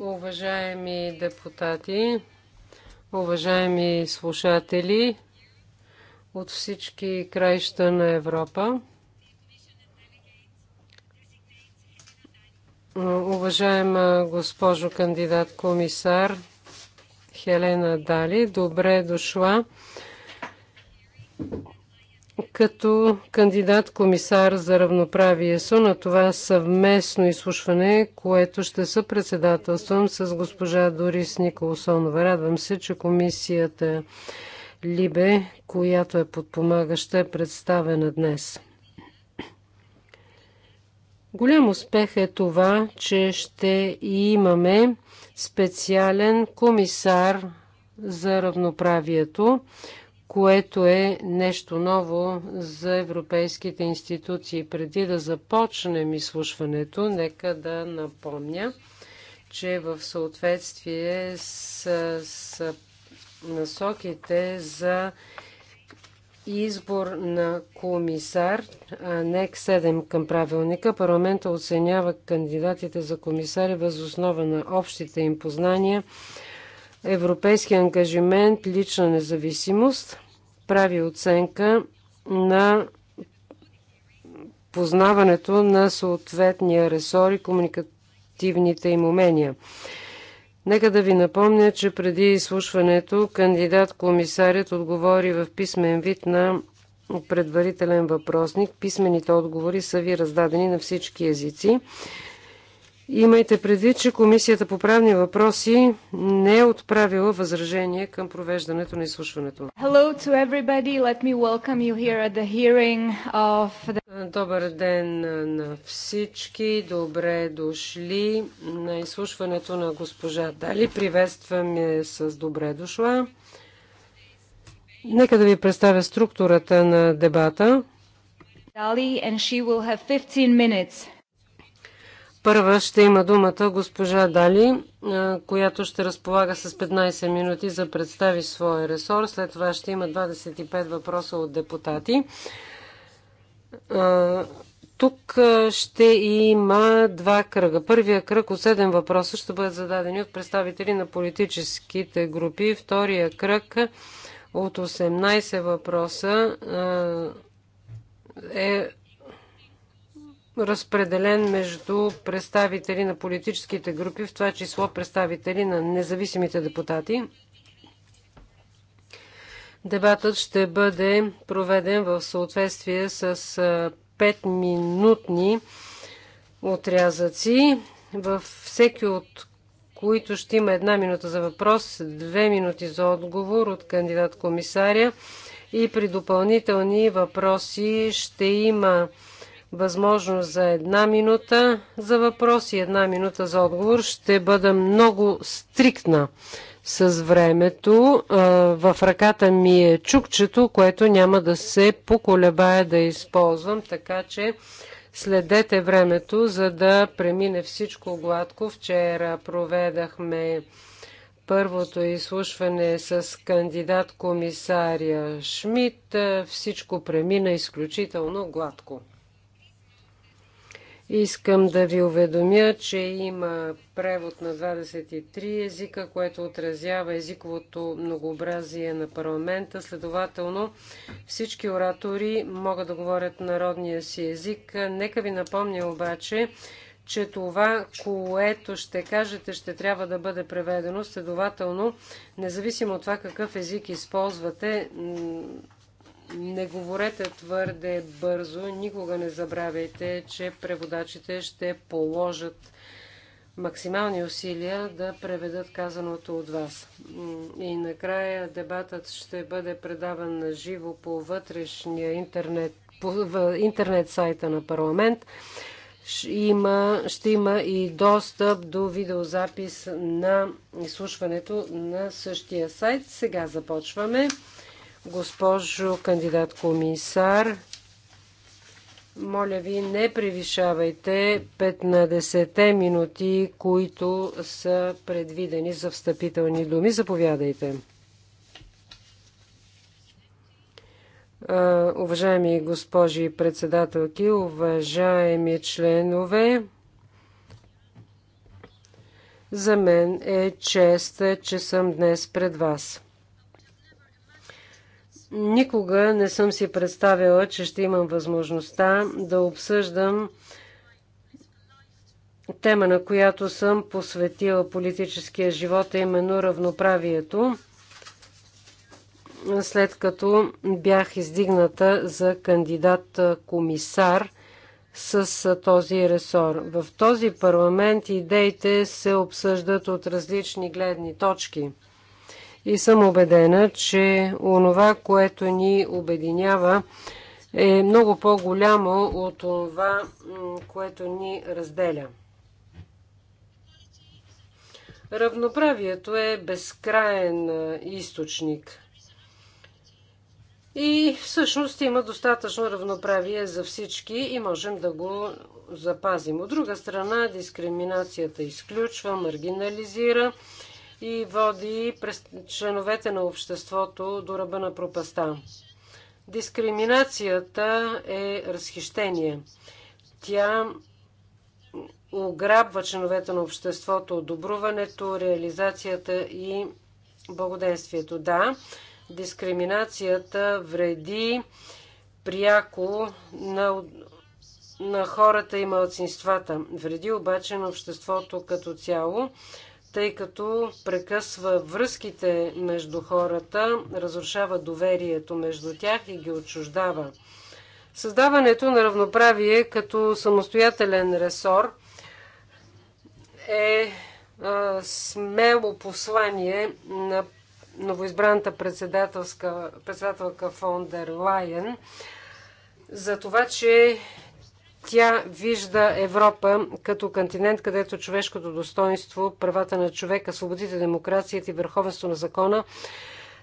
Уважаеми депутати, уважаеми слушатели от всички краища на Европа, уважаема госпожо кандидат комисар Хелена Дали, добре дошла като кандидат-комисар за равноправие со на това съвместно изслушване, което ще съпредседателствам с госпожа Дорис Николсонова. Радвам се, че комисията Либе, която е подпомагаща, е представена днес. Голям успех е това, че ще имаме специален комисар за равноправието, което е нещо ново за европейските институции. Преди да започнем изслушването, нека да напомня, че в съответствие с, с насоките за избор на комисар, анекс 7 към правилника, парламента оценява кандидатите за комисари въз основа на общите им познания – европейски ангажимент, лична независимост, прави оценка на познаването на съответния ресор и комуникативните им умения. Нека да ви напомня, че преди изслушването кандидат-комисарят отговори в писмен вид на предварителен въпросник. Писмените отговори са ви раздадени на всички езици. Имайте предвид, че Комисията по правни въпроси не е отправила възражение към провеждането на изслушването. Добър ден на всички. Добре дошли на изслушването на госпожа Дали. Приветстваме с добре дошла. Нека да ви представя структурата на дебата. Дали and she will have 15 minutes Първа ще има думата госпожа Дали, която ще разполага с 15 минути за представи своя ресор. След това ще има 25 въпроса от депутати. Тук ще има два кръга. Първия кръг от 7 въпроса ще бъдат зададени от представители на политическите групи. Втория кръг от 18 въпроса е разпределен между представители на политическите групи, в това число представители на независимите депутати. Дебатът ще бъде проведен в съответствие с 5-минутни отрязъци, във всеки от които ще има една минута за въпрос, две минути за отговор от кандидат комисаря и при допълнителни въпроси ще има възможност за една минута за въпрос и една минута за отговор. Ще бъда много стриктна с времето. В ръката ми е чукчето, което няма да се поколебая да използвам, така че следете времето, за да премине всичко гладко. Вчера проведахме първото изслушване с кандидат комисария Шмидт. Всичко премина изключително гладко. Искам да ви уведомя, че има превод на 23 езика, което отразява езиковото многообразие на парламента. Следователно, всички оратори могат да говорят народния си език. Нека ви напомня обаче, че това, което ще кажете, ще трябва да бъде преведено. Следователно, независимо от това какъв език използвате, не говорете твърде бързо, никога не забравяйте, че преводачите ще положат максимални усилия да преведат казаното от вас. И накрая дебатът ще бъде предаван на живо по вътрешния интернет, по интернет сайта на парламент. Ще има, ще има и достъп до видеозапис на изслушването на същия сайт. Сега започваме. Госпожо кандидат комисар, моля ви, не превишавайте 15-те минути, които са предвидени за встъпителни думи. Заповядайте. Уважаеми госпожи председателки, уважаеми членове, за мен е чест, че съм днес пред вас. Никога не съм си представила, че ще имам възможността да обсъждам тема, на която съм посветила политическия живот, а именно равноправието, след като бях издигната за кандидат-комисар с този ресор. В този парламент идеите се обсъждат от различни гледни точки – и съм убедена, че онова, което ни обединява, е много по-голямо от това, което ни разделя. Равноправието е безкраен източник. И всъщност има достатъчно равноправие за всички и можем да го запазим. От друга страна, дискриминацията изключва, маргинализира, и води през членовете на обществото до ръба на пропаста. Дискриминацията е разхищение. Тя ограбва членовете на обществото от добруването, реализацията и благоденствието. Да, дискриминацията вреди пряко на, на хората и малцинствата. Вреди обаче на обществото като цяло тъй като прекъсва връзките между хората, разрушава доверието между тях и ги отчуждава. Създаването на равноправие като самостоятелен ресор е смело послание на новоизбраната председателка фон дер Лайен за това, че тя вижда Европа като континент, където човешкото достоинство, правата на човека, свободите, демокрацията и върховенство на закона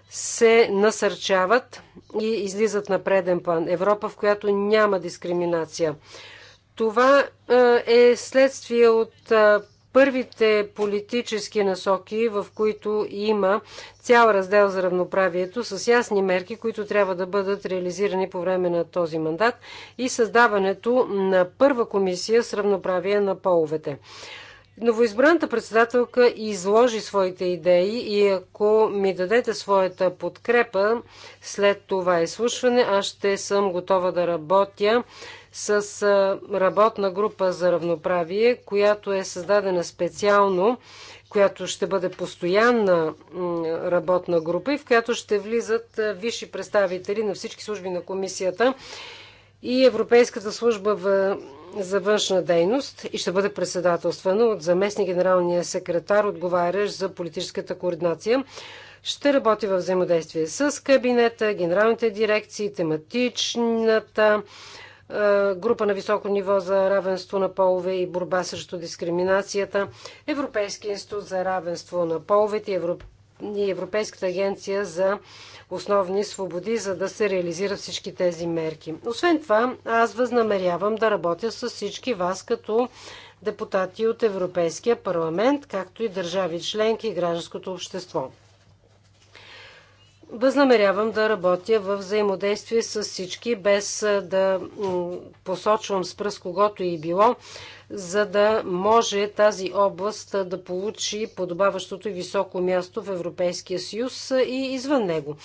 се насърчават и излизат на преден план. Европа, в която няма дискриминация. Това е, е следствие от е, първите политически насоки, в които има цял раздел за равноправието с ясни мерки, които трябва да бъдат реализирани по време на този мандат и създаването на първа комисия с равноправие на половете. Новоизбраната председателка изложи своите идеи и ако ми дадете своята подкрепа след това изслушване, аз ще съм готова да работя с работна група за равноправие, която е създадена специално, която ще бъде постоянна работна група и в която ще влизат висши представители на всички служби на комисията и Европейската служба в за външна дейност и ще бъде председателствана от заместник генералния секретар, отговарящ за политическата координация. Ще работи в взаимодействие с кабинета, генералните дирекции, тематичната е, група на високо ниво за равенство на полове и борба срещу дискриминацията, Европейския институт за равенство на половете и и Европейската агенция за основни свободи, за да се реализират всички тези мерки. Освен това, аз възнамерявам да работя с всички вас като депутати от Европейския парламент, както и държави членки и гражданското общество. Възнамерявам да работя в взаимодействие с всички, без да посочвам с пръст когото и било, за да може тази област да получи подобаващото и високо място в Европейския съюз и извън него.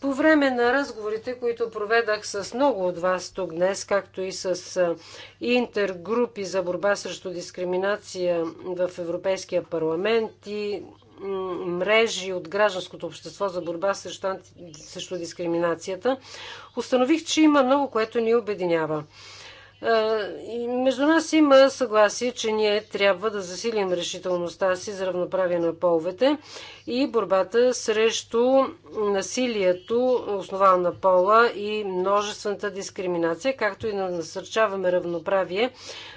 По време на разговорите, които проведах с много от вас тук днес, както и с интергрупи за борба срещу дискриминация в Европейския парламент и мрежи от гражданското общество за борба срещу, срещу дискриминацията, установих, че има много, което ни обединява. Е, между нас има съгласие, че ние трябва да засилим решителността си за равноправие на половете и борбата срещу насилието, основано на пола и множествената дискриминация, както и да насърчаваме равноправие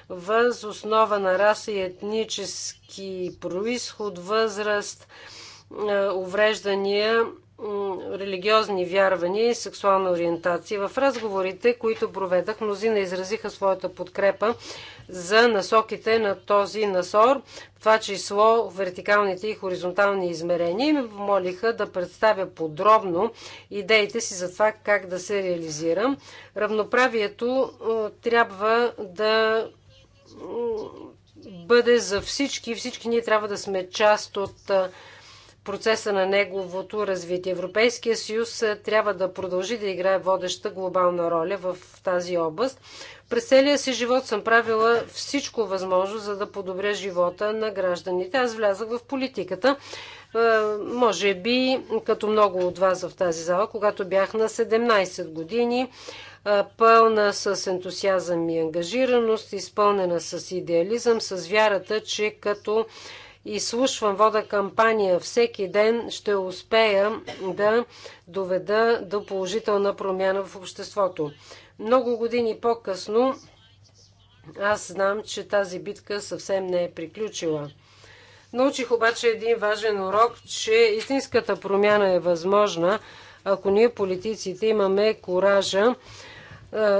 въз основа на раса и етнически происход, възраст, е, увреждания религиозни вярвания и сексуална ориентация. В разговорите, които проведах, мнозина изразиха своята подкрепа за насоките на този насор, в това число вертикалните и хоризонтални измерения и ме помолиха да представя подробно идеите си за това как да се реализира. Равноправието трябва да бъде за всички. Всички ние трябва да сме част от процеса на неговото развитие. Европейския съюз е, трябва да продължи да играе водеща глобална роля в тази област. През целия си живот съм правила всичко възможно, за да подобря живота на гражданите. Аз влязах в политиката, е, може би като много от вас в тази зала, когато бях на 17 години, е, пълна с ентусиазъм и ангажираност, изпълнена с идеализъм, с вярата, че като изслушвам, вода кампания всеки ден, ще успея да доведа до положителна промяна в обществото. Много години по-късно аз знам, че тази битка съвсем не е приключила. Научих обаче един важен урок, че истинската промяна е възможна, ако ние политиците имаме коража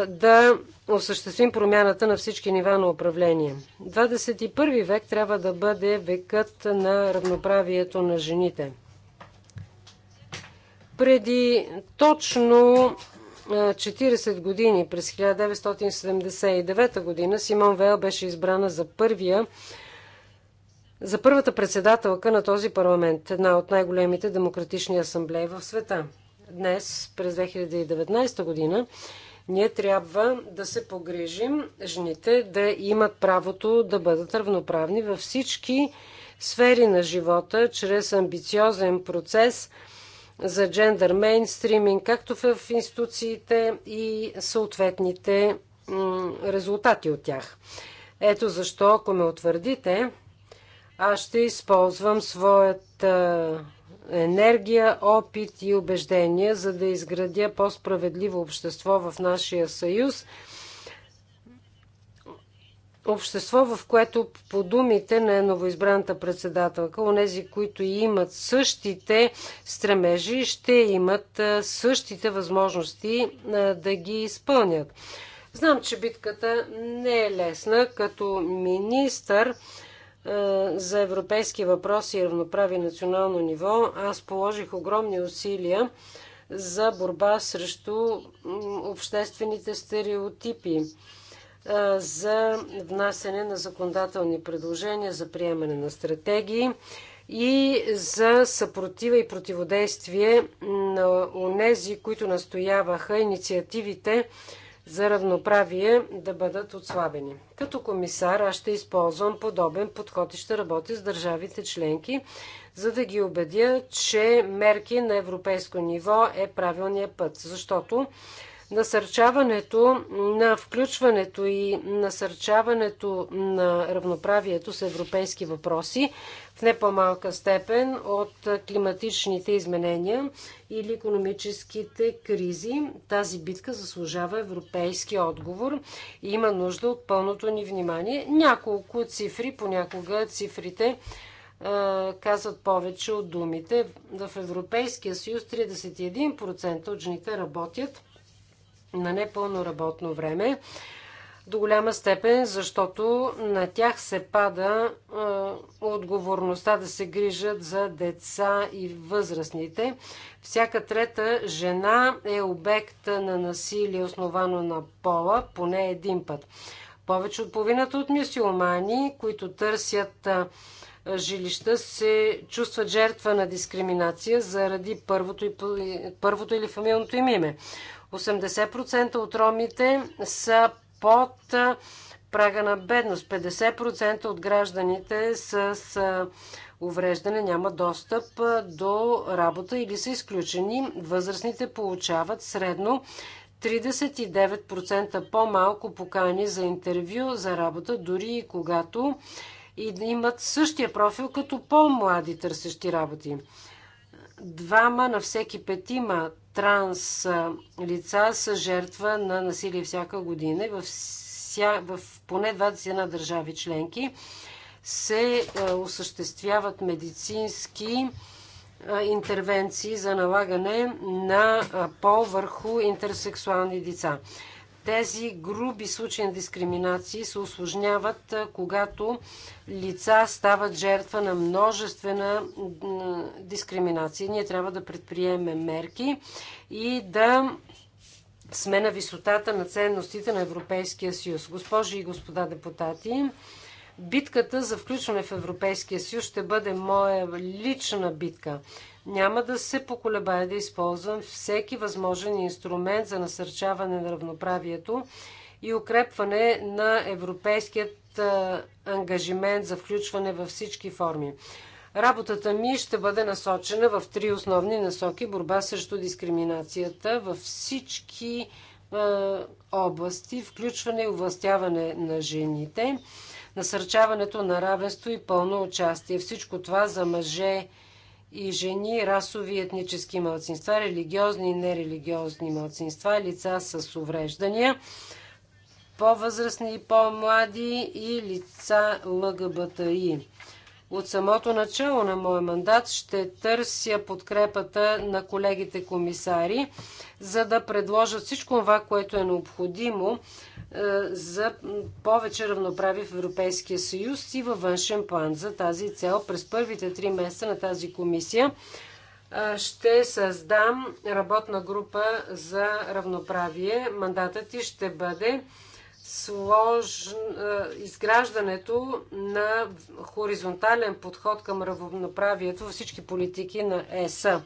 да осъществим промяната на всички нива на управление. 21 век трябва да бъде векът на равноправието на жените. Преди точно 40 години, през 1979 година, Симон Вел беше избрана за първия за първата председателка на този парламент, една от най-големите демократични асамблеи в света. Днес, през 2019 година, ние трябва да се погрежим жените да имат правото да бъдат равноправни във всички сфери на живота, чрез амбициозен процес за джендър мейнстриминг, както в институциите и съответните резултати от тях. Ето защо, ако ме утвърдите, аз ще използвам своята енергия, опит и убеждения, за да изградя по-справедливо общество в нашия съюз. Общество, в което по думите на новоизбраната председателка, онези, които имат същите стремежи, ще имат същите възможности да ги изпълнят. Знам, че битката не е лесна. Като министър е, за европейски въпроси и равноправи национално ниво, аз положих огромни усилия за борба срещу обществените стереотипи, е, за внасене на законодателни предложения за приемане на стратегии и за съпротива и противодействие на онези, които настояваха инициативите за равноправие да бъдат отслабени. Като комисар аз ще използвам подобен подход и ще работя с държавите членки, за да ги убедя, че мерки на европейско ниво е правилният път, защото Насърчаването на включването и насърчаването на равноправието с европейски въпроси в не по-малка степен от климатичните изменения или економическите кризи. Тази битка заслужава европейски отговор и има нужда от пълното ни внимание. Няколко цифри, понякога цифрите казват повече от думите. В Европейския съюз 31% от жените работят на непълно работно време до голяма степен, защото на тях се пада а, отговорността да се грижат за деца и възрастните. Всяка трета жена е обект на насилие, основано на пола, поне един път. Повече от половината от мюсюлмани, които търсят а, жилища, се чувстват жертва на дискриминация заради първото, и, първото или фамилното им име. 80% от ромите са под прага на бедност. 50% от гражданите с увреждане няма достъп до работа или са изключени. Възрастните получават средно 39% по-малко покани за интервю за работа, дори и когато и имат същия профил като по-млади търсещи работи. Двама на всеки петима транс лица са жертва на насилие всяка година. В, ся, в поне 21 държави членки се осъществяват медицински интервенции за налагане на пол върху интерсексуални деца. Тези груби случаи на дискриминации се осложняват, когато лица стават жертва на множествена дискриминация. Ние трябва да предприемем мерки и да сме на висотата на ценностите на Европейския съюз. Госпожи и господа депутати, Битката за включване в Европейския съюз ще бъде моя лична битка. Няма да се поколебая да използвам всеки възможен инструмент за насърчаване на равноправието и укрепване на европейският ангажимент за включване във всички форми. Работата ми ще бъде насочена в три основни насоки борба срещу дискриминацията във всички области, включване и овластяване на жените, насърчаването на равенство и пълно участие. Всичко това за мъже и жени, расови и етнически младсинства, религиозни и нерелигиозни младсинства, лица с увреждания, по-възрастни и по-млади и лица ЛГБТИ. От самото начало на моя мандат ще търся подкрепата на колегите комисари, за да предложат всичко това, което е необходимо, е, за повече равноправие в Европейския съюз и във външен план. За тази цел през първите три месеца на тази комисия е, ще създам работна група за равноправие. Мандатът ти ще бъде сложн... Е, изграждането на хоризонтален подход към равноправието във всички политики на ЕСА.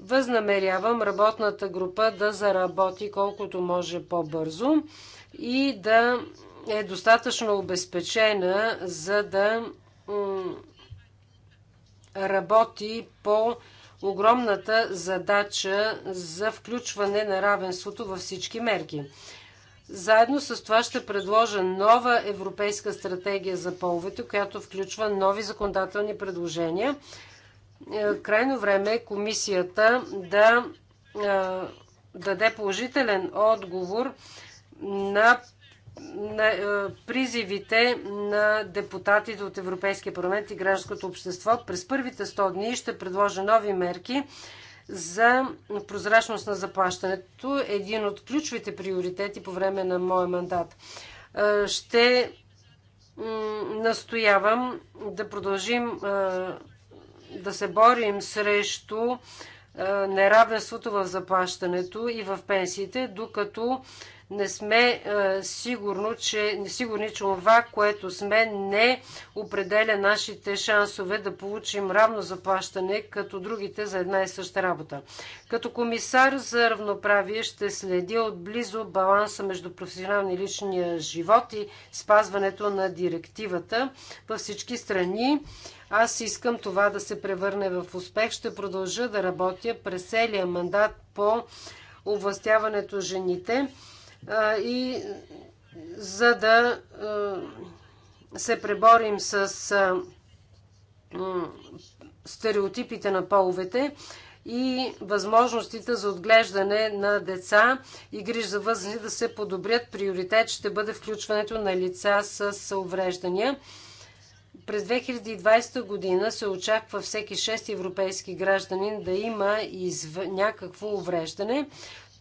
Възнамерявам работната група да заработи колкото може по-бързо и да е достатъчно обезпечена, за да работи по огромната задача за включване на равенството във всички мерки. Заедно с това ще предложа нова европейска стратегия за половете, която включва нови законодателни предложения. Е, крайно време е комисията да е, даде положителен отговор на, на призивите на депутатите от Европейския парламент и гражданското общество. През първите 100 дни ще предложа нови мерки за прозрачност на заплащането, един от ключовите приоритети по време на моя мандат. Ще настоявам да продължим да се борим срещу е, неравенството в заплащането и в пенсиите, докато не сме е, сигурно, че, сигурни, че това, което сме, не определя нашите шансове да получим равно заплащане като другите за една и съща работа. Като комисар за равноправие ще следя отблизо баланса между професионалния и личния живот и спазването на директивата във всички страни аз искам това да се превърне в успех. Ще продължа да работя през целия мандат по овластяването жените а, и за да а, се преборим с а, стереотипите на половете и възможностите за отглеждане на деца и гриж за възни да се подобрят. Приоритет ще бъде включването на лица с увреждания. През 2020 година се очаква всеки 6 европейски гражданин да има изв... някакво увреждане.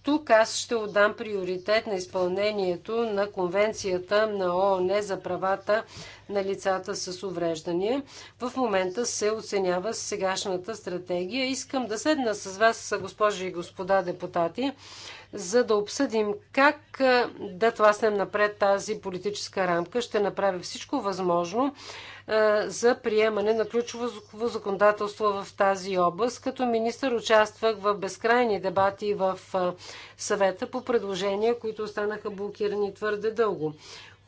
Тук аз ще отдам приоритет на изпълнението на Конвенцията на ООН за правата на лицата с увреждания. В момента се оценява сегашната стратегия. Искам да седна с вас, госпожи и господа депутати, за да обсъдим как да тласнем напред тази политическа рамка. Ще направя всичко възможно за приемане на ключово законодателство в тази област. Като министър участвах в безкрайни дебати в съвета по предложения, които останаха блокирани твърде дълго.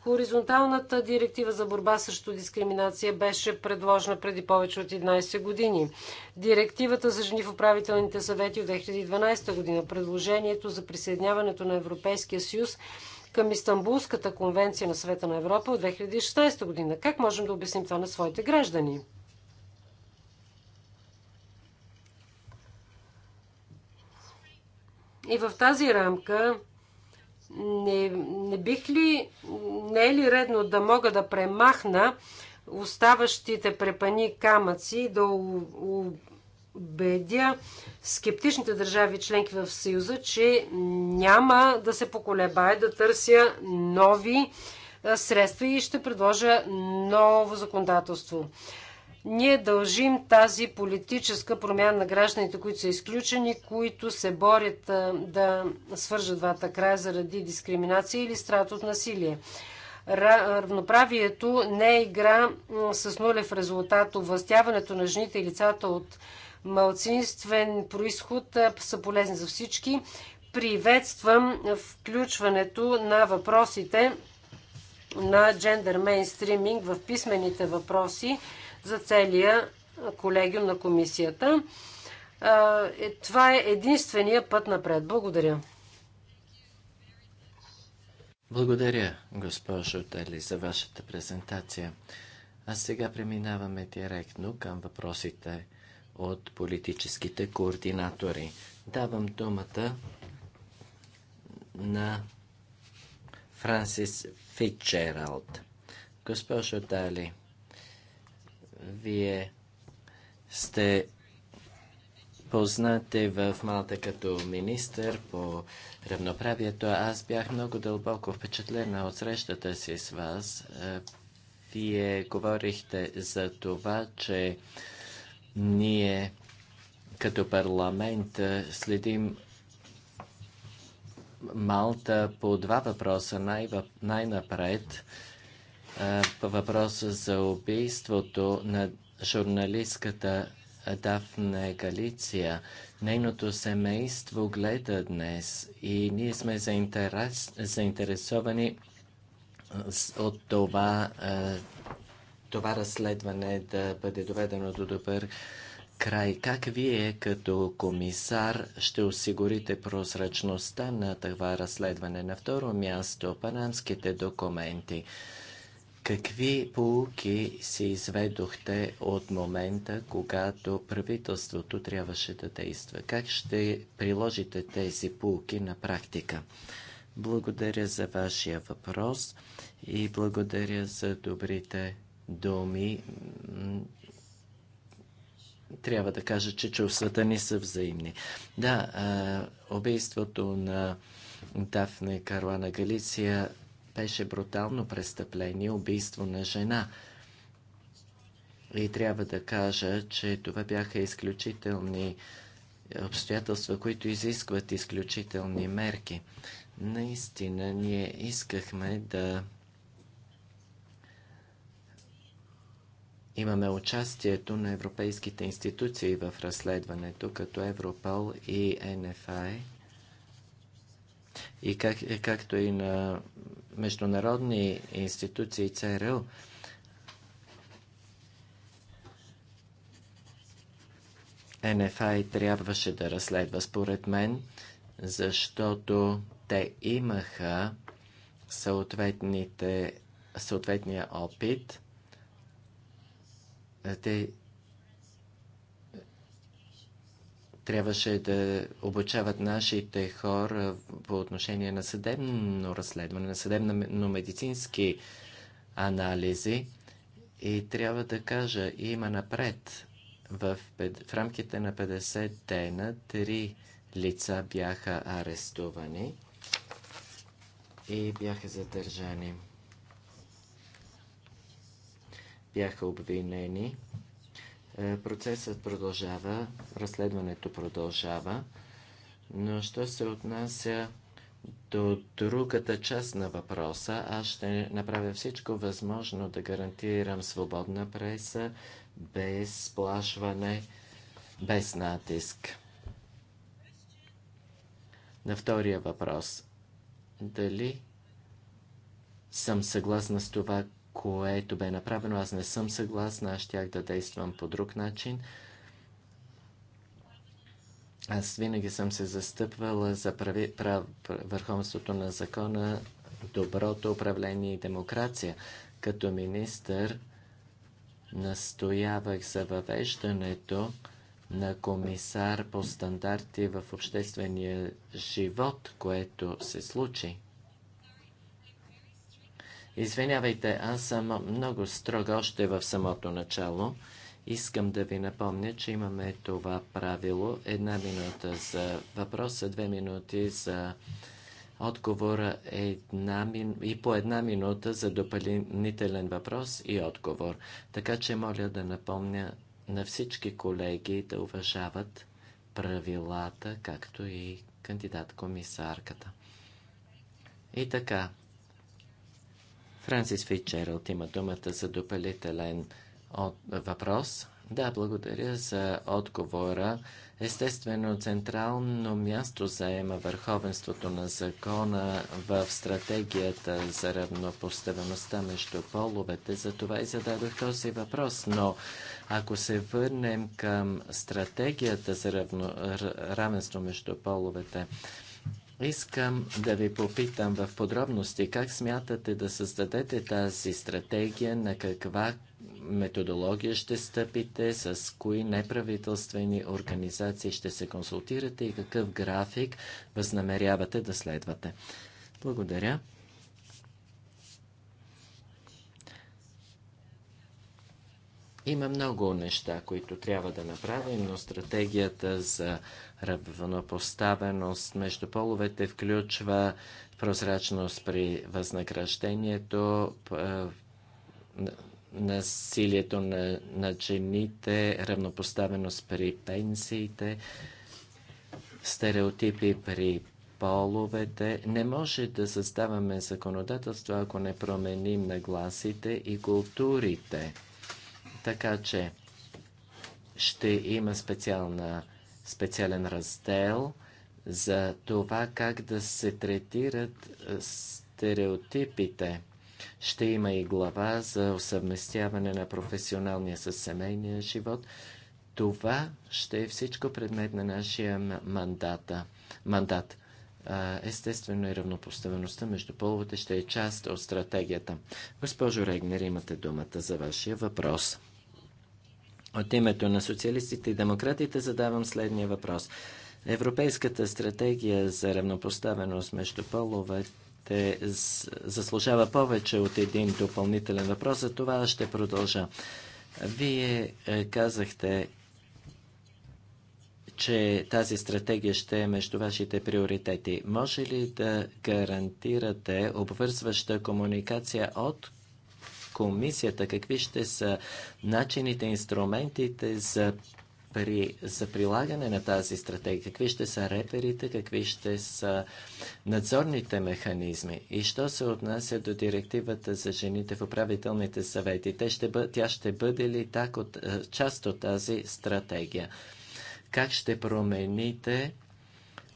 Хоризонталната директива за борба срещу дискриминация беше предложена преди повече от 11 години. Директивата за жени в управителните съвети от 2012 година, предложението за присъединяването на Европейския съюз към Истанбулската конвенция на Света на Европа от 2016 година. Как можем да обясним това на своите граждани? И в тази рамка не, не бих ли, не е ли редно да мога да премахна оставащите препани камъци и да убедя скептичните държави членки в Съюза, че няма да се поколебае да търся нови средства и ще предложа ново законодателство. Ние дължим тази политическа промяна на гражданите, които са изключени, които се борят да свържат двата края заради дискриминация или страт от насилие. Равноправието не е игра с нулев резултат. Овластяването на жените и лицата от малцинствен происход са полезни за всички. Приветствам включването на въпросите на джендър мейнстриминг в писмените въпроси за целия колегиум на комисията. Е, това е единствения път напред. Благодаря. Благодаря, госпожо Тели, за вашата презентация. А сега преминаваме директно към въпросите от политическите координатори. Давам думата на Франсис Фитчералд. Госпожо Тали, вие сте познати в Малта като министър по равноправието. Аз бях много дълбоко впечатлена от срещата си с вас. Е, Вие говорихте за това, че ние като парламент следим Малта по два въпроса най-напред. Най по въпроса за убийството на журналистката Дафна Галиция. Нейното семейство гледа днес и ние сме заинтерес, заинтересовани от това, това разследване да бъде доведено до добър край. Как вие като комисар ще осигурите прозрачността на това разследване? На второ място, панамските документи. Какви полуки си изведохте от момента, когато правителството трябваше да действа? Как ще приложите тези полуки на практика? Благодаря за вашия въпрос и благодаря за добрите думи. Трябва да кажа, че чувствата ни са взаимни. Да, убийството на Дафне Карлана Галиция беше брутално престъпление, убийство на жена. И трябва да кажа, че това бяха изключителни обстоятелства, които изискват изключителни мерки. Наистина, ние искахме да имаме участието на европейските институции в разследването, като Европол и НФА, е. и как, както и на международни институции ЦРУ, НФА и трябваше да разследва според мен, защото те имаха съответния опит. Те трябваше да обучават нашите хора по отношение на съдебно разследване, на съдебно-медицински анализи. И трябва да кажа, има напред. В, в рамките на 50 дена три лица бяха арестувани и бяха задържани. Бяха обвинени е, процесът продължава, разследването продължава, но що се отнася до другата част на въпроса, аз ще направя всичко възможно да гарантирам свободна преса, без сплашване, без натиск. На втория въпрос. Дали съм съгласна с това, което бе направено. Аз не съм съгласна, аз щях да действам по друг начин. Аз винаги съм се застъпвала за прави, прав, върховенството на закона, доброто управление и демокрация. Като министър настоявах за въвеждането на комисар по стандарти в обществения живот, което се случи. Извинявайте, аз съм много строг още в самото начало. Искам да ви напомня, че имаме това правило. Една минута за въпроса, две минути за отговора една мин... и по една минута за допълнителен въпрос и отговор. Така че моля да напомня на всички колеги да уважават правилата, както и кандидат-комисарката. И така, Франсис Фейчералд има думата за допълнителен въпрос. Да, благодаря за отговора. Естествено, централно място заема върховенството на закона в стратегията за равнопоставеността между половете. За това и зададох този въпрос. Но ако се върнем към стратегията за равно, равенство между половете, Искам да ви попитам в подробности как смятате да създадете тази стратегия, на каква методология ще стъпите, с кои неправителствени организации ще се консултирате и какъв график възнамерявате да следвате. Благодаря. Има много неща, които трябва да направим, но стратегията за равнопоставеност между половете включва прозрачност при възнаграждението, насилието на, на жените, равнопоставеност при пенсиите, стереотипи при половете. Не може да създаваме законодателство, ако не променим нагласите и културите. Така че ще има специална специален раздел за това как да се третират стереотипите. Ще има и глава за усъвместяване на професионалния със семейния живот. Това ще е всичко предмет на нашия мандата. мандат. Естествено и равнопоставеността между половете ще е част от стратегията. Госпожо Регнер, имате думата за вашия въпрос. От името на социалистите и демократите задавам следния въпрос. Европейската стратегия за равнопоставеност между половете заслужава повече от един допълнителен въпрос, за това ще продължа. Вие е, казахте, че тази стратегия ще е между вашите приоритети. Може ли да гарантирате обвързваща комуникация от комисията какви ще са начините, инструментите за, при, за прилагане на тази стратегия, какви ще са реперите, какви ще са надзорните механизми. И що се отнася до директивата за жените в управителните съвети, те ще бъ, тя ще бъде ли так от, е, част от тази стратегия? Как ще промените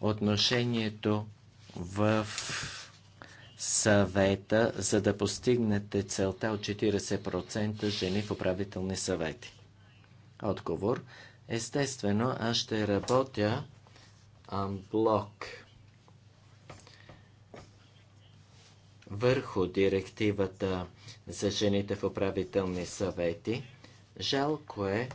отношението в съвета, за да постигнете целта от 40% жени в управителни съвети? Отговор. Естествено, аз ще работя блок върху директивата за жените в управителни съвети. Жалко е,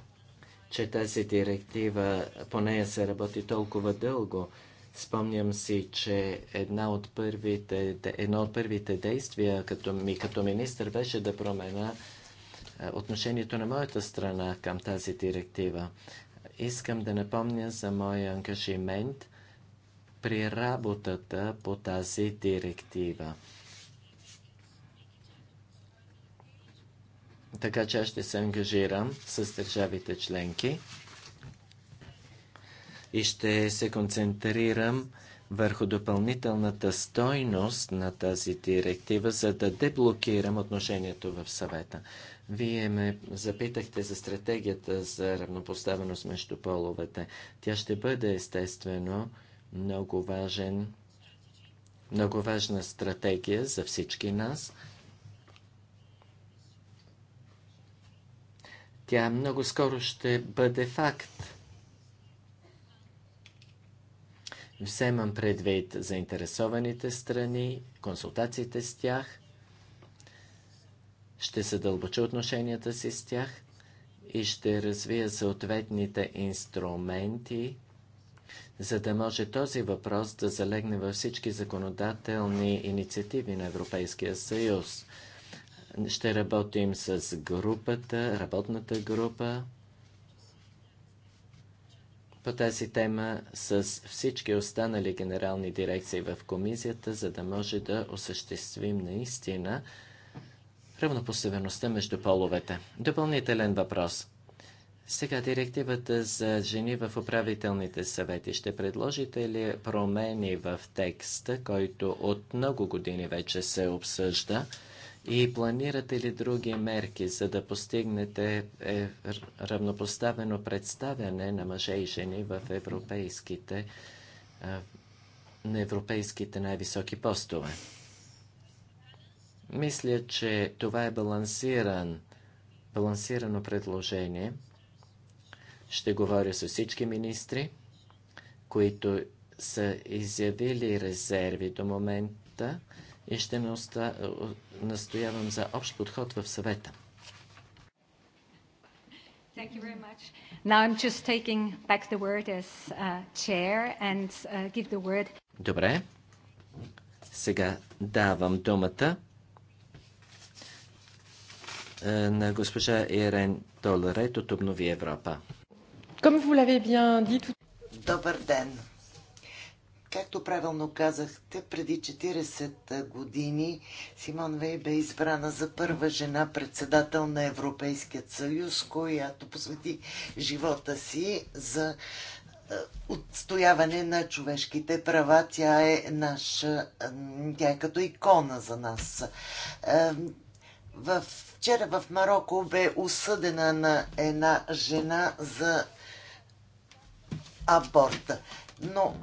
че тази директива, по нея се работи толкова дълго. Спомням си, че една от първите, едно от първите действия като, ми като министр беше да променя е, отношението на моята страна към тази директива. Искам да напомня за моя ангажимент при работата по тази директива. Така че аз ще се ангажирам с държавите членки и ще се концентрирам върху допълнителната стойност на тази директива, за да деблокирам отношението в съвета. Вие ме запитахте за стратегията за равнопоставеност между половете. Тя ще бъде естествено много важен, много важна стратегия за всички нас. Тя много скоро ще бъде факт. Вземам предвид заинтересованите страни, консултациите с тях, ще съдълбоча отношенията си с тях и ще развия съответните инструменти, за да може този въпрос да залегне във всички законодателни инициативи на Европейския съюз. Ще работим с групата, работната група по тази тема с всички останали генерални дирекции в комисията, за да може да осъществим наистина равнопоставеността между половете. Допълнителен въпрос. Сега директивата за жени в управителните съвети. Ще предложите ли промени в текста, който от много години вече се обсъжда? И планирате ли други мерки, за да постигнете е, равнопоставено представяне на мъже и жени в европейските, на европейските най-високи постове? Мисля, че това е балансиран, балансирано предложение. Ще говоря с всички министри, които са изявили резерви до момента и ще ме оста... настоявам за общ подход в съвета. Thank you very much. Now I'm just taking back the word as uh, chair and uh, give the word. Добре. Сега давам думата е, на госпожа Ерен Толерет от Обнови Европа. Comme vous l'avez bien dit, tout... Добър ден! Както правилно казахте, преди 40 години Симон Вей бе избрана за първа жена председател на Европейският съюз, която посвети живота си за отстояване на човешките права. Тя е наша, тя е като икона за нас. вчера в Марокко бе осъдена на една жена за аборта. Но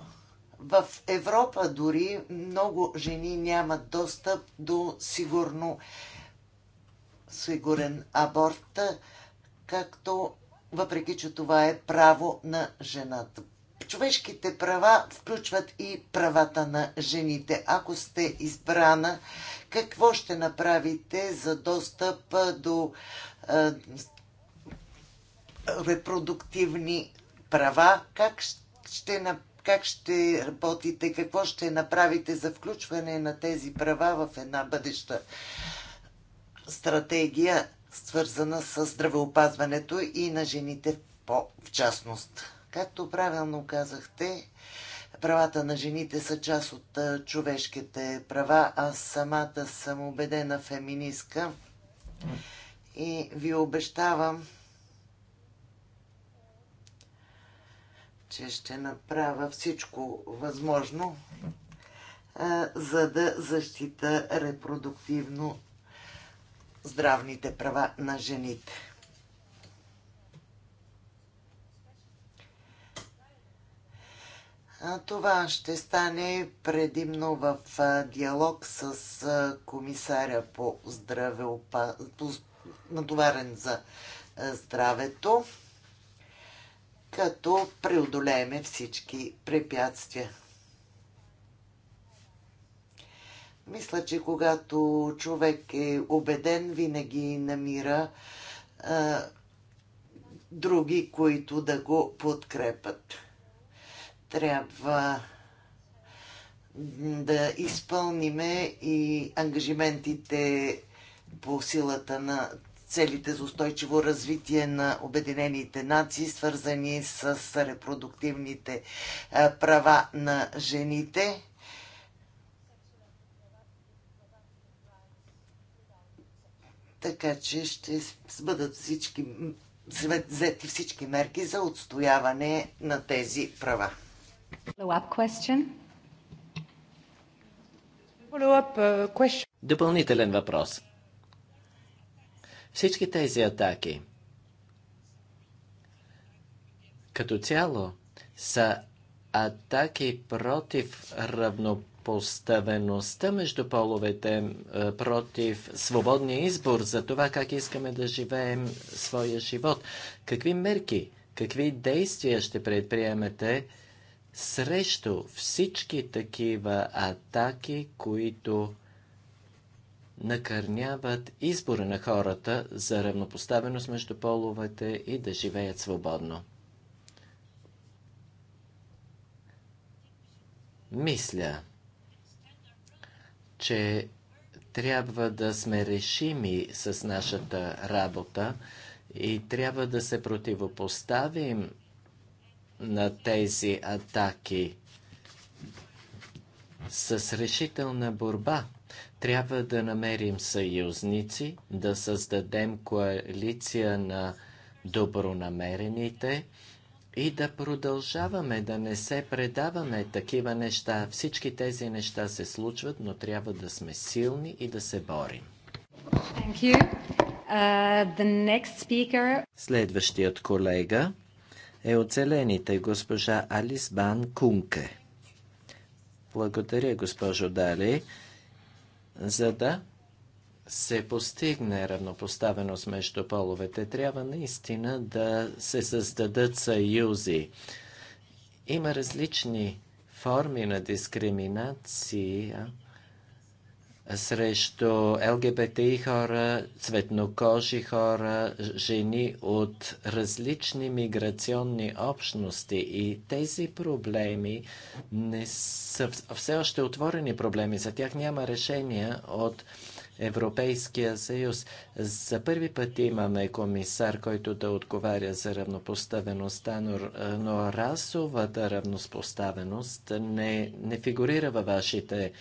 в Европа дори много жени нямат достъп до сигурно сигурен аборт, както въпреки, че това е право на жената. Човешките права включват и правата на жените. Ако сте избрана, какво ще направите за достъп до е, репродуктивни права? Как ще направите? как ще работите, какво ще направите за включване на тези права в една бъдеща стратегия, свързана с здравеопазването и на жените по в частност. Както правилно казахте, правата на жените са част от човешките права. Аз самата съм убедена феминистка и ви обещавам, че ще направя всичко възможно, за да защита репродуктивно здравните права на жените. Това ще стане предимно в диалог с комисаря по здравеопа... натоварен за здравето като преодолееме всички препятствия. Мисля, че когато човек е убеден, винаги намира а, други, които да го подкрепят. Трябва да изпълниме и ангажиментите по силата на целите за устойчиво развитие на Обединените нации, свързани с репродуктивните права на жените. Така че ще бъдат всички, взети всички мерки за отстояване на тези права. Uh, Допълнителен въпрос. Всички тези атаки като цяло са атаки против равнопоставеността между половете, против свободния избор за това как искаме да живеем своя живот. Какви мерки, какви действия ще предприемете срещу всички такива атаки, които накърняват избора на хората за равнопоставеност между половете и да живеят свободно. Мисля, че трябва да сме решими с нашата работа и трябва да се противопоставим на тези атаки с решителна борба – трябва да намерим съюзници, да създадем коалиция на добронамерените и да продължаваме да не се предаваме такива неща. Всички тези неща се случват, но трябва да сме силни и да се борим. Uh, speaker... Следващият колега е оцелените госпожа Алис Бан Кунке. Благодаря, госпожо Дали. За да се постигне равнопоставеност между половете, трябва наистина да се създадат съюзи. Има различни форми на дискриминация срещу ЛГБТИ хора, цветнокожи хора, жени от различни миграционни общности. И тези проблеми не са все още отворени проблеми. За тях няма решения от Европейския съюз. За първи път имаме комисар, който да отговаря за равнопоставеността, но, но расовата равнопоставеност не, не фигурира във вашите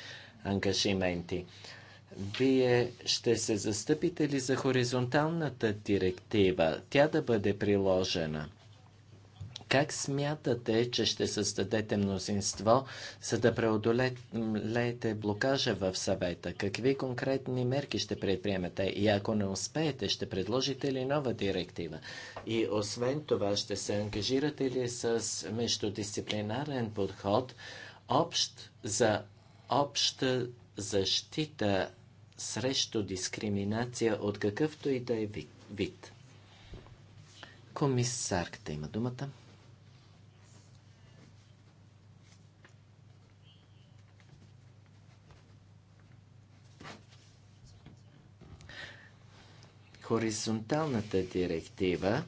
ангажименти. Вие ще се застъпите ли за хоризонталната директива, тя да бъде приложена? Как смятате, че ще създадете мнозинство, за да преодолеете блокажа в съвета? Какви конкретни мерки ще предприемете? И ако не успеете, ще предложите ли нова директива? И освен това, ще се ангажирате ли с междудисциплинарен подход, общ за обща защита срещу дискриминация от какъвто и да е вид. Комисарката има думата. Хоризонталната директива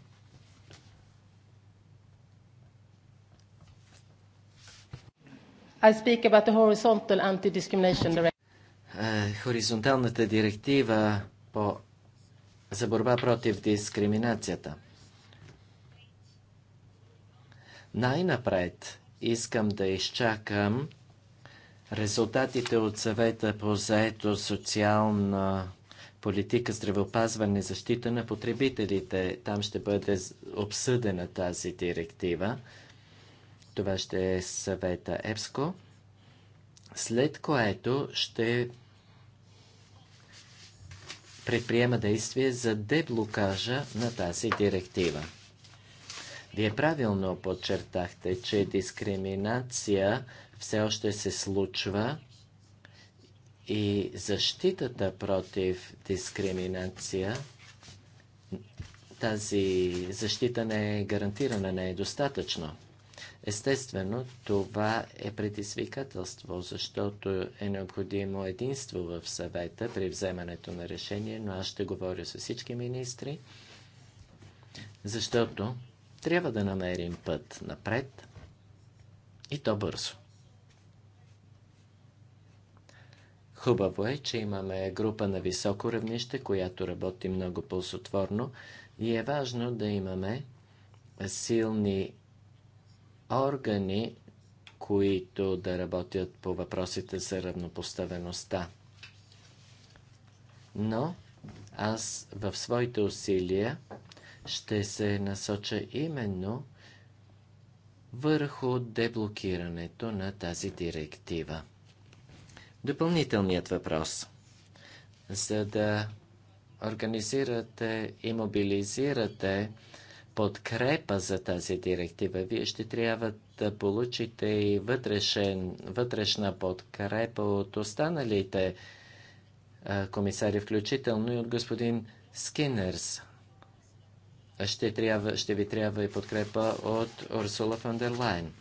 I speak about the horizontal anti-discrimination directive. Е, хоризонталната директива по... за борба против дискриминацията. Най-напред искам да изчакам резултатите от съвета по заето социална политика, здравеопазване, защита на потребителите. Там ще бъде обсъдена тази директива. Това ще е съвета ЕПСКО, след което ще предприема действие за деблокажа на тази директива. Вие правилно подчертахте, че дискриминация все още се случва и защитата против дискриминация, тази защита не е гарантирана, не е достатъчно. Естествено, това е предизвикателство, защото е необходимо единство в съвета при вземането на решение, но аз ще говоря с всички министри, защото трябва да намерим път напред и то бързо. Хубаво е, че имаме група на високо равнище, която работи много пълсотворно и е важно да имаме силни органи, които да работят по въпросите за равнопоставеността. Но аз в своите усилия ще се насоча именно върху деблокирането на тази директива. Допълнителният въпрос. За да организирате и мобилизирате подкрепа за тази директива. Вие ще трябва да получите и вътрешен, вътрешна подкрепа от останалите комисари, включително и от господин Скинерс. Ще, трябва, ще ви трябва и подкрепа от Урсула фон дер Лайн.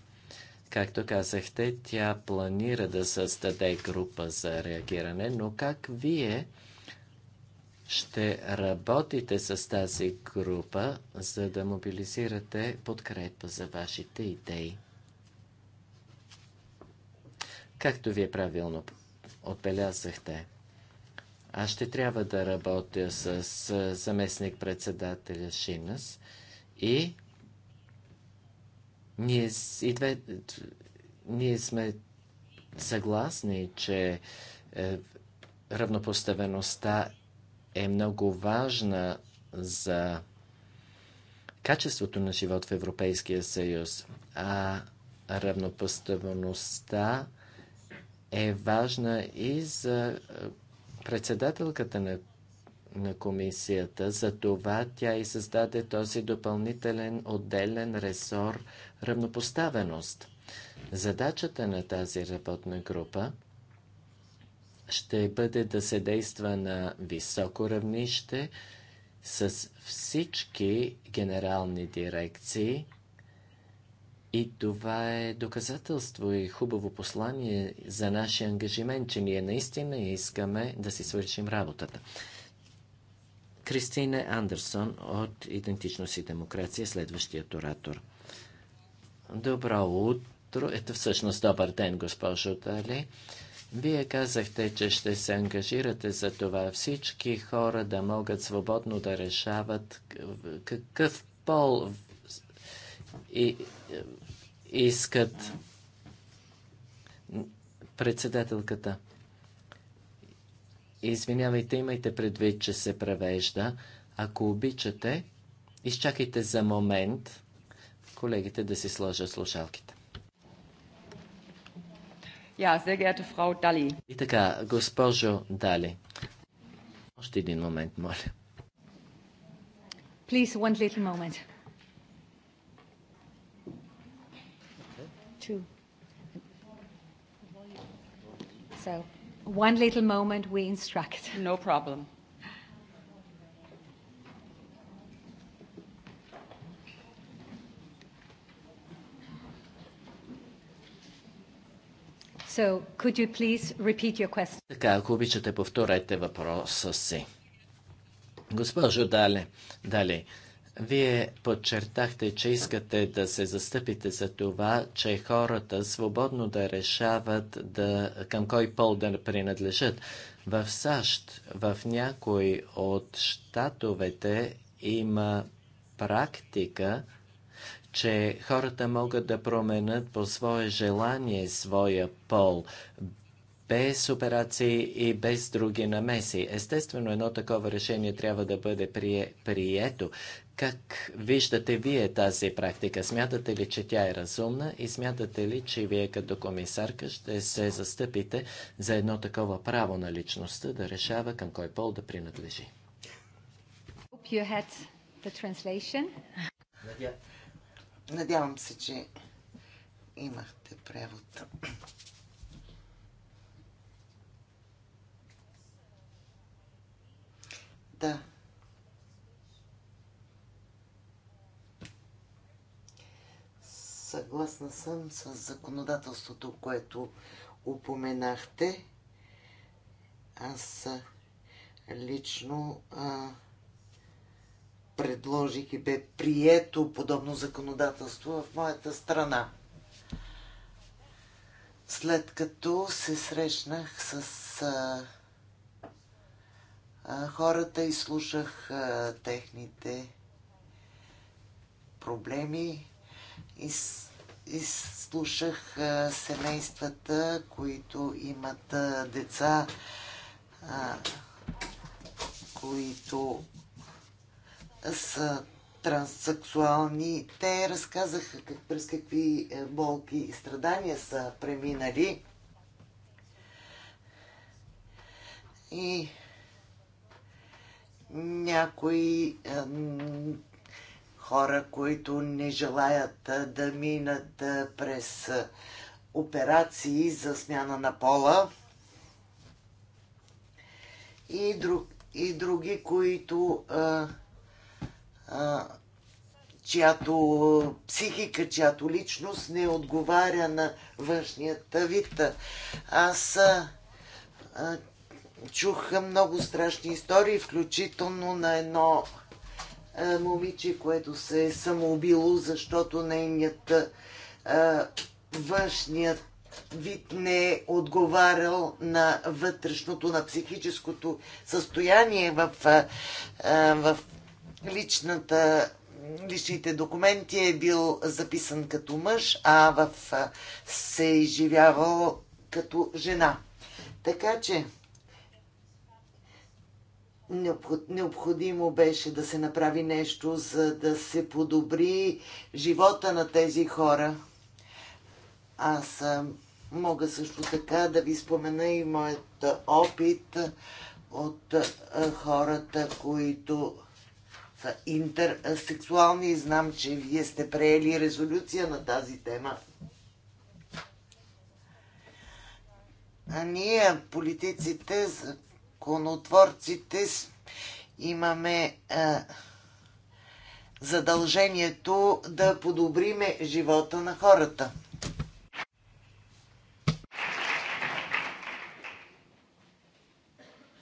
Както казахте, тя планира да създаде група за реагиране, но как вие ще работите с тази група, за да мобилизирате подкрепа за вашите идеи? Както вие правилно отбелязахте, аз ще трябва да работя с заместник-председателя Шинас и ние, и две, ние сме съгласни, че е, равнопоставеността е много важна за качеството на живот в Европейския съюз, а равнопоставеността е важна и за председателката на, на комисията. За това тя и създаде този допълнителен отделен ресор равнопоставеност. Задачата на тази работна група ще бъде да се действа на високо равнище с всички генерални дирекции. И това е доказателство и хубаво послание за нашия ангажимент, че ние наистина искаме да си свършим работата. Кристина Андерсон от Идентичност и демокрация, следващият оратор. Добро утро! Ето всъщност добър ден, госпожо Дали. Вие казахте, че ще се ангажирате за това всички хора да могат свободно да решават какъв пол и, искат председателката. Извинявайте, имайте предвид, че се превежда. Ако обичате, изчакайте за момент колегите да си сложат слушалките. Yeah, И така, госпожо Дали. Още един момент, моля. Please, one little moment. Two. So, one little moment, we instruct. No problem. So, could you please repeat your question? Така, ако обичате, повторете въпроса си. Госпожо Дале, Дали, вие подчертахте, че искате да се застъпите за това, че хората свободно да решават да, към кой пол да принадлежат. В САЩ, в някои от щатовете има практика, че хората могат да променят по свое желание своя пол, без операции и без други намеси. Естествено, едно такова решение трябва да бъде прие, прието. Как виждате вие тази практика? Смятате ли, че тя е разумна и смятате ли, че вие като комисарка ще се застъпите за едно такова право на личността да решава към кой пол да принадлежи? Надявам се, че имахте превод. Да. Съгласна съм с законодателството, което упоменахте. Аз лично а, предложих и бе прието подобно законодателство в моята страна. След като се срещнах с а, а, хората и слушах а, техните проблеми и, и слушах а, семействата, които имат а, деца, а, които са транссексуални. Те разказаха как, през какви е, болки и страдания са преминали. И някои е, хора, които не желаят е, да минат през операции за смяна на пола и, друг, и други, които а, чиято психика, чиято личност не отговаря на външният вид. Аз а, чух много страшни истории, включително на едно а, момиче, което се е самоубило, защото нейният а, външният вид не е отговарял на вътрешното, на психическото състояние в, в личната, личните документи е бил записан като мъж, а в се е изживявал като жена. Така че необходимо беше да се направи нещо, за да се подобри живота на тези хора. Аз мога също така да ви спомена и моят опит от хората, които интерсексуални и знам, че вие сте приели резолюция на тази тема. А ние, политиците, законотворците, имаме а, задължението да подобриме живота на хората.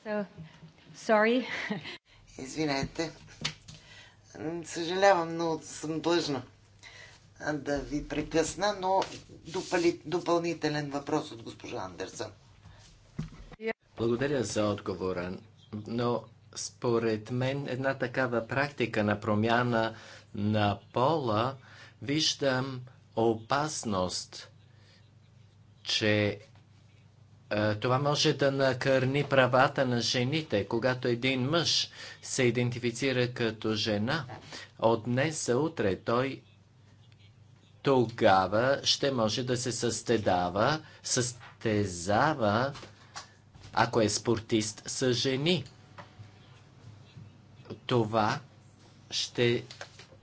So, sorry. Извинете. Съжалявам, но съм длъжна да ви прекъсна, но допали, допълнителен въпрос от госпожа Андерсън. Благодаря за отговора, но според мен една такава практика на промяна на пола виждам опасност, че е, това може да накърни правата на жените. Когато един мъж се идентифицира като жена, от днес за утре той тогава ще може да се състедава, състезава, ако е спортист, с жени. Това ще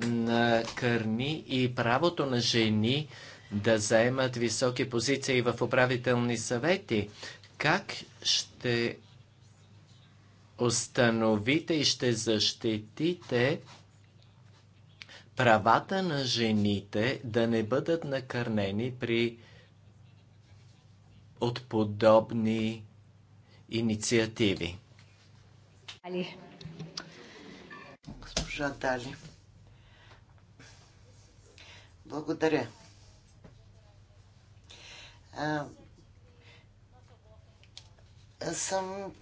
накърни и правото на жени да заемат високи позиции в управителни съвети. Как ще установите и ще защитите правата на жените да не бъдат накърнени при от подобни инициативи. Али. Госпожа Дали. Благодаря съм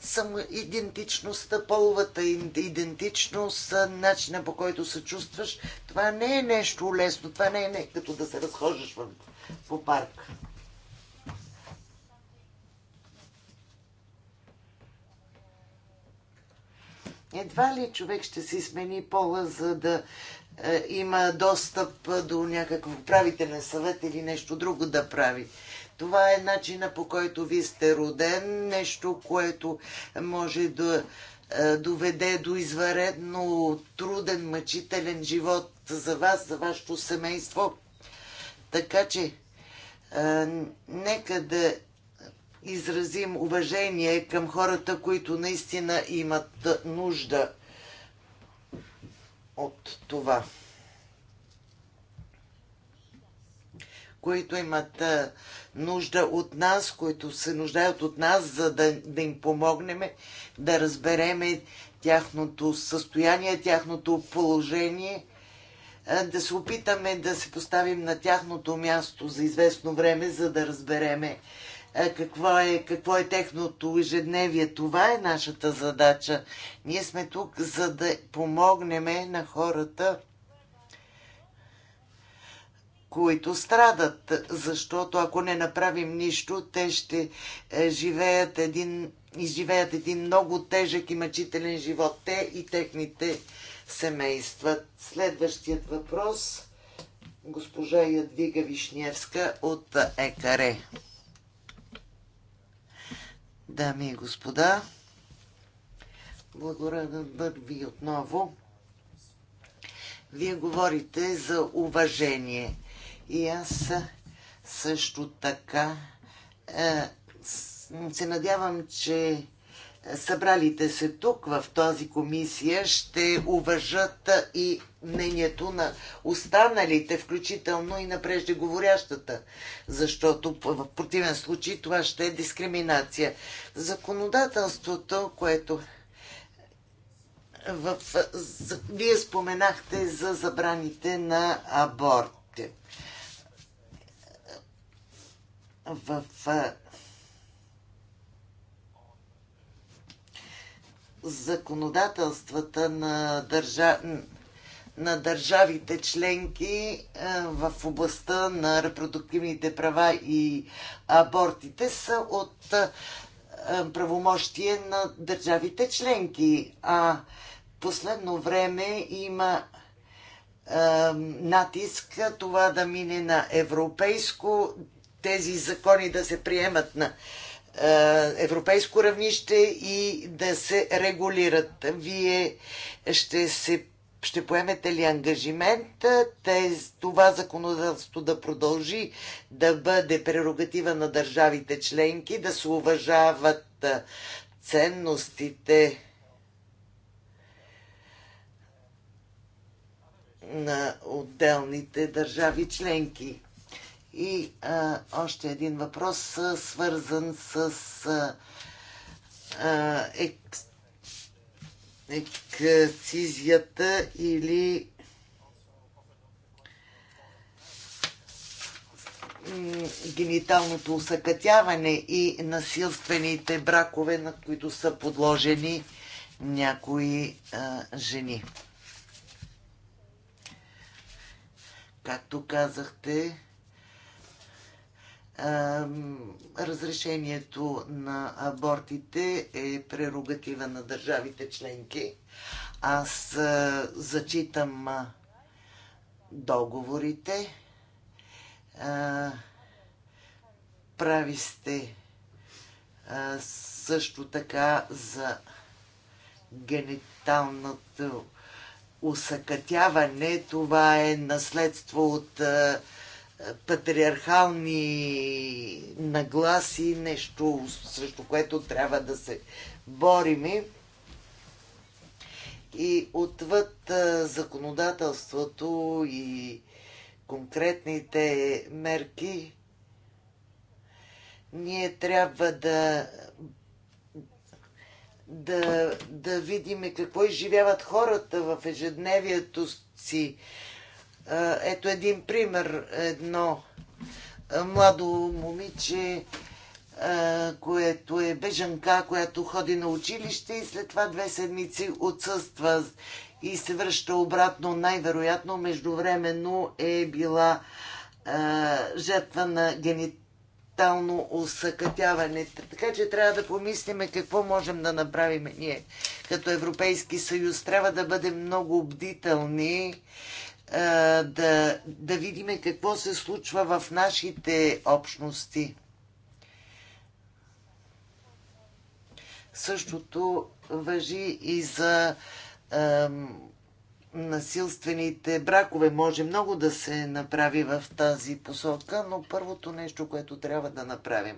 съм идентичността, половата идентичност, начина по който се чувстваш. Това не е нещо лесно, това не е не, като да се разхождаш в, по парк. Едва ли човек ще си смени пола, за да е, има достъп до някакъв управителен съвет или нещо друго да прави. Това е начина по който ви сте роден, нещо, което може да е, доведе до изваредно труден, мъчителен живот за вас, за вашето семейство. Така че, е, нека да изразим уважение към хората, които наистина имат нужда от това, които имат нужда от нас, които се нуждаят от нас, за да, да им помогнем да разбереме тяхното състояние, тяхното положение, да се опитаме да се поставим на тяхното място за известно време, за да разбереме е, какво е, какво е техното ежедневие. Това е нашата задача. Ние сме тук, за да помогнем на хората, които страдат, защото ако не направим нищо, те ще е, живеят един, изживеят един много тежък и мъчителен живот. Те и техните семейства. Следващият въпрос госпожа Ядвига Вишневска от ЕКАРЕ. Дами и господа, благодаря ви отново. Вие говорите за уважение. И аз също така е, се надявам, че събралите се тук в тази комисия ще уважат и мнението на останалите, включително и на преждеговорящата, защото в противен случай това ще е дискриминация. Законодателството, което в... вие споменахте за забраните на аборт. В законодателствата на, държа... на държавите членки е, в областта на репродуктивните права и абортите са от е, правомощие на държавите членки. А последно време има е, натиск това да мине на европейско, тези закони да се приемат на е, европейско равнище и да се регулират. Вие ще се ще поемете ли ангажимент тези, това законодателство да продължи да бъде прерогатива на държавите членки, да се уважават е, ценностите на отделните държави членки? И а, още един въпрос, а, свързан с а, ек, екцизията или гениталното усъкътяване и насилствените бракове, на които са подложени някои а, жени. Както казахте, разрешението на абортите е прерогатива на държавите членки. Аз зачитам договорите. Прави сте също така за гениталното усъкътяване. Това е наследство от патриархални нагласи, нещо срещу което трябва да се бориме. И отвъд законодателството и конкретните мерки, ние трябва да да, да видим какво изживяват хората в ежедневието си, ето един пример, едно младо момиче, което е бежанка, която ходи на училище и след това две седмици отсъства и се връща обратно. Най-вероятно, междувременно е била жертва на генитално усъкътяване. Така че трябва да помислиме какво можем да направим ние като Европейски съюз. Трябва да бъдем много бдителни да, да видим какво се случва в нашите общности. Същото въжи и за е, насилствените бракове. Може много да се направи в тази посока, но първото нещо, което трябва да направим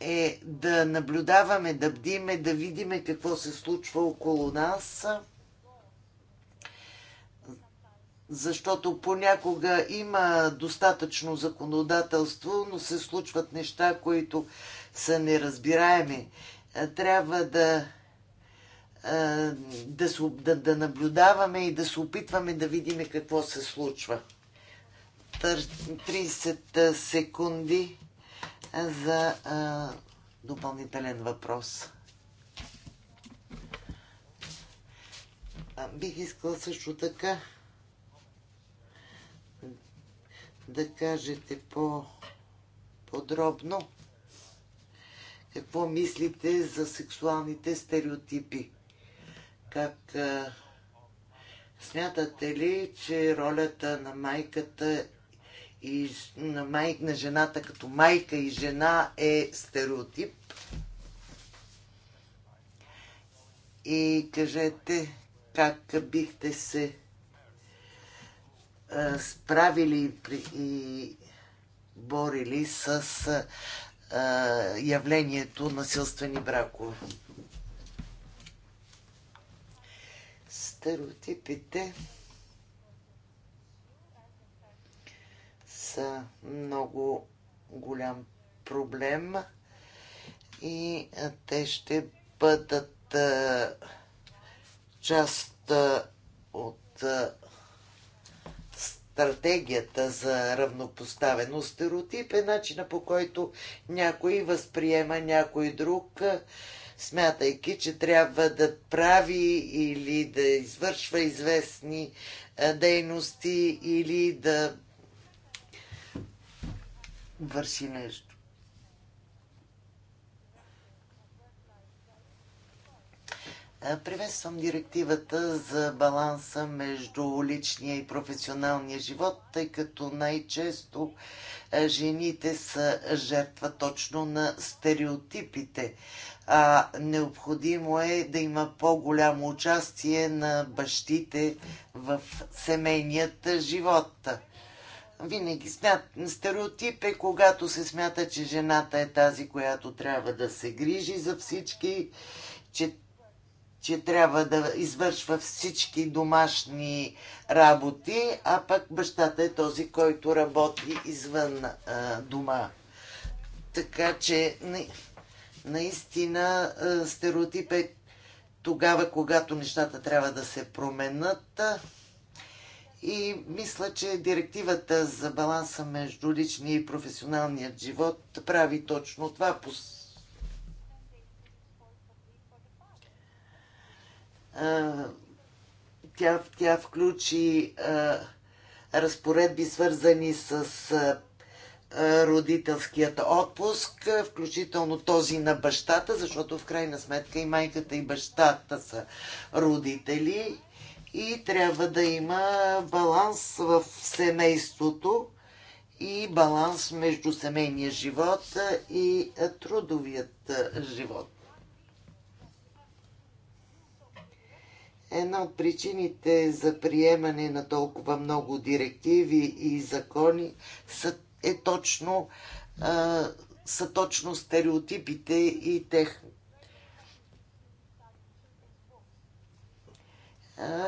е да наблюдаваме, да бдиме, да видиме какво се случва около нас – защото понякога има достатъчно законодателство, но се случват неща, които са неразбираеми. Е, трябва да, е, да, да, да наблюдаваме и да се опитваме да видим какво се случва. 30 е, секунди за а, допълнителен въпрос. А, бих искала също така да кажете по-подробно какво мислите за сексуалните стереотипи. Как а, смятате ли, че ролята на майката и на, май, на жената като майка и жена е стереотип? И кажете как бихте се е, справили и борили с е, явлението насилствени бракове. Стереотипите са много голям проблем и е, те ще бъдат част от стратегията за равнопоставеност. стереотип е начина по който някой възприема някой друг, смятайки, че трябва да прави или да извършва известни дейности или да върши нещо. Е, приветствам директивата за баланса между личния и професионалния живот, тъй като най-често е, жените са жертва точно на стереотипите. А, необходимо е да има по-голямо участие на бащите в семейният живот. Винаги смят, стереотип е, когато се смята, че жената е тази, която трябва да се грижи за всички, че че трябва да извършва всички домашни работи, а пък бащата е този, който работи извън а, дома. Така че на, наистина а, стереотип е тогава, когато нещата трябва да се променят. И мисля, че директивата за баланса между личния и професионалният живот прави точно това. тя, тя включи а, разпоредби, свързани с а, родителският отпуск, включително този на бащата, защото в крайна сметка и майката и бащата са родители и трябва да има баланс в семейството и баланс между семейния живот и трудовият живот. Една от причините за приемане на толкова много директиви и закони са, е точно, а, са точно стереотипите и тех.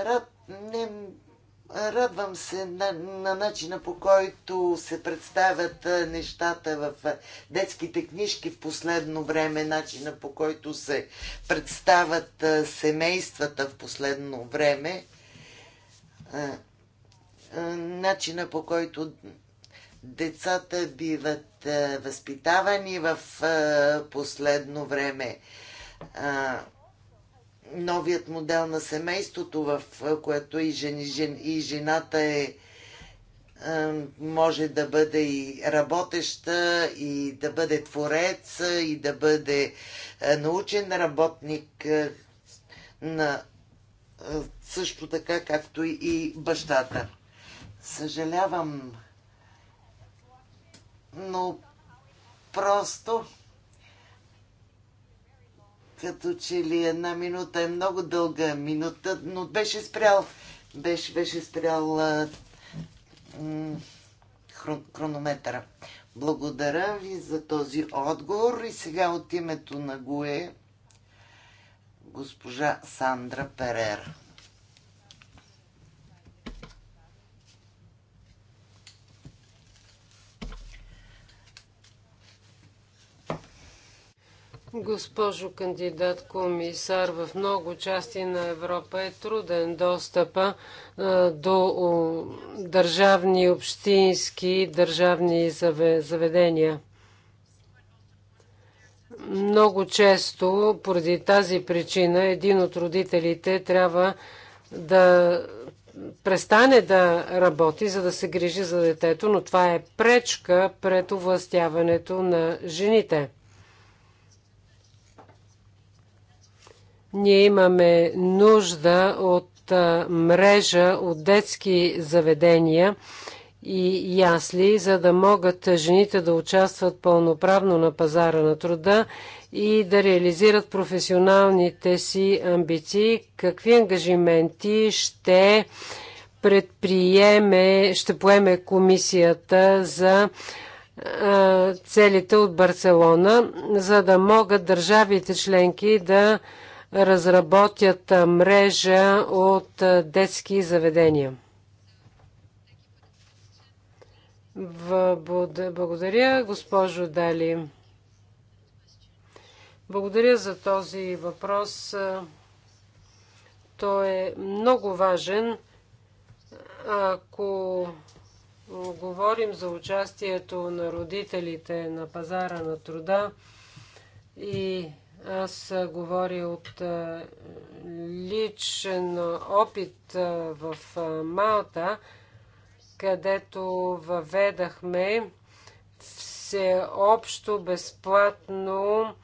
Рад, не, Радвам се на, на начина по който се представят нещата в детските книжки в последно време, начина по който се представят семействата в последно време, начина по който децата биват възпитавани в последно време новият модел на семейството, в което и, жени, жен, и жената е може да бъде и работеща, и да бъде творец, и да бъде научен работник на също така, както и бащата. Съжалявам, но просто като че ли една минута е много дълга минута, но беше спрял, беше, беше спрял а, хрон, хронометъра. Благодаря ви за този отговор и сега от името на ГУЕ госпожа Сандра Перера. Госпожо кандидат комисар, в много части на Европа е труден достъпа до държавни, общински, държавни заведения. Много често, поради тази причина, един от родителите трябва да престане да работи, за да се грижи за детето, но това е пречка пред овластяването на жените. Ние имаме нужда от мрежа от детски заведения и ясли, за да могат жените да участват пълноправно на пазара на труда и да реализират професионалните си амбиции. Какви ангажименти ще предприеме, ще поеме комисията за целите от Барселона, за да могат държавите членки да разработят мрежа от детски заведения. Благодаря, госпожо Дали. Благодаря за този въпрос. Той е много важен. Ако говорим за участието на родителите на пазара на труда и аз говоря от личен опит в Малта, където въведахме всеобщо безплатно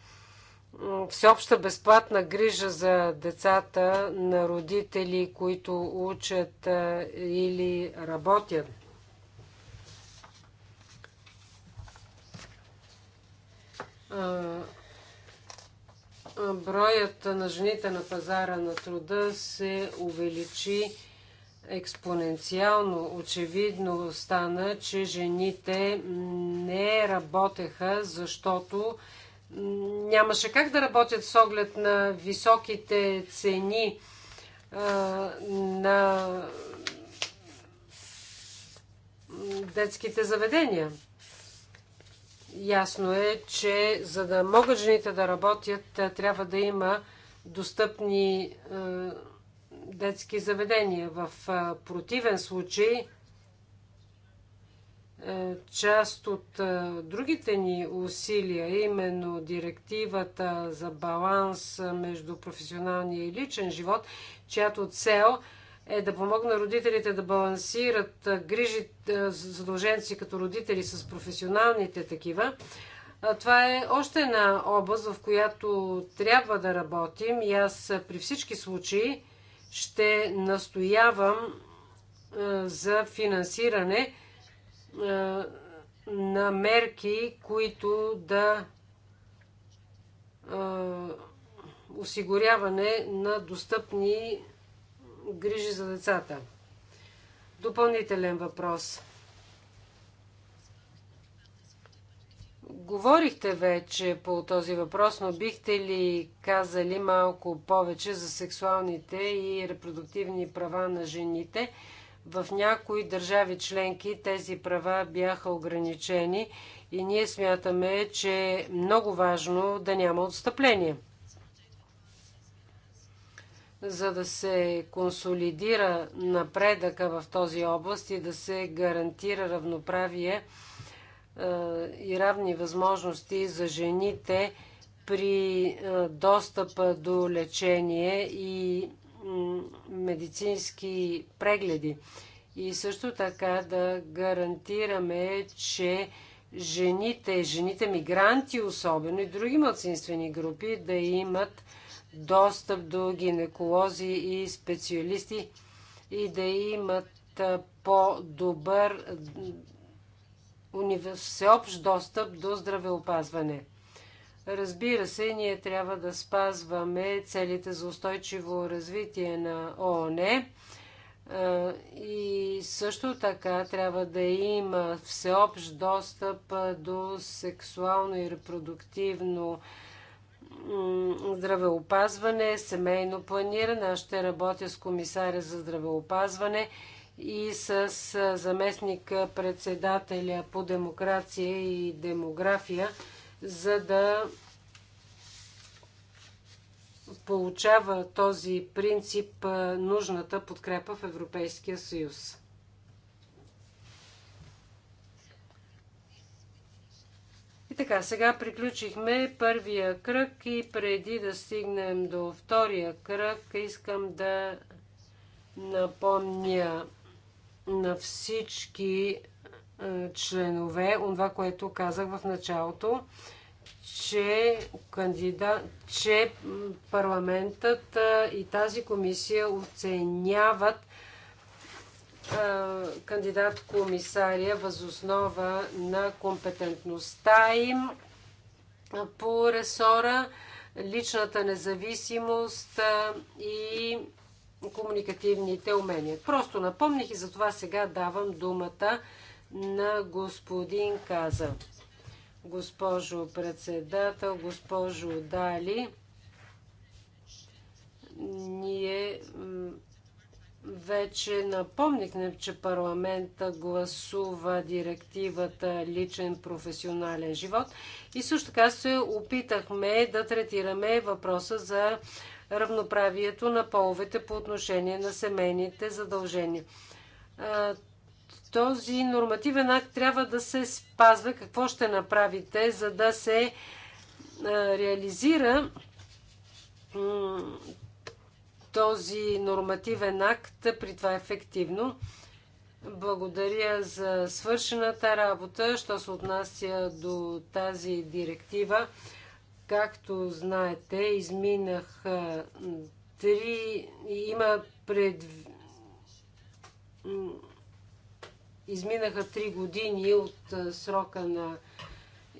всеобща безплатна грижа за децата на родители, които учат или работят. А, броят на жените на пазара на труда се увеличи експоненциално. Очевидно стана, че жените не работеха, защото нямаше как да работят с оглед на високите цени на детските заведения. Ясно е, че за да могат жените да работят, е, трябва да има достъпни е, детски заведения. В е, противен случай, част от другите ни усилия, именно директивата за баланс между професионалния и личен живот, чиято цел е е да помогна родителите да балансират грижи, задълженци си като родители с професионалните такива. Това е още една област, в която трябва да работим и аз при всички случаи ще настоявам за финансиране на мерки, които да осигуряване на достъпни грижи за децата. Допълнителен въпрос. Говорихте вече по този въпрос, но бихте ли казали малко повече за сексуалните и репродуктивни права на жените? В някои държави членки тези права бяха ограничени и ние смятаме, че е много важно да няма отстъпление за да се консолидира напредъка в този област и да се гарантира равноправие и равни възможности за жените при достъпа до лечение и медицински прегледи. И също така да гарантираме, че жените, жените мигранти особено и други младсинствени групи да имат достъп до гинеколози и специалисти и да имат по-добър всеобщ достъп до здравеопазване. Разбира се, ние трябва да спазваме целите за устойчиво развитие на ООН и също така трябва да има всеобщ достъп до сексуално и репродуктивно здравеопазване, семейно планиране. Аз ще работя с комисаря за здравеопазване и с заместник председателя по демокрация и демография, за да получава този принцип нужната подкрепа в Европейския съюз. И така, сега приключихме първия кръг и преди да стигнем до втория кръг, искам да напомня на всички е, членове, това, което казах в началото, че, кандидат, че парламентът е, и тази комисия оценяват кандидат-комисария възоснова на компетентността им по ресора, личната независимост и комуникативните умения. Просто напомних и затова сега давам думата на господин Каза. Госпожо председател, госпожо Дали, ние вече напомнихме, че парламента гласува директивата личен професионален живот и също така се опитахме да третираме въпроса за равноправието на половете по отношение на семейните задължения. Този нормативен акт трябва да се спазва. Какво ще направите, за да се реализира този нормативен акт, при това ефективно. Благодаря за свършената работа, що се отнася до тази директива. Както знаете, изминах три... Има пред... Изминаха три години от срока на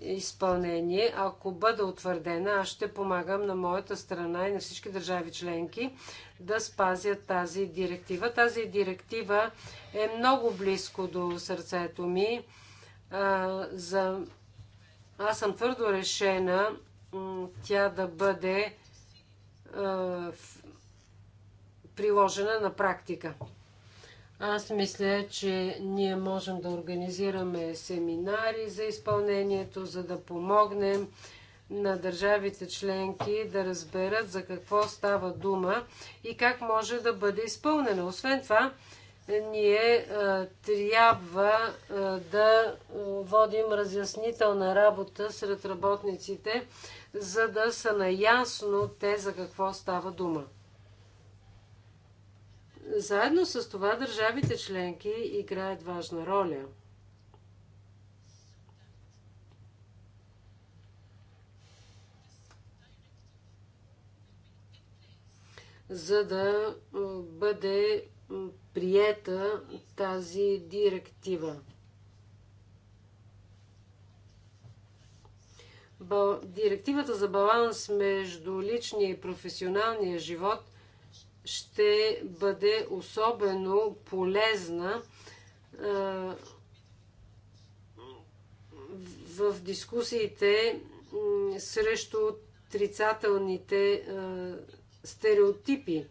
изпълнение. Ако бъда утвърдена, аз ще помагам на моята страна и на всички държави членки да спазят тази директива. Тази директива е много близко до сърцето ми. А, за... Аз съм твърдо решена тя да бъде а, в... приложена на практика. Аз мисля, че ние можем да организираме семинари за изпълнението, за да помогнем на държавите членки да разберат за какво става дума и как може да бъде изпълнено. Освен това, ние а, трябва а, да водим разяснителна работа сред работниците, за да са наясно те за какво става дума. Заедно с това държавите членки играят важна роля. за да бъде приета тази директива. Директивата за баланс между личния и професионалния живот ще бъде особено полезна в дискусиите срещу отрицателните стереотипи.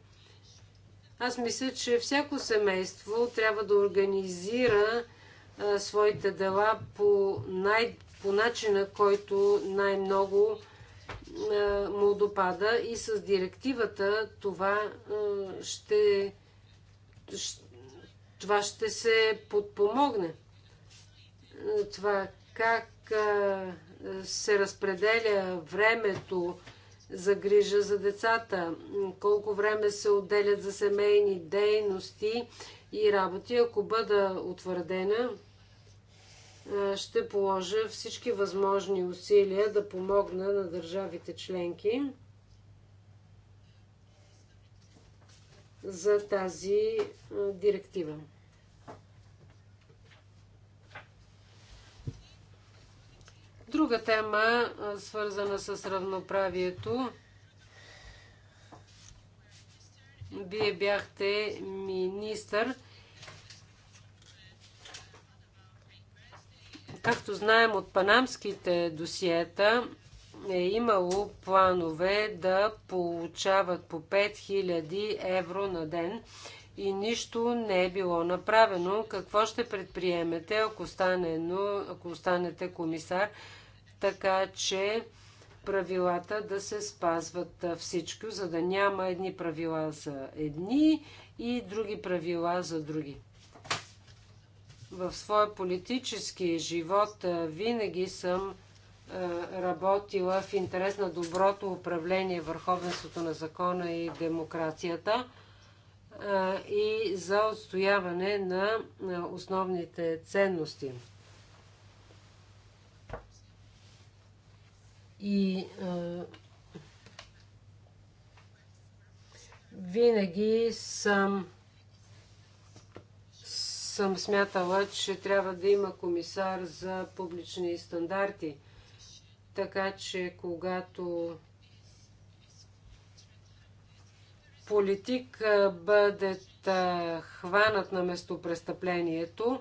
Аз мисля, че всяко семейство трябва да организира своите дела по, най, по начина, който най-много му допада и с директивата това ще, това ще се подпомогне. Това как се разпределя времето за грижа за децата, колко време се отделят за семейни дейности и работи, ако бъда утвърдена, е, ще положа всички възможни усилия да помогна на държавите членки за тази е, директива. Друга тема, е, свързана с равноправието. Вие бяхте министър Както знаем от панамските досиета, е имало планове да получават по 5000 евро на ден и нищо не е било направено. Какво ще предприемете, ако, стане, но, ако останете комисар, така че правилата да се спазват всичко, за да няма едни правила за едни и други правила за други? в своя политически живот винаги съм работила в интерес на доброто управление, върховенството на закона и демокрацията и за отстояване на основните ценности. И винаги съм съм смятала, че трябва да има комисар за публични стандарти. Така че когато политик бъде хванат на местопрестъплението,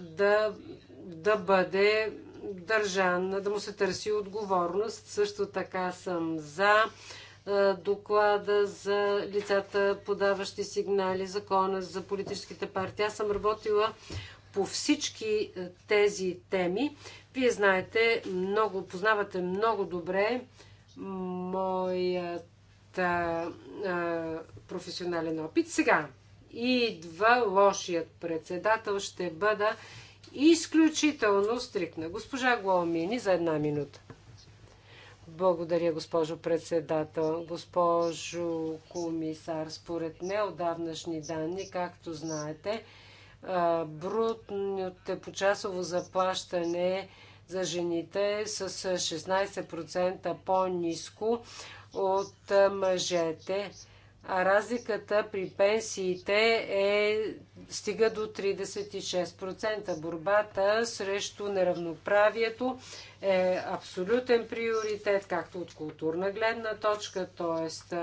да, да бъде държан, да му се търси отговорност. Също така съм за е, доклада за лицата, подаващи сигнали, закона за политическите партии. Аз съм работила по всички е, тези теми. Вие знаете много, познавате много добре моят а, е, професионален опит. Сега идва лошият председател. Ще бъда изключително стрикна. Госпожа Гломини за една минута. Благодаря, госпожо председател. Госпожо комисар, според неодавнашни данни, както знаете, брутното почасово заплащане за жените с 16% по-низко от мъжете а разликата при пенсиите е, стига до 36%. Борбата срещу неравноправието е абсолютен приоритет, както от културна гледна точка, т.е.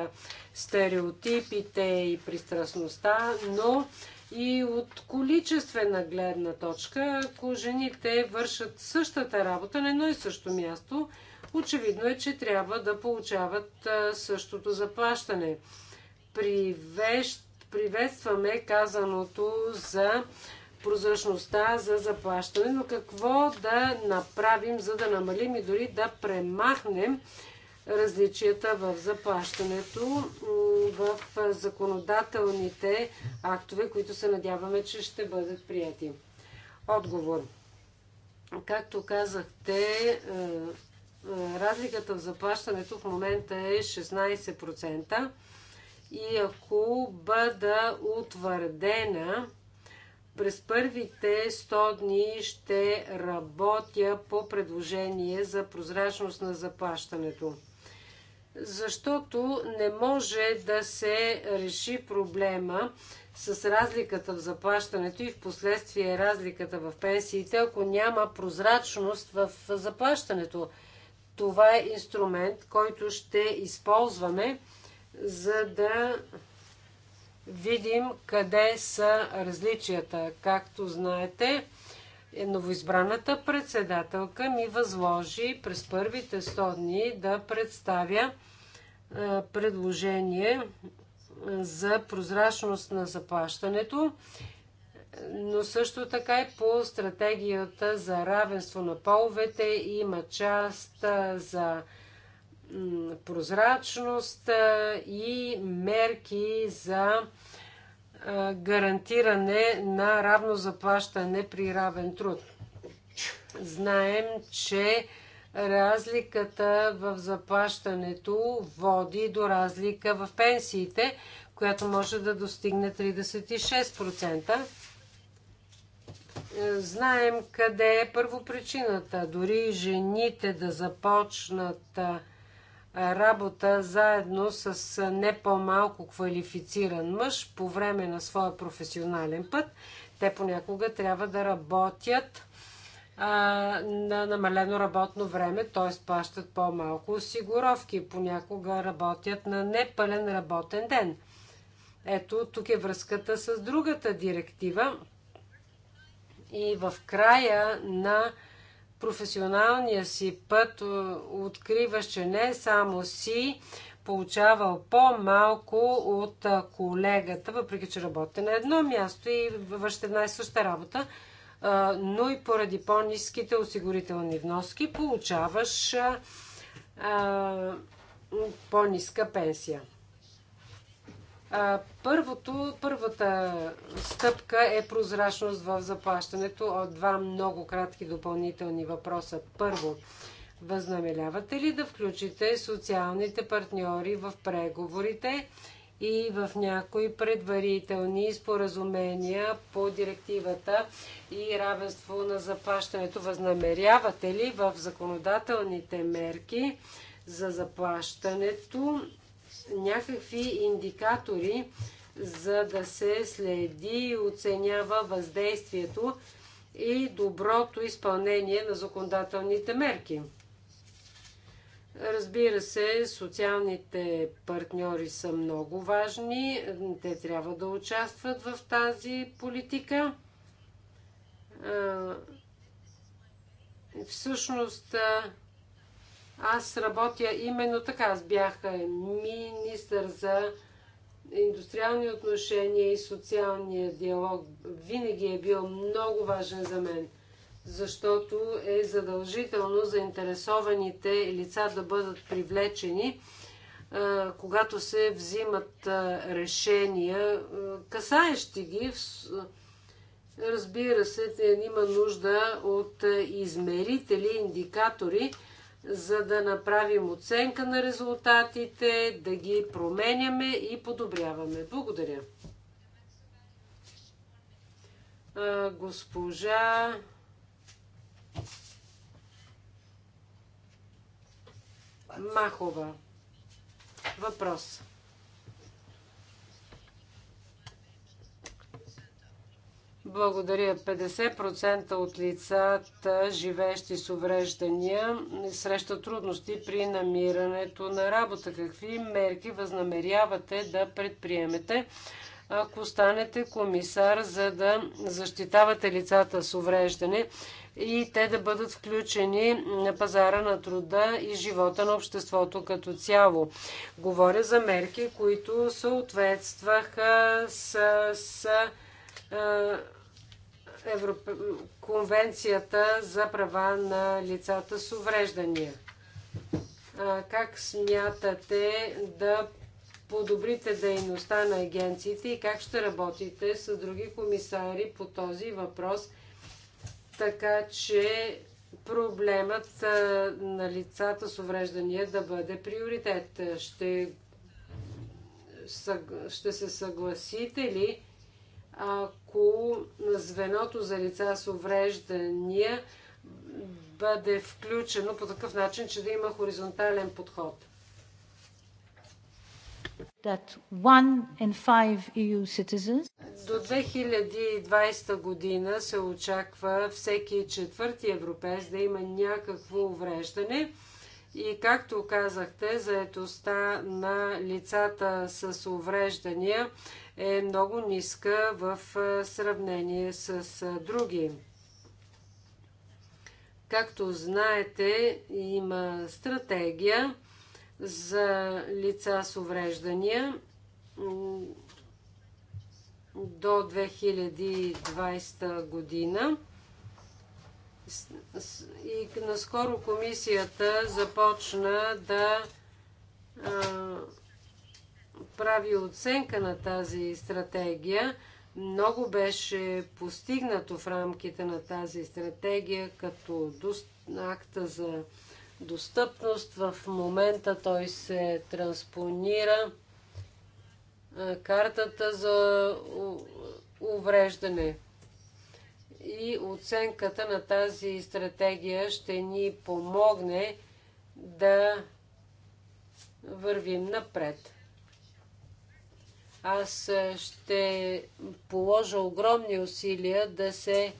стереотипите и пристрастността, но и от количествена гледна точка, ако жените вършат същата работа на едно и също място, очевидно е, че трябва да получават същото заплащане. Привещ, приветстваме казаното за прозрачността за заплащане, но какво да направим, за да намалим и дори да премахнем различията в заплащането в законодателните актове, които се надяваме, че ще бъдат прияти. Отговор. Както казахте, е, е, разликата в заплащането в момента е 16%. И ако бъда утвърдена, през първите 100 дни ще работя по предложение за прозрачност на заплащането. Защото не може да се реши проблема с разликата в заплащането и в последствие разликата в пенсиите, ако няма прозрачност в заплащането. Това е инструмент, който ще използваме за да видим къде са различията. Както знаете, новоизбраната председателка ми възложи през първите 100 дни да представя предложение за прозрачност на заплащането, но също така и по стратегията за равенство на половете има част за прозрачност и мерки за гарантиране на равно заплащане при равен труд. Знаем, че разликата в заплащането води до разлика в пенсиите, която може да достигне 36%. Знаем къде е първопричината. Дори жените да започнат работа заедно с не по-малко квалифициран мъж по време на своя професионален път. Те понякога трябва да работят на намалено работно време, т.е. плащат по-малко осигуровки, понякога работят на непълен работен ден. Ето, тук е връзката с другата директива. И в края на професионалния си път е, откриваш, че не само си получавал по-малко от е, колегата, въпреки че работите на едно място и вършите една и съща работа, е, но и поради по-низките осигурителни вноски получаваш по-ниска пенсия. Първото, първата стъпка е прозрачност в заплащането от два много кратки допълнителни въпроса. Първо, възнамелявате ли да включите социалните партньори в преговорите и в някои предварителни споразумения по директивата и равенство на заплащането? Възнамерявате ли в законодателните мерки за заплащането някакви индикатори, за да се следи и оценява въздействието и доброто изпълнение на законодателните мерки. Разбира се, социалните партньори са много важни. Те трябва да участват в тази политика. Всъщност, аз работя именно така. Аз бях е, министър за индустриални отношения и социалния диалог. Винаги е бил много важен за мен, защото е задължително заинтересованите лица да бъдат привлечени, е, когато се взимат е, решения, касаещи ги. Разбира се, има нужда от измерители, индикатори, за да направим оценка на резултатите, да ги променяме и подобряваме. Благодаря. Госпожа Махова. Въпрос. Благодаря. 50% от лицата, живеещи с увреждания, срещат трудности при намирането на работа. Какви мерки възнамерявате да предприемете, ако станете комисар, за да защитавате лицата с увреждане и те да бъдат включени на пазара на труда и живота на обществото като цяло? Говоря за мерки, които съответстваха с. с Европ... Конвенцията за права на лицата с увреждания. Как смятате да подобрите дейността на агенциите и как ще работите с други комисари по този въпрос, така че проблемът на лицата с увреждания да бъде приоритет. Ще, ще се съгласите ли ако звеното за лица с увреждания бъде включено по такъв начин, че да има хоризонтален подход. That one in five EU citizens... До 2020 година се очаква всеки четвърти европеец да има някакво увреждане. И както казахте, заетостта на лицата с увреждания е много ниска в сравнение с други. Както знаете, има стратегия за лица с увреждания до 2020 година. И наскоро комисията започна да а, прави оценка на тази стратегия. Много беше постигнато в рамките на тази стратегия като акта за достъпност. В момента той се транспонира картата за увреждане и оценката на тази стратегия ще ни помогне да вървим напред. Аз е, ще положа огромни усилия да се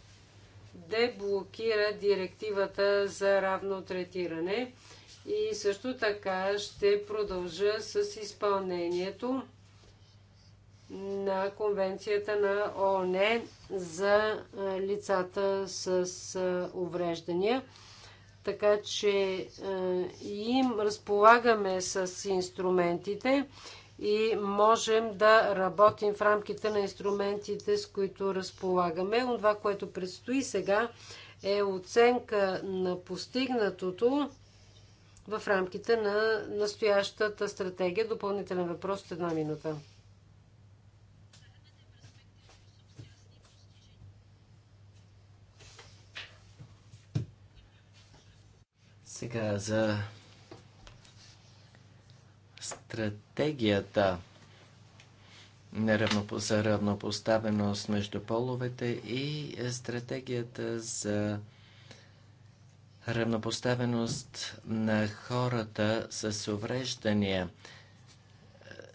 деблокира директивата за равно третиране и също така ще продължа с изпълнението на Конвенцията на ООН за лицата с увреждания. Така че им разполагаме с инструментите и можем да работим в рамките на инструментите, с които разполагаме. Това, което предстои сега, е оценка на постигнатото в рамките на настоящата стратегия. Допълнителен въпрос от една минута. Сега за стратегията за равнопоставеност между половете и стратегията за равнопоставеност на хората с увреждания.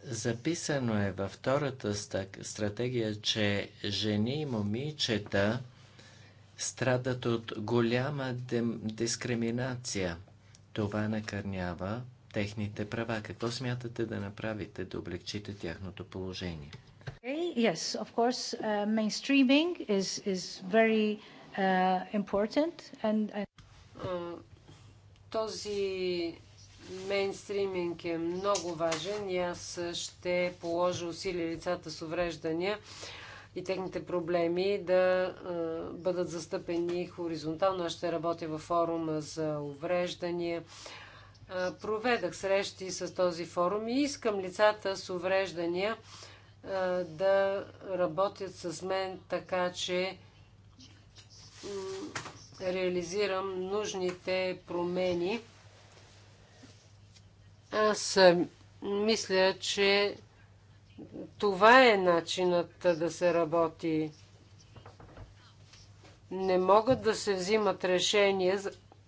Записано е във втората стратегия, че жени и момичета – страдат от голяма дискриминация. Това накърнява техните права. Какво смятате да направите да облегчите тяхното положение? Yes, of course, uh, mainstreaming is, is very uh, important. And, and... Uh, е, този мейнстриминг е много важен и аз ще положа усилия лицата с увреждания и техните проблеми да бъдат застъпени хоризонтално. Аз ще работя във форума за увреждания. Проведах срещи с този форум и искам лицата с увреждания да работят с мен така, че реализирам нужните промени. Аз мисля, че това е начинът да се работи. Не могат да се взимат решения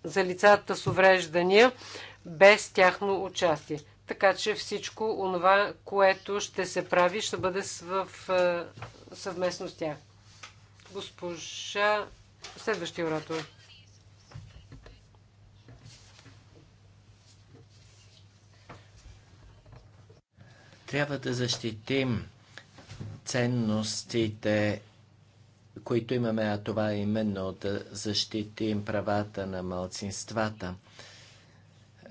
за лицата с увреждания без тяхно участие. Така че всичко онова, което ще се прави, ще бъде в, е, съвместно с тях. Госпожа, следващия оратор. Трябва да защитим ценностите, които имаме, а това е именно да защитим правата на малцинствата.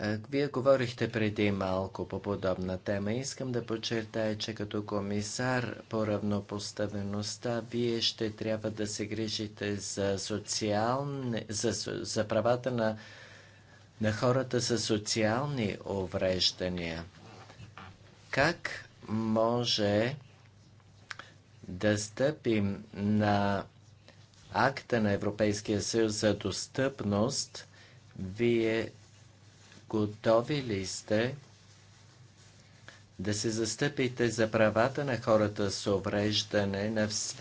Е, вие говорихте преди малко по подобна тема. Искам да подчертая, че като комисар по равнопоставеността, вие ще трябва да се грижите за, социални, за, за правата на, на хората с социални увреждания. Как може да стъпим на акта на Европейския съюз за достъпност, вие готови ли сте да се застъпите за правата на хората с увреждане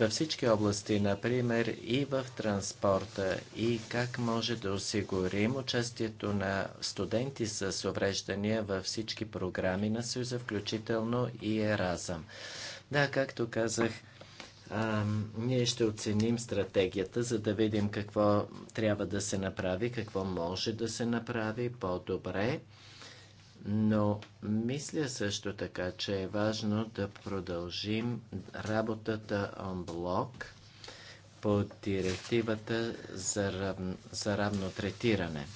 във всички области, например и в транспорта, и как може да осигурим участието на студенти с увреждания във всички програми на Съюза, включително и Еразъм. Да, както казах, а, ние ще оценим стратегията, за да видим какво трябва да се направи, какво може да се направи по-добре. Но мисля също така, че е важно да продължим работата блок по директивата за, рав... за равно третиране.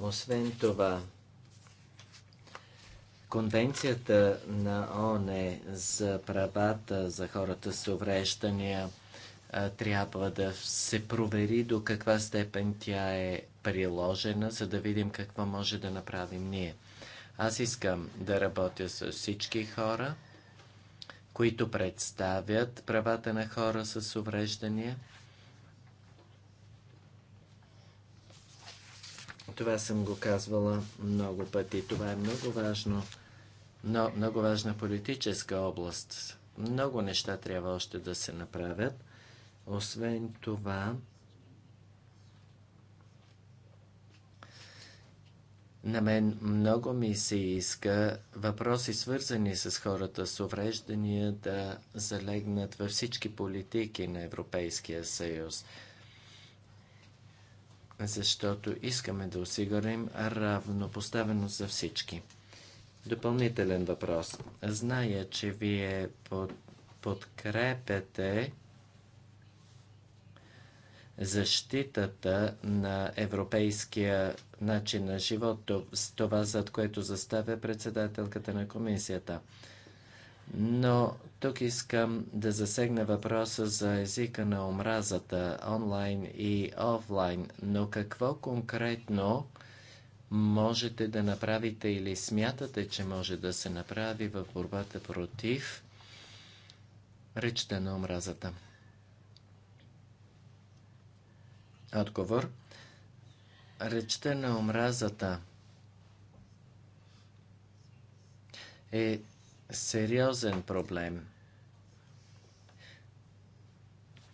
Освен това, Конвенцията на ОНЕ за правата за хората с увреждания трябва да се провери до каква степен тя е приложена, за да видим какво може да направим ние. Аз искам да работя с всички хора, които представят правата на хора с увреждания. Това съм го казвала много пъти. Това е много важно но много важна политическа област. Много неща трябва още да се направят. Освен това, на мен много ми се иска въпроси, свързани с хората с увреждания, да залегнат във всички политики на Европейския съюз защото искаме да осигурим равнопоставеност за всички. Допълнителен въпрос. Зная, че вие под, защитата на европейския начин на живот, това зад което заставя председателката на комисията. Но тук искам да засегна въпроса за езика на омразата онлайн и офлайн. Но какво конкретно можете да направите или смятате, че може да се направи в борбата против речта на омразата? Отговор. Речта на омразата е сериозен проблем.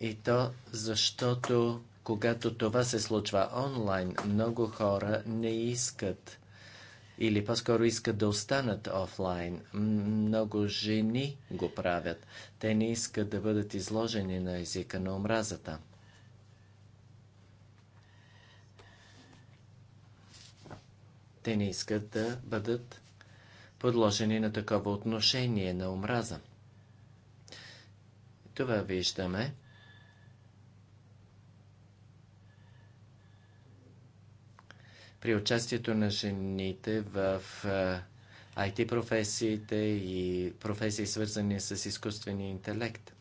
И то защото когато това се случва онлайн, много хора не искат или по-скоро искат да останат офлайн. Много жени го правят. Те не искат да бъдат изложени на езика на омразата. Те не искат да бъдат подложени на такова отношение на омраза. Това виждаме при участието на жените в IT професиите и професии свързани с изкуствения интелект.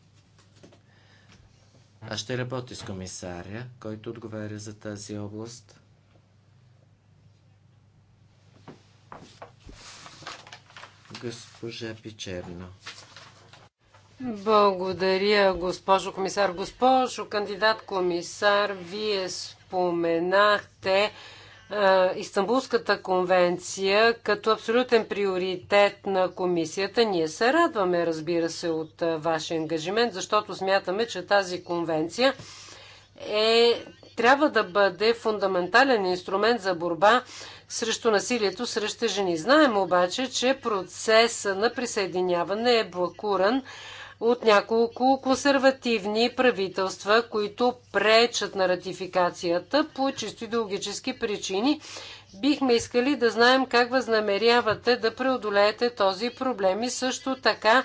Аз ще работя с комисаря, който отговаря за тази област. Госпожа Пичерно. Благодаря, госпожо комисар. Госпожо кандидат комисар, вие споменахте, е, Истанбулската конвенция като абсолютен приоритет на комисията. Ние се радваме, разбира се, от е, вашия ангажимент, защото смятаме, че тази конвенция е, трябва да бъде фундаментален инструмент за борба срещу насилието срещу жени. Знаем обаче, че процесът на присъединяване е блокуран от няколко консервативни правителства, които пречат на ратификацията по чисто идеологически причини. Бихме искали да знаем как възнамерявате да преодолеете този проблем и също така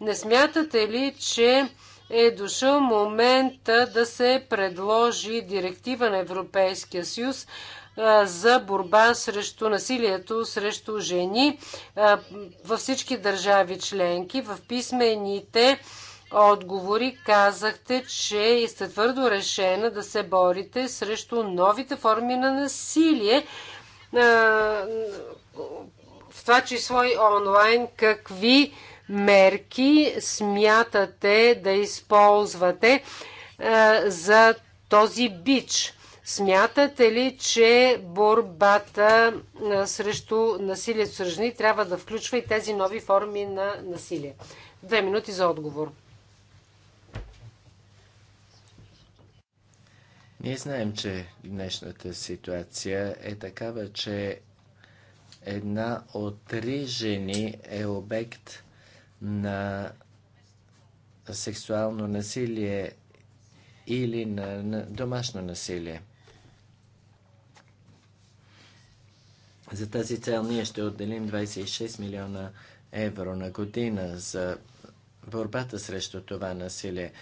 не смятате ли, че е дошъл момента да се предложи директива на Европейския съюз за борба срещу насилието срещу жени във всички държави членки. В писмените отговори казахте, че сте твърдо решена да се борите срещу новите форми на насилие, в това число и онлайн. Какви мерки смятате да използвате за този бич? Смятате ли, че борбата срещу насилие с жени трябва да включва и тези нови форми на насилие? Две минути за отговор. Ние знаем, че днешната ситуация е такава, че една от три жени е обект на сексуално насилие или на, на домашно насилие. За тази цел ние ще отделим 26 милиона евро на година за борбата срещу това насилие.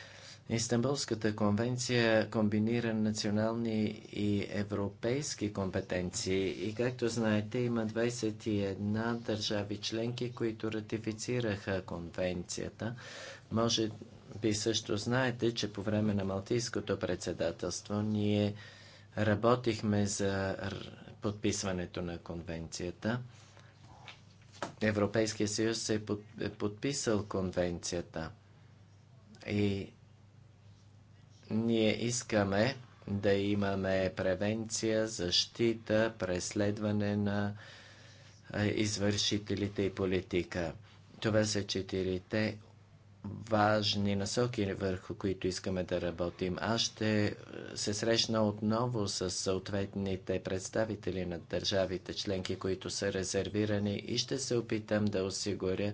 Истанбулската конвенция комбинира национални и европейски компетенции и както знаете има 21 държави членки, които ратифицираха конвенцията. Може би също знаете, че по време на Малтийското председателство ние работихме за подписването на конвенцията. Европейския съюз е, е подписал конвенцията и ние искаме да имаме превенция, защита, преследване на извършителите и политика. Това са четирите важни насоки, върху които искаме да работим. Аз ще е, се срещна отново с съответните представители на държавите членки, които са резервирани и ще се опитам да осигуря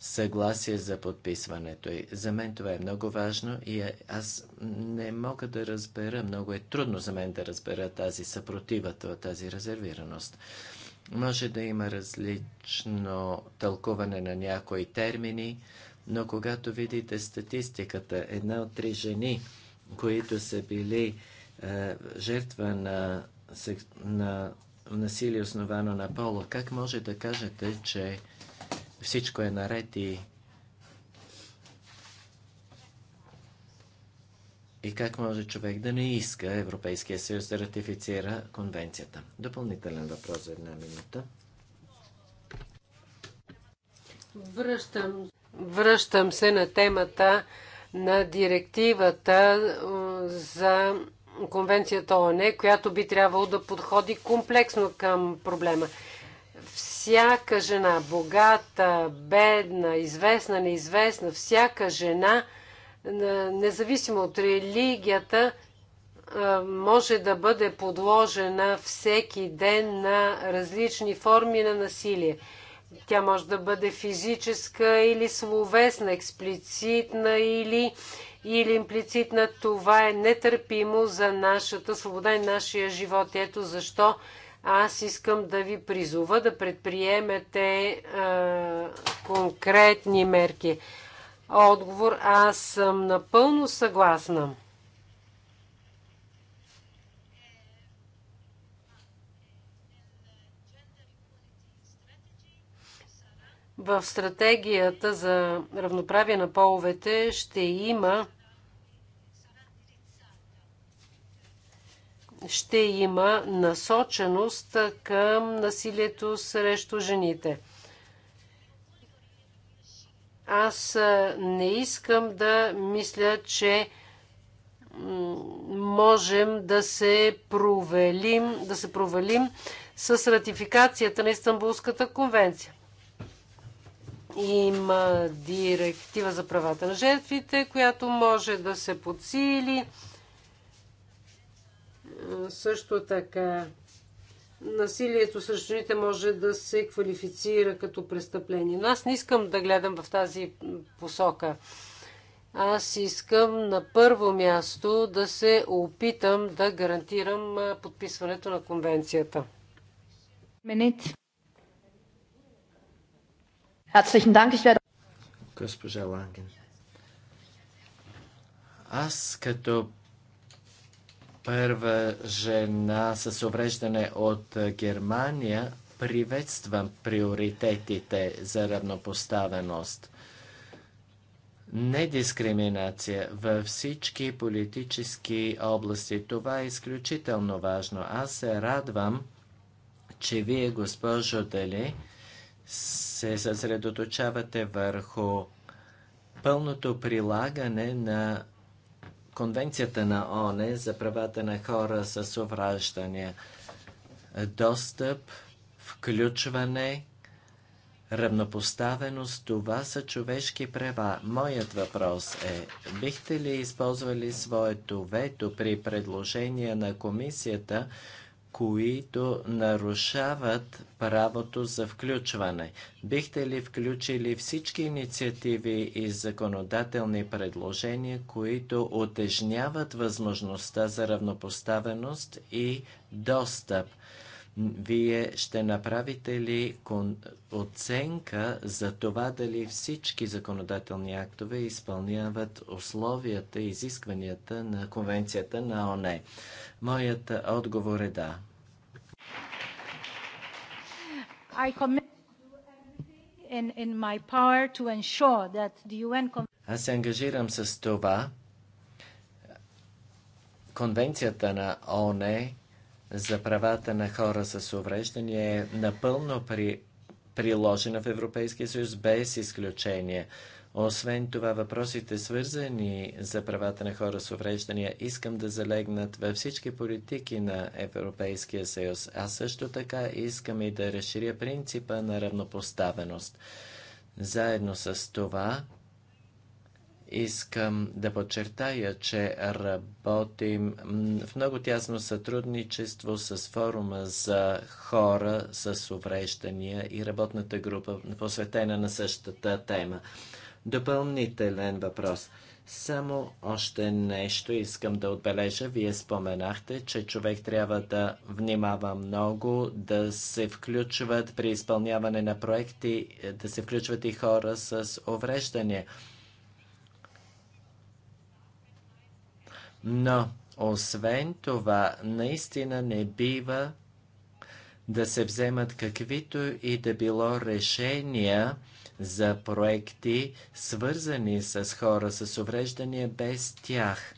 съгласие за подписването й. За мен това е много важно и е, аз не мога да разбера, много е трудно за мен да разбера тази съпротивата, тази резервираност. Може да има различно тълкуване на някои термини, но когато видите статистиката, една от три жени, които са били е, жертва на, на насилие основано на пола, как може да кажете, че всичко е наред и И как може човек да не иска Европейския съюз да ратифицира конвенцията? Допълнителен въпрос за една минута. Връщам Връщам се на темата на директивата за Конвенцията ООН, която би трябвало да подходи комплексно към проблема. Всяка жена, богата, бедна, известна, неизвестна, всяка жена, независимо от религията, може да бъде подложена всеки ден на различни форми на насилие. Тя може да бъде физическа или словесна, експлицитна или, или имплицитна. Това е нетърпимо за нашата свобода и нашия живот. Ето защо аз искам да ви призова да предприемете е, конкретни мерки. Отговор. Аз съм напълно съгласна. В стратегията за равноправие на половете ще има ще има насоченост към насилието срещу жените. Аз не искам да мисля, че можем да се провалим, да се провалим с ратификацията на Истанбулската конвенция. Има директива за правата на жертвите, която може да се подсили. Също така, насилието срещу жените може да се квалифицира като престъпление. Но аз не искам да гледам в тази посока. Аз искам на първо място да се опитам да гарантирам подписването на конвенцията. Минит. Herzlichen Dank, ich werde... Госпожа Ланген. Аз като първа жена с увреждане от Германия приветствам приоритетите за равнопоставеност. Недискриминация във всички политически области. Това е изключително важно. Аз се радвам, че вие, госпожо Дели, се съсредоточавате върху пълното прилагане на Конвенцията на ОНЕ за правата на хора с увраждане. Достъп, включване, равнопоставеност, това са човешки права. Моят въпрос е, бихте ли използвали своето вето при предложение на комисията, които нарушават правото за включване. Бихте ли включили всички инициативи и законодателни предложения, които отежняват възможността за равнопоставеност и достъп вие ще направите ли оценка за това дали всички законодателни актове изпълняват условията и изискванията на Конвенцията на ОНЕ? Моят отговор е да. Аз се ангажирам с това, Конвенцията на ОНЕ за правата на хора с увреждания е напълно при, приложена в Европейския съюз без изключение. Освен това, въпросите свързани за правата на хора с увреждания искам да залегнат във всички политики на Европейския съюз, а също така искам и да разширя принципа на равнопоставеност. Заедно с това, Искам да подчертая, че работим в много тясно сътрудничество с форума за хора с увреждания и работната група, посветена на същата тема. Допълнителен въпрос. Само още нещо искам да отбележа. Вие споменахте, че човек трябва да внимава много, да се включват при изпълняване на проекти, да се включват и хора с увреждания. Но, освен това, наистина не бива да се вземат каквито и да било решения за проекти, свързани с хора с увреждания без тях.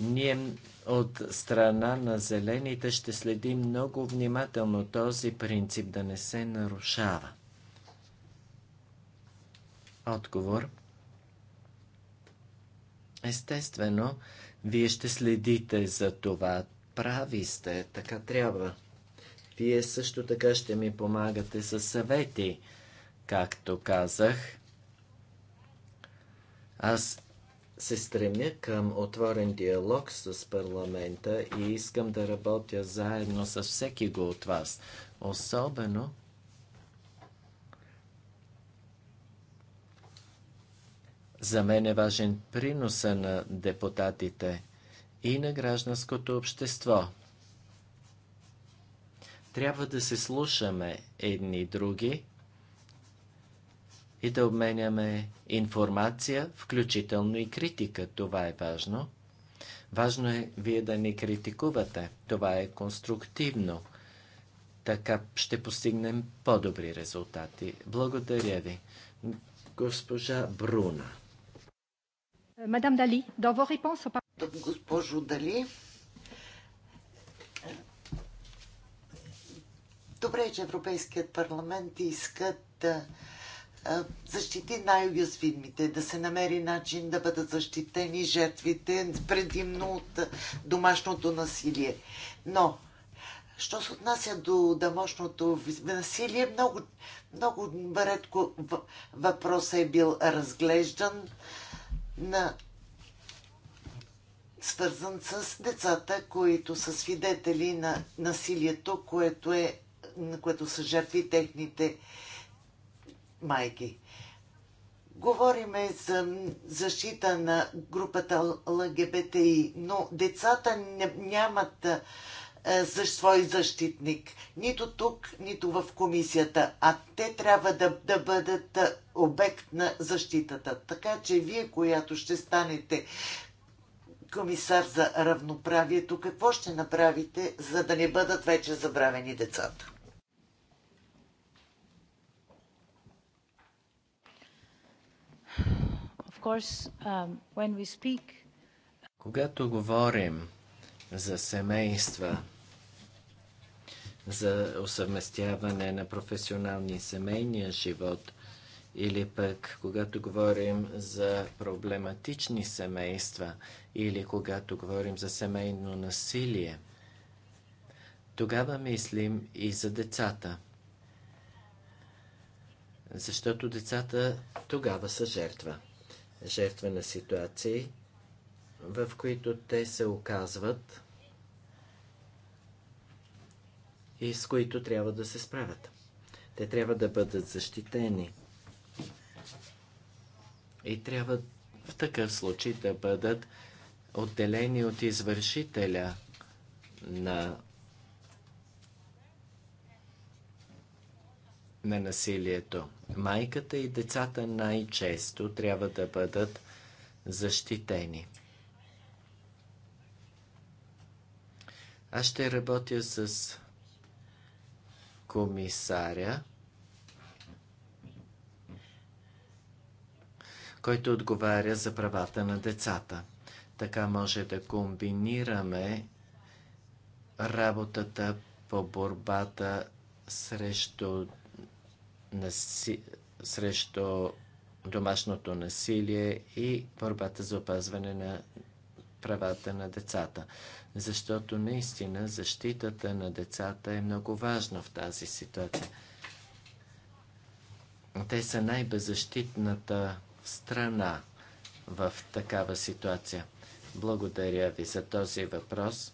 Ние от страна на зелените ще следим много внимателно този принцип да не се нарушава. Отговор. Естествено, вие ще следите за това. Прави сте, така трябва. Вие също така ще ми помагате с съвети, както казах. Аз се стремя към отворен диалог с парламента и искам да работя заедно с всеки го от вас. Особено За мен е важен приноса на депутатите и на гражданското общество. Трябва да се слушаме едни други и да обменяме информация, включително и критика. Това е важно. Важно е вие да не критикувате. Това е конструктивно. Така ще постигнем по-добри резултати. Благодаря ви. Госпожа Бруна. Мадам euh, Дали, dans по réponses... Госпожо Дали, добре че Европейският парламент иска да защити най-уязвимите, да се намери начин да бъдат защитени жертвите, предимно от домашното насилие. Но, що се отнася до домашното насилие, много, много редко въпросът е бил разглеждан на свързан с децата, които са свидетели на насилието, което, е, на което са жертви техните майки. Говориме за защита на групата ЛГБТИ, но децата нямат е, свой защитник. Нито тук, нито в комисията. А те трябва да, да бъдат е, обект на защитата. Така че вие, която ще станете комисар за равноправието, какво ще направите, за да не бъдат вече забравени децата? Of course, um, when we speak... Когато говорим за семейства, за усъвместяване на професионалния и семейния живот, или пък когато говорим за проблематични семейства, или когато говорим за семейно насилие. Тогава мислим и за децата. Защото децата тогава са жертва. Жертва на ситуации, в които те се оказват и с които трябва да се справят. Те трябва да бъдат защитени. И трябва в такъв случай да бъдат отделени от извършителя на, на насилието. Майката и децата най-често трябва да бъдат защитени. Аз ще работя с комисаря, който отговаря за правата на децата. Така може да комбинираме работата по борбата срещу, наси... срещу домашното насилие и борбата за опазване на правата на децата. Защото наистина защитата на децата е много важна в тази ситуация. Те са най-беззащитната страна в такава ситуация. Благодаря ви за този въпрос.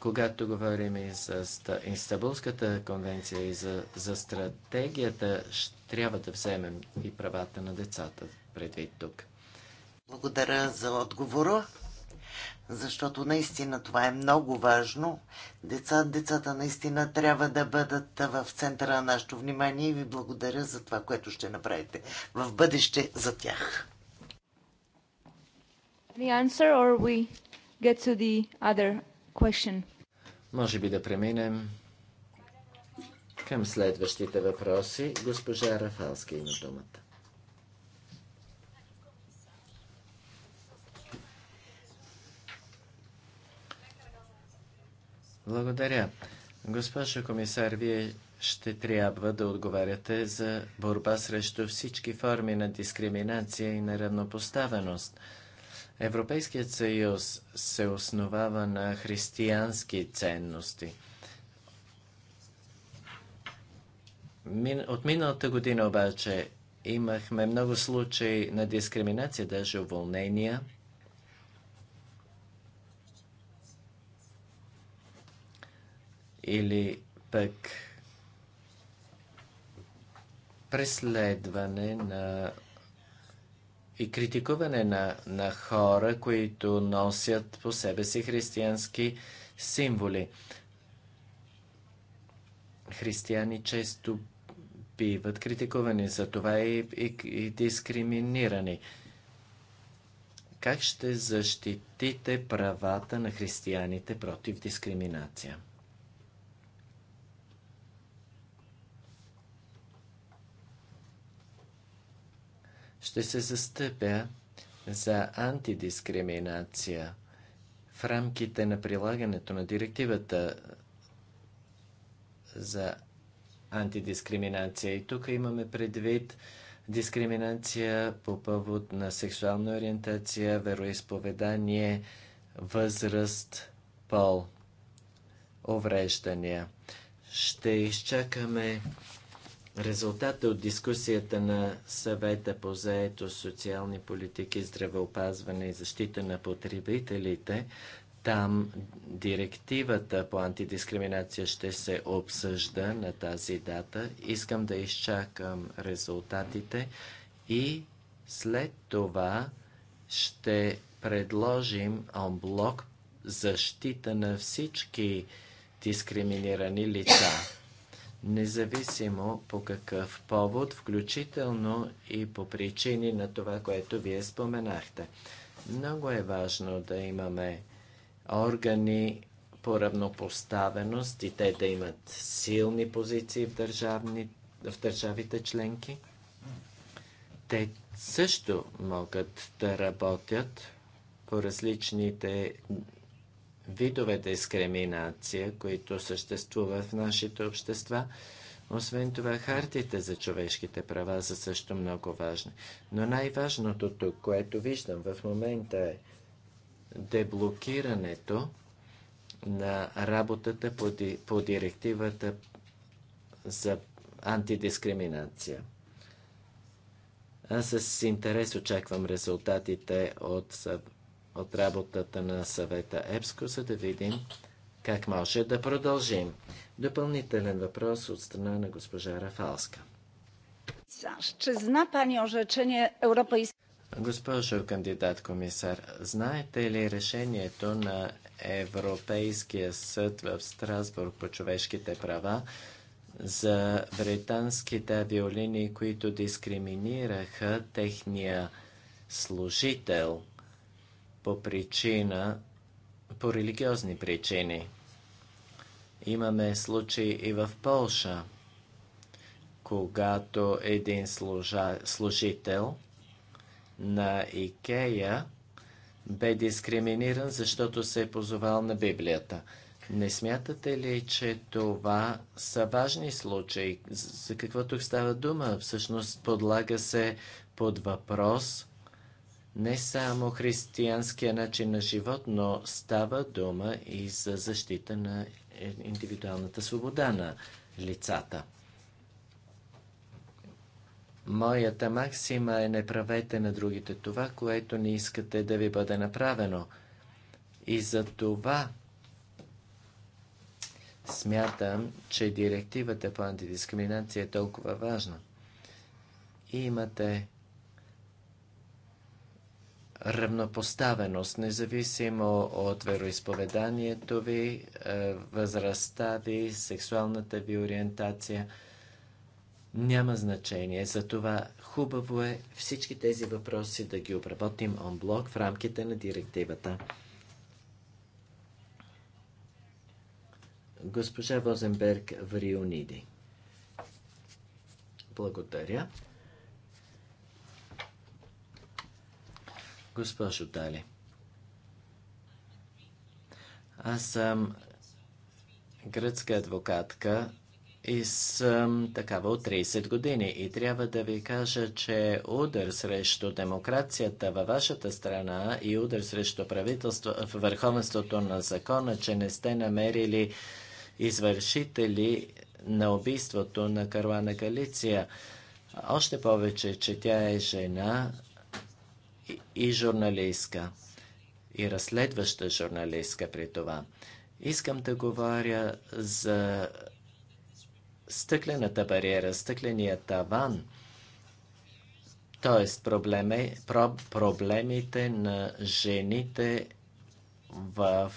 Когато говорим и за Инстабулската конвенция и за, за стратегията, трябва да вземем и правата на децата предвид тук. Благодаря за отговора, защото наистина това е много важно. Деца, децата наистина трябва да бъдат в центъра на нашето внимание и ви благодаря за това, което ще направите в бъдеще за тях. The answer or we get to the other question? Може би да преминем към следващите въпроси. Госпожа Рафалски има думата. Благодаря. Госпожо комисар, вие ще трябва да отговаряте за борба срещу всички форми на дискриминация и неравнопоставеност. Европейският съюз се основава на християнски ценности. От миналата година обаче имахме много случаи на дискриминация, даже уволнения – или пък преследване на и критикуване на, на хора, които носят по себе си християнски символи. Християни често биват критикувани за това и, и, и дискриминирани. Как ще защитите правата на християните против дискриминация? Ще се застъпя за антидискриминация в рамките на прилагането на директивата за антидискриминация. И тук имаме предвид дискриминация по повод на сексуална ориентация, вероисповедание, възраст, пол, увреждания. Ще изчакаме Резултата от дискусията на съвета по заето социални политики, здравеопазване и защита на потребителите, там директивата по антидискриминация ще се обсъжда на тази дата. Искам да изчакам резултатите и след това ще предложим блок защита на всички дискриминирани лица независимо по какъв повод, включително и по причини на това, което вие споменахте. Много е важно да имаме органи по равнопоставеност и те да имат силни позиции в, държавни, в държавите членки. Те също могат да работят по различните видове дискриминация, които съществуват в нашите общества. Освен това, хартите за човешките права са също много важни. Но най-важното тук, което виждам в момента е деблокирането на работата по, ди, по директивата за антидискриминация. Аз с интерес очаквам резултатите от от работата на съвета ЕПСКО, за да видим как може да продължим. Допълнителен въпрос от страна на госпожа Рафалска. Госпожо кандидат комисар, знаете ли решението на Европейския съд в Страсбург по човешките права за британските авиолини, които дискриминираха техния служител – по причина, по религиозни причини. Имаме случаи и в Полша, когато един служа, служител на Икея бе дискриминиран, защото се е позовал на Библията. Не смятате ли, че това са важни случаи? За каквото става дума? Всъщност подлага се под въпрос не само християнския начин на живот, но става дума и за защита на индивидуалната свобода на лицата. Моята максима е не правете на другите това, което не искате да ви бъде направено. И за това смятам, че директивата по антидискриминация е толкова важна. И имате равнопоставеност, независимо от вероисповеданието ви, е, възрастта ви, сексуалната ви ориентация. Няма значение. Затова хубаво е всички тези въпроси да ги обработим онблок в рамките на директивата. Госпожа Возенберг Вриониди. Благодаря. Госпожо Дали, аз съм гръцка адвокатка и съм такава от 30 години и трябва да ви кажа, че удар срещу демокрацията във вашата страна и удар срещу правителство, в върховенството на закона, че не сте намерили извършители на убийството на Каруана Галиция. Още повече, че тя е жена и журналистка, и разследваща журналистка при това. Искам да говоря за стъклената бариера, стъкления таван, т.е. проблемите на жените в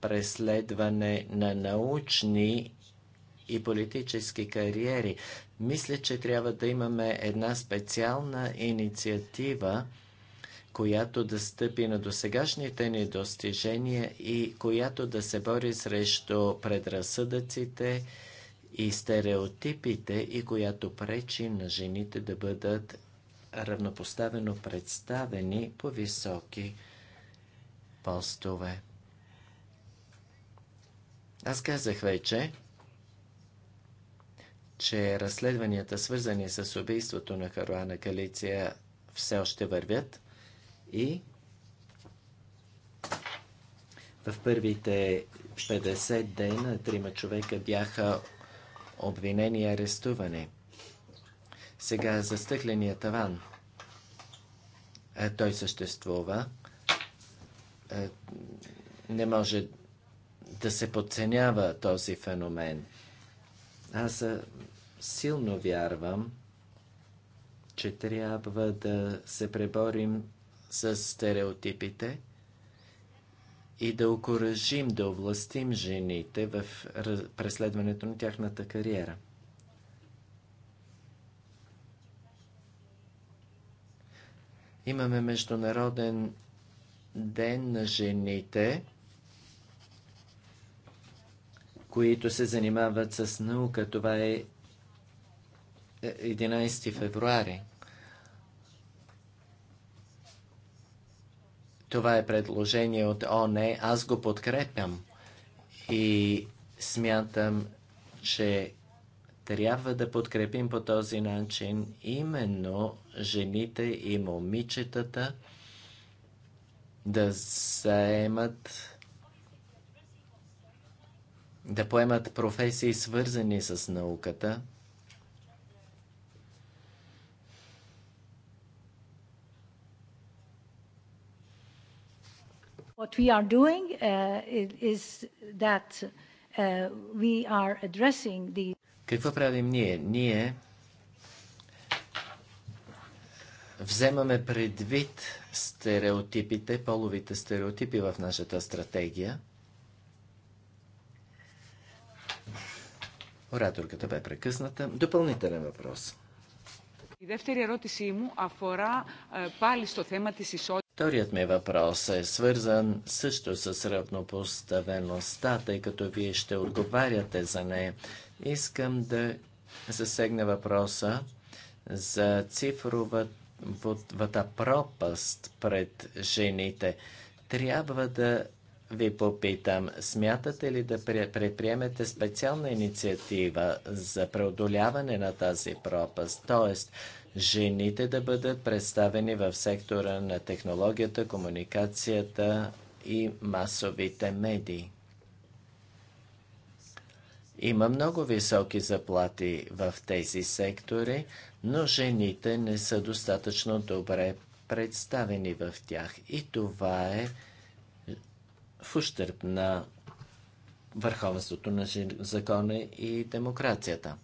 преследване на научни и политически кариери. Мисля, че трябва да имаме една специална инициатива, която да стъпи на досегашните ни достижения и която да се бори срещу предразсъдъците и стереотипите и която пречи на жените да бъдат равнопоставено представени по високи постове. Аз казах вече, че разследванията, свързани с убийството на Харуана Калиция, все още вървят – и в първите 50 дена трима човека бяха обвинени и арестувани. Сега за стъкления таван. Е, той съществува. Е, не може да се подценява този феномен. Аз е, силно вярвам, че трябва да се преборим с стереотипите и да окоръжим, да овластим жените в преследването на тяхната кариера. Имаме Международен ден на жените, които се занимават с наука. Това е 11 е, февруари. Това е предложение от ОНЕ. Аз го подкрепям и смятам, че трябва да подкрепим по този начин именно жените и момичетата да заемат да поемат професии свързани с науката What we are doing uh, is that uh, we are addressing the... Какво правим ние? Ние вземаме предвид стереотипите, половите стереотипи в нашата стратегия. Ораторката бе прекъсната. Допълнителен въпрос. Η δεύτερη ερώτησή μου αφορά πάλι στο θέμα της ισότητας. Вторият ми въпрос е свързан също с равнопоставеността, тъй като вие ще отговаряте за нея. Искам да засегна въпроса за цифровата пропаст пред жените. Трябва да ви попитам, смятате ли да предприемете специална инициатива за преодоляване на тази пропаст? Тоест, жените да бъдат представени в сектора на технологията, комуникацията и масовите медии. Има много високи заплати в тези сектори, но жените не са достатъчно добре представени в тях. И това е в ущърп на върховенството на закона и демокрацията.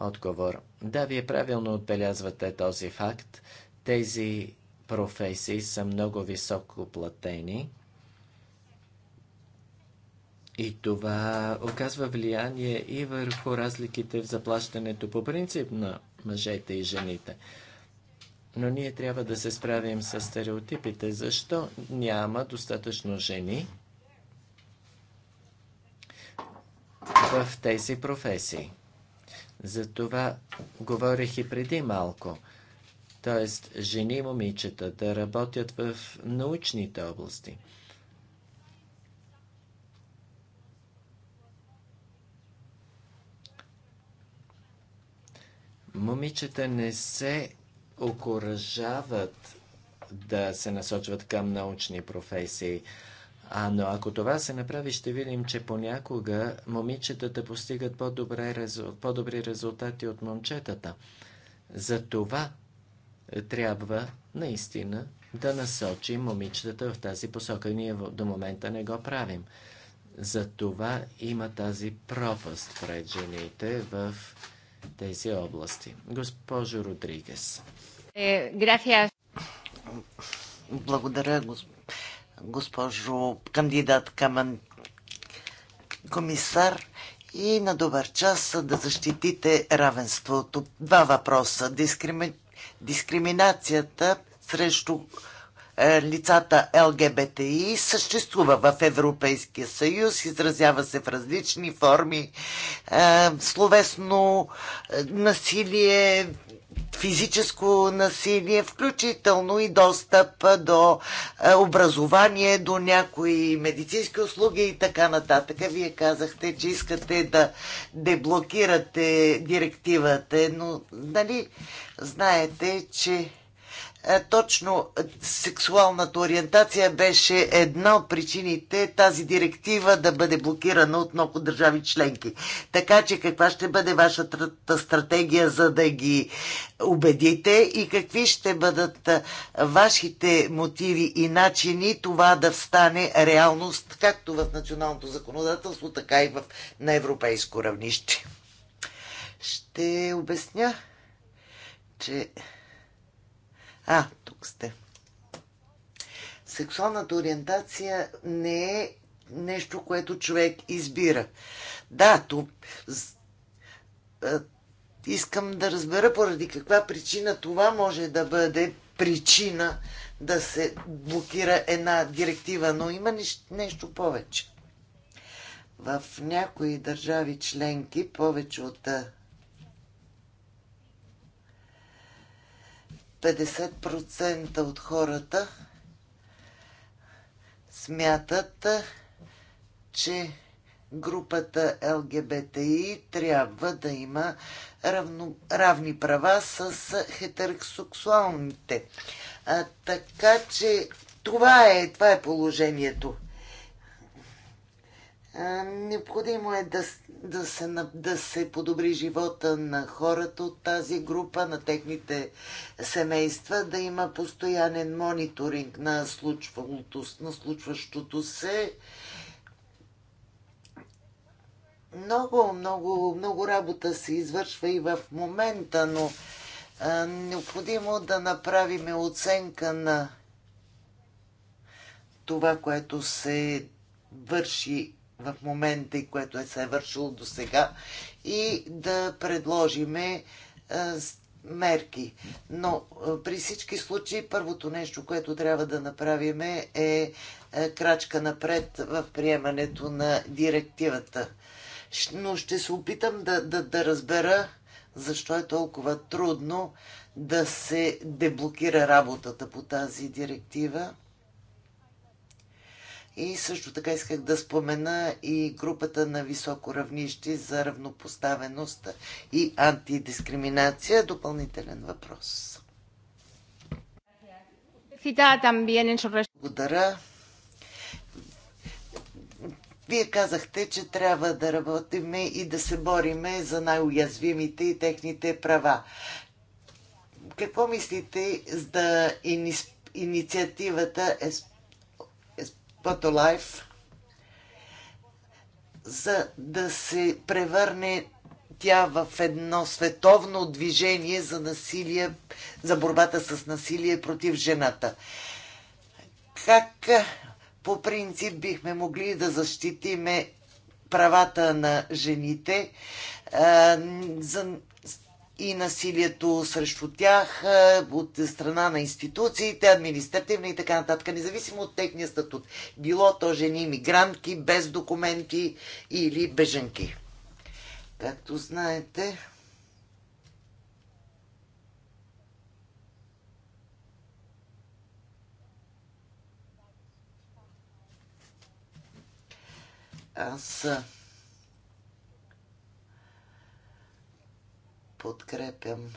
Отговор. Да, вие правилно отбелязвате този факт. Тези професии са много високо платени. И това оказва влияние и върху разликите в заплащането по принцип на мъжете и жените. Но ние трябва да се справим с стереотипите. Защо няма достатъчно жени в тези професии? За това говорих и преди малко. Тоест, жени и момичета да работят в научните области. Момичета не се окоръжават да се насочват към научни професии. А, но ако това се направи, ще видим, че понякога момичетата постигат по-добри, по резултати от момчетата. За това е, трябва наистина да насочим момичетата в тази посока. Ние до момента не го правим. За това има тази пропаст пред жените в тези области. Госпожо Родригес. Е, Благодаря, госпожо госпожо кандидат Каман комисар и на добър час да защитите равенството. Два въпроса. Дискрими... Дискриминацията срещу е, лицата ЛГБТИ съществува в Европейския съюз, изразява се в различни форми, е, словесно е, насилие, физическо насилие, включително и достъп до е, образование, до някои медицински услуги и така нататък. Вие казахте, че искате да деблокирате директивата, но нали знаете, че е, точно е, сексуалната ориентация беше една от причините тази директива да бъде блокирана от много държави членки. Така че каква ще бъде вашата стратегия за да ги убедите и какви ще бъдат е, вашите мотиви и начини това да стане реалност както в националното законодателство, така и в, на европейско равнище? Ще обясня, че а, тук сте. Сексуалната ориентация не е нещо, което човек избира. Да, тук искам да разбера поради каква причина това може да бъде причина да се блокира една директива, но има нещо повече. В някои държави членки повече от 50% от хората смятат, че групата ЛГБТИ трябва да има равно, равни права с хетеросексуалните. А, така че това е, това е положението. Необходимо е да, да, се, да се подобри живота на хората от тази група, на техните семейства, да има постоянен мониторинг на, на случващото се. Много, много, много работа се извършва и в момента, но а, необходимо да направим оценка на това, което се върши в момента и което е се е вършило до сега и да предложиме е, мерки. Но е, при всички случаи първото нещо, което трябва да направим е, е крачка напред в приемането на директивата. Но ще се опитам да, да, да разбера защо е толкова трудно да се деблокира работата по тази директива и също така исках да спомена и групата на високо равнище за равнопоставеност и антидискриминация. Допълнителен въпрос. Благодаря. Вие казахте, че трябва да работиме и да се бориме за най-уязвимите и техните права. Какво мислите за инициативата е Потолайф, за да се превърне тя в едно световно движение за насилие, за борбата с насилие против жената. Как по принцип бихме могли да защитиме правата на жените, за и насилието срещу тях е, от страна на институциите, административни и така нататък, независимо от техния статут. Било то жени мигрантки, без документи или беженки. Както знаете, аз подкрепям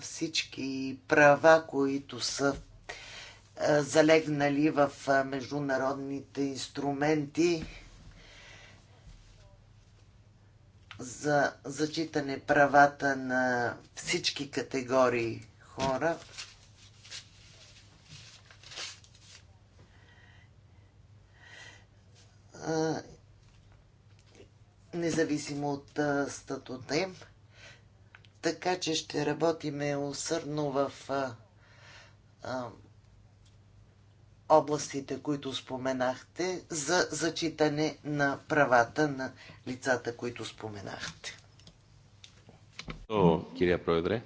всички права, които са залегнали в международните инструменти за зачитане правата на всички категории хора независимо от статута им. Така че ще работиме усърдно в областите, които споменахте, за зачитане на правата на лицата, които споменахте. О, кирия проведре.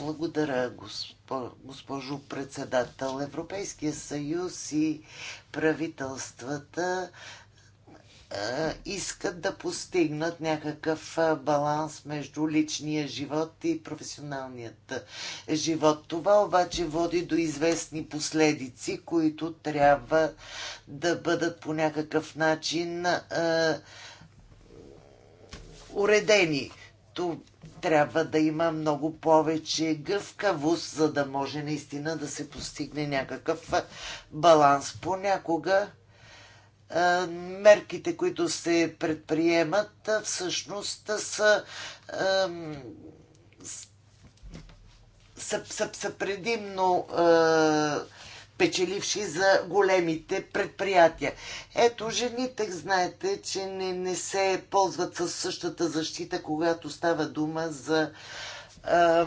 Благодаря, госпожо председател. Европейския съюз и правителствата искат да постигнат някакъв баланс между личния живот и професионалният живот. Това обаче води до известни последици, които трябва да бъдат по някакъв начин уредени като трябва да има много повече гъвкавост, за да може наистина да се постигне някакъв баланс. Понякога мерките, които се предприемат, всъщност са, са, са, са предимно печеливши за големите предприятия. Ето, жените, знаете, че не, не се ползват със същата защита, когато става дума за а,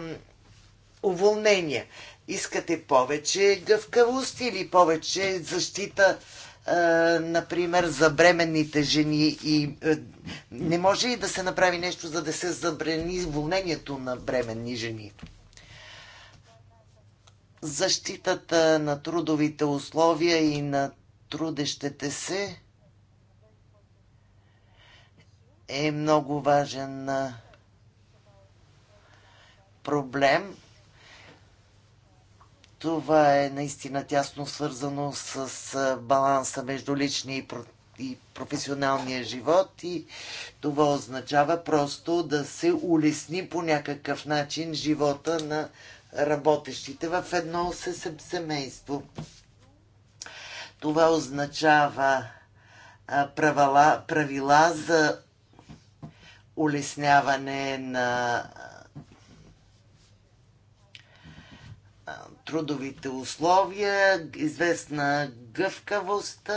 уволнения. Искате повече гъвкавост или повече защита, а, например, за бременните жени и а, не може ли да се направи нещо, за да се забрани уволнението на бременни жени? защитата на трудовите условия и на трудещите се е много важен проблем. Това е наистина тясно свързано с баланса между личния и професионалния живот и това означава просто да се улесни по някакъв начин живота на работещите в едно семейство. Това означава правила, правила за улесняване на трудовите условия, известна гъвкавост.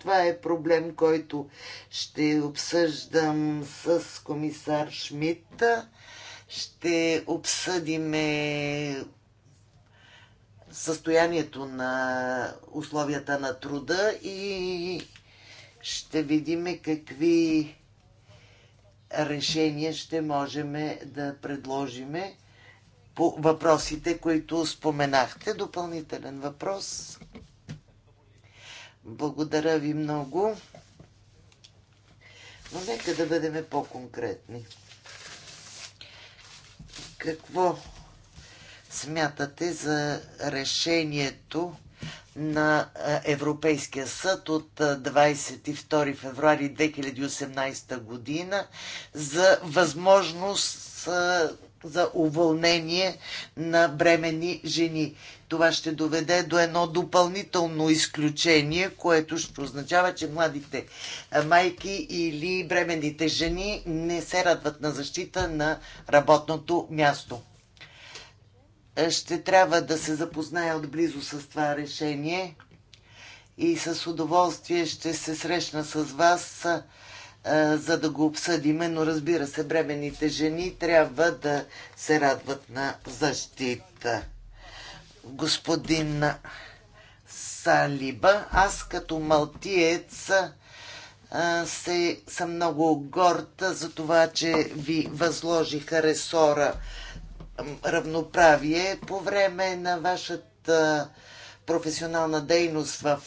Това е проблем, който ще обсъждам с комисар Шмидт. Ще обсъдиме състоянието на условията на труда и ще видим какви решения ще можем да предложиме по въпросите, които споменахте. Допълнителен въпрос. Благодаря ви много. Но нека да бъдем по-конкретни какво смятате за решението на Европейския съд от 22 февруари 2018 година за възможност за уволнение на бремени жени. Това ще доведе до едно допълнително изключение, което ще означава, че младите майки или бременните жени не се радват на защита на работното място. Ще трябва да се запозная отблизо с това решение и с удоволствие ще се срещна с вас, за да го обсъдиме, но разбира се, бременните жени трябва да се радват на защита господин Салиба. Аз като малтиец се, съм много горда за това, че ви възложиха ресора равноправие по време на вашата професионална дейност в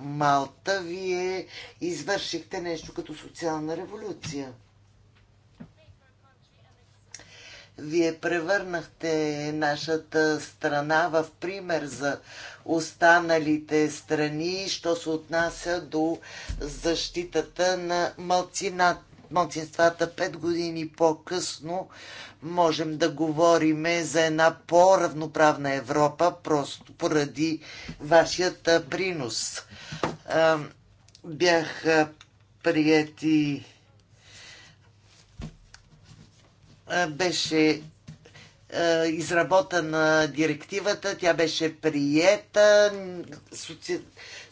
Малта. Вие извършихте нещо като социална революция. Вие превърнахте нашата страна в пример за останалите страни, що се отнася до защитата на малцина, малцинствата. Пет години по-късно можем да говорим за една по-равноправна Европа, просто поради вашият принос. Бях прияти беше изработена директивата, тя беше приета. Соци...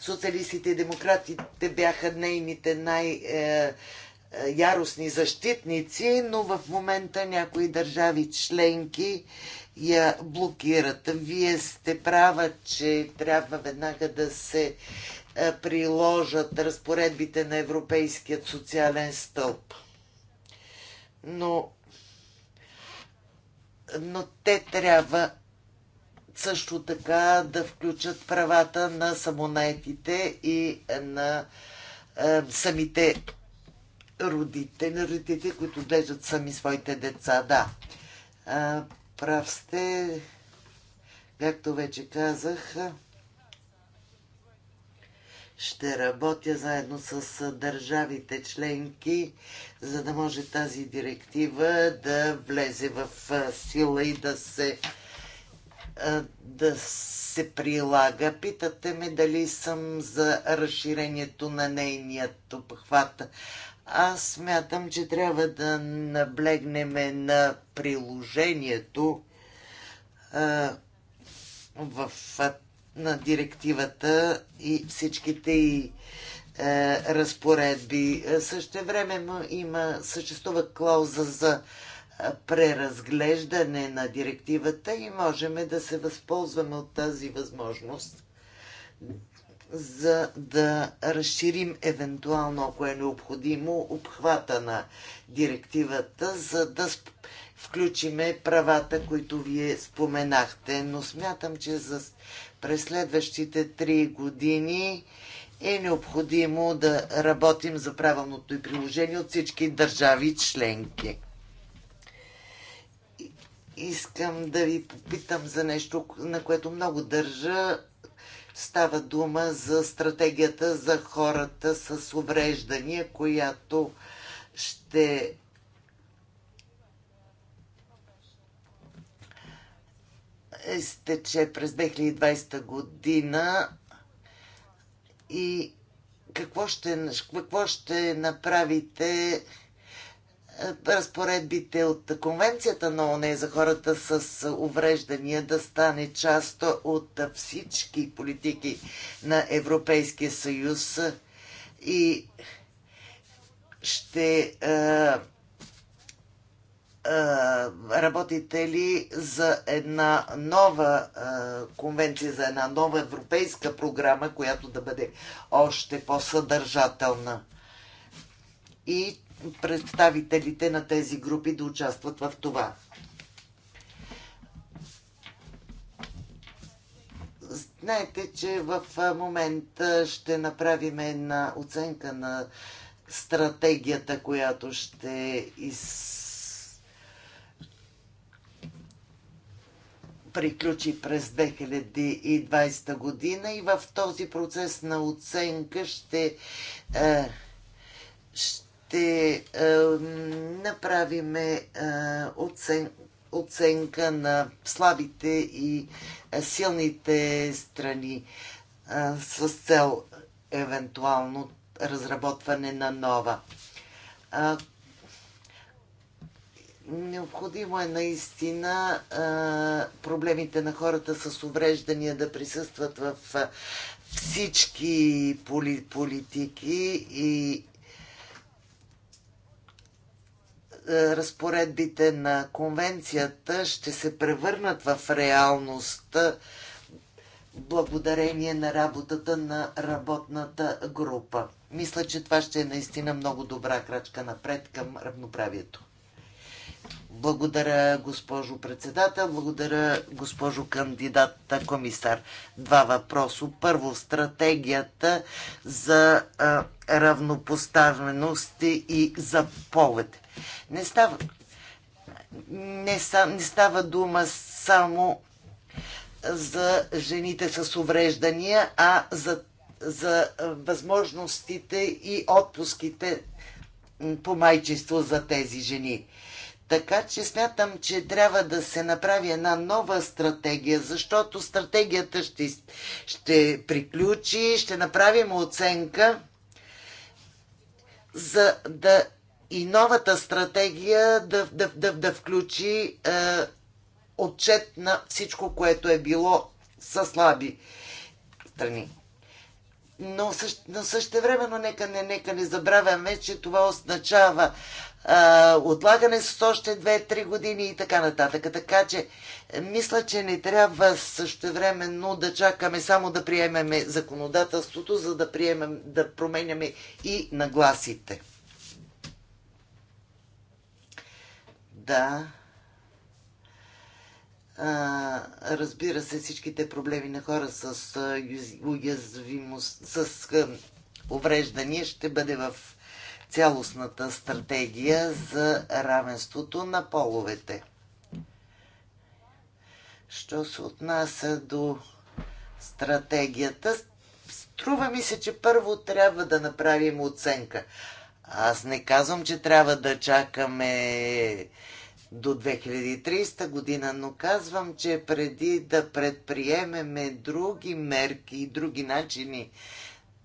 Социалистите и демократите бяха нейните най- е, е, яростни защитници, но в момента някои държави членки я блокират. Вие сте права, че трябва веднага да се е, приложат разпоредбите на Европейският социален стълб. Но но те трябва също така да включат правата на самонаетите и на е, самите родите, на родите, които глеждат сами своите деца. Да, е, прав сте, както вече казах ще работя заедно с държавите членки, за да може тази директива да влезе в сила и да се, да се прилага. Питате ме дали съм за разширението на нейният обхват. Аз смятам, че трябва да наблегнеме на приложението в на директивата и всичките и е, разпоредби. Е, Също време има, съществува клауза за е, преразглеждане на директивата и можем да се възползваме от тази възможност за да разширим евентуално, ако е необходимо, обхвата на директивата, за да включиме правата, които вие споменахте. Но смятам, че за през следващите три години е необходимо да работим за правилното и приложение от всички държави членки. Искам да ви попитам за нещо, на което много държа. Става дума за стратегията за хората с увреждания, която ще изтече през 2020 година и какво ще, какво ще направите е, разпоредбите от Конвенцията на ОНЕ за хората с увреждания да стане част от всички политики на Европейския съюз и ще е, е, работите ли за една нова е, конвенция, за една нова европейска програма, която да бъде още по-съдържателна? И представителите на тези групи да участват в това. Знаете, че в момента ще направим една оценка на стратегията, която ще из приключи през 2020 година и в този процес на оценка ще, е, ще е, направиме е, оценка на слабите и силните страни с цел евентуално разработване на нова Необходимо е наистина проблемите на хората с увреждания да присъстват в всички политики и разпоредбите на конвенцията ще се превърнат в реалност благодарение на работата на работната група. Мисля, че това ще е наистина много добра крачка напред към равноправието. Благодаря, госпожо председател. Благодаря, госпожо кандидат комисар. Два въпроса. Първо, стратегията за а, равнопоставеност и за повед. Не става, не, не става дума само за жените с увреждания, а за, за възможностите и отпуските по майчество за тези жени. Така че смятам, че трябва да се направи една нова стратегия, защото стратегията ще, ще приключи, ще направим оценка, за да и новата стратегия да, да, да, да включи е, отчет на всичко, което е било са слаби страни. Но, също, но времено, нека не, нека не забравяме, че това означава а, отлагане с още 2-3 години и така нататък. Така че мисля, че не трябва същевременно да чакаме само да приемеме законодателството, за да, приемем, да променяме и нагласите. Да. А, разбира се, всичките проблеми на хора с уязвимост, с увреждания ще бъде в цялостната стратегия за равенството на половете. Що се отнася до стратегията, струва ми се, че първо трябва да направим оценка. Аз не казвам, че трябва да чакаме до 2300 година, но казвам, че преди да предприемеме други мерки и други начини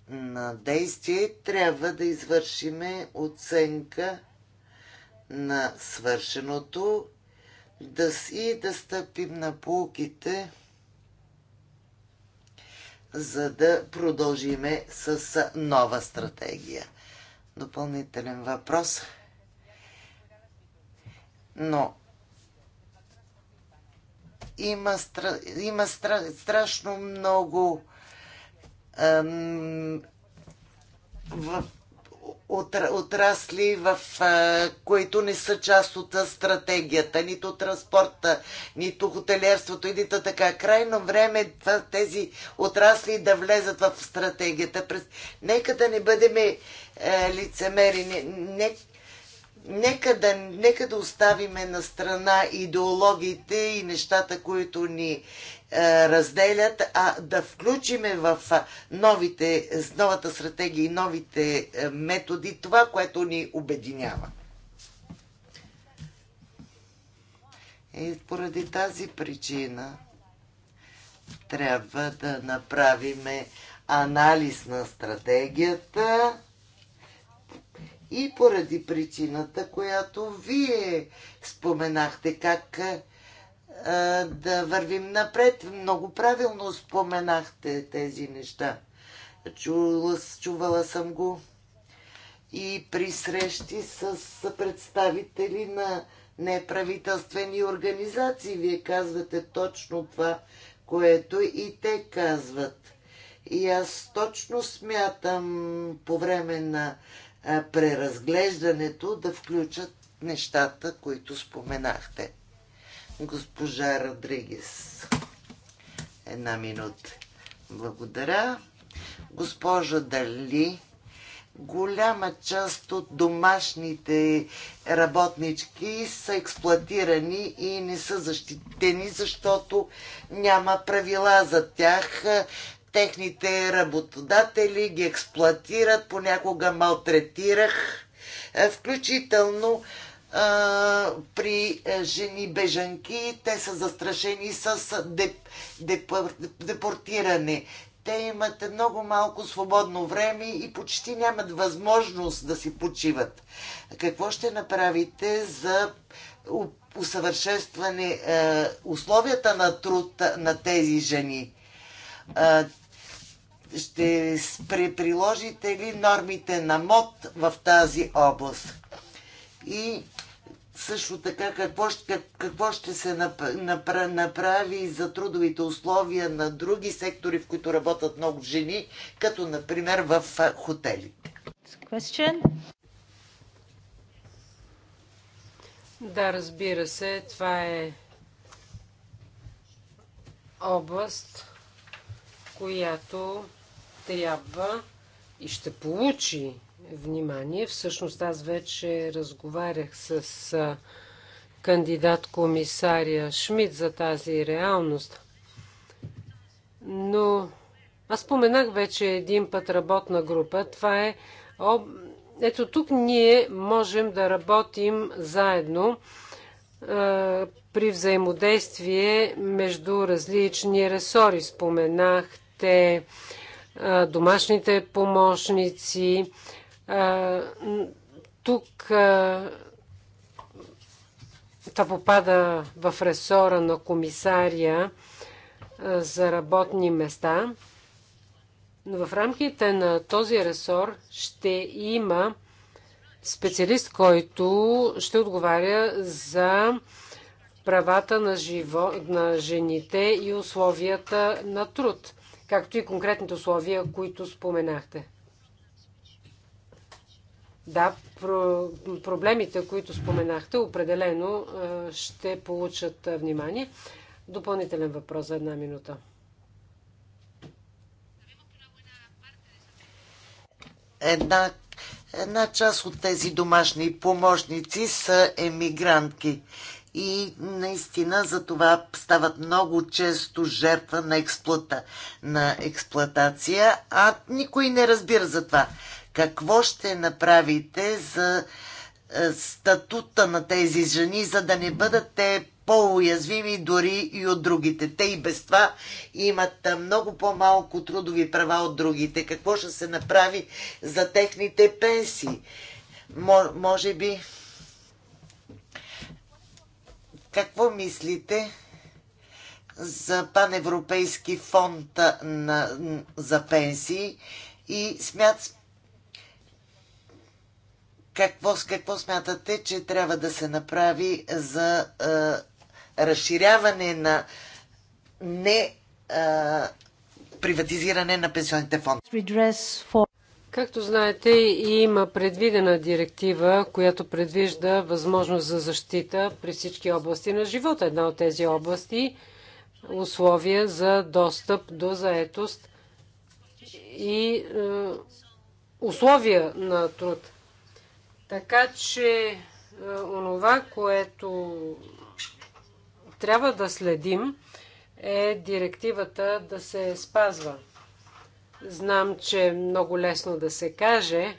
на действие трябва да извършиме оценка на свършеното да си да стъпим на полуките, за да продължиме с нова стратегия. Допълнителен въпрос. Но има, стра... има стра... страшно много в отрасли, в които не са част от стратегията, нито транспорта, нито хотелиерството, и нито така. Крайно време е тези отрасли да влезат в стратегията. Нека да не бъдем е, лицемери. Не, нека да, нека да оставиме на страна идеологите и нещата, които ни е, разделят, а да включиме в новите, новата стратегия и новите е, методи това, което ни обединява. И поради тази причина трябва да направиме анализ на стратегията и поради причината, която вие споменахте, как а, да вървим напред. Много правилно споменахте тези неща. Чувала, чувала съм го и при срещи с представители на неправителствени организации. Вие казвате точно това, което и те казват. И аз точно смятам по време на преразглеждането да включат нещата, които споменахте. Госпожа Родригес. Една минута. Благодаря. Госпожа Дали, голяма част от домашните работнички са експлуатирани и не са защитени, защото няма правила за тях, техните работодатели ги експлуатират, понякога малтретирах, е, включително а, при е, жени бежанки, те са застрашени с е, деп, депор, депортиране. Те имат много малко свободно време и почти нямат възможност да си почиват. Какво ще направите за усъвършенстване условията на труд на тези жени? ще приложите ли нормите на МОД в тази област? И също така какво, какво ще се направи за трудовите условия на други сектори, в които работят много жени, като например в хотелите? Question. Да, разбира се, това е област, която трябва и ще получи внимание. Всъщност аз вече разговарях с кандидат комисария Шмидт за тази реалност. Но аз споменах вече един път работна група. Това е. Ето тук ние можем да работим заедно при взаимодействие между различни ресори. Споменахте домашните помощници. Тук това попада в ресора на комисария за работни места. Но в рамките на този ресор ще има специалист, който ще отговаря за правата на, живо, на жените и условията на труд както и конкретните условия, които споменахте. Да, про- проблемите, които споменахте, определено е, ще получат е, внимание. Допълнителен въпрос за една минута. Една, една част от тези домашни помощници са емигрантки и наистина за това стават много често жертва на, експлуата, на експлуатация, а никой не разбира за това. Какво ще направите за е, статута на тези жени, за да не бъдат те по-уязвими дори и от другите. Те и без това имат е, много по-малко трудови права от другите. Какво ще се направи за техните пенсии? Може би какво мислите за паневропейски фонд на, за пенсии и смят, какво, какво смятате, че трябва да се направи за а, разширяване на не а, приватизиране на пенсионните фондове? Както знаете, има предвидена директива, която предвижда възможност за защита при всички области на живота. Една от тези области условия за достъп до заетост и е, условия на труд. Така че е, онова, което трябва да следим, е директивата да се спазва. Знам, че е много лесно да се каже,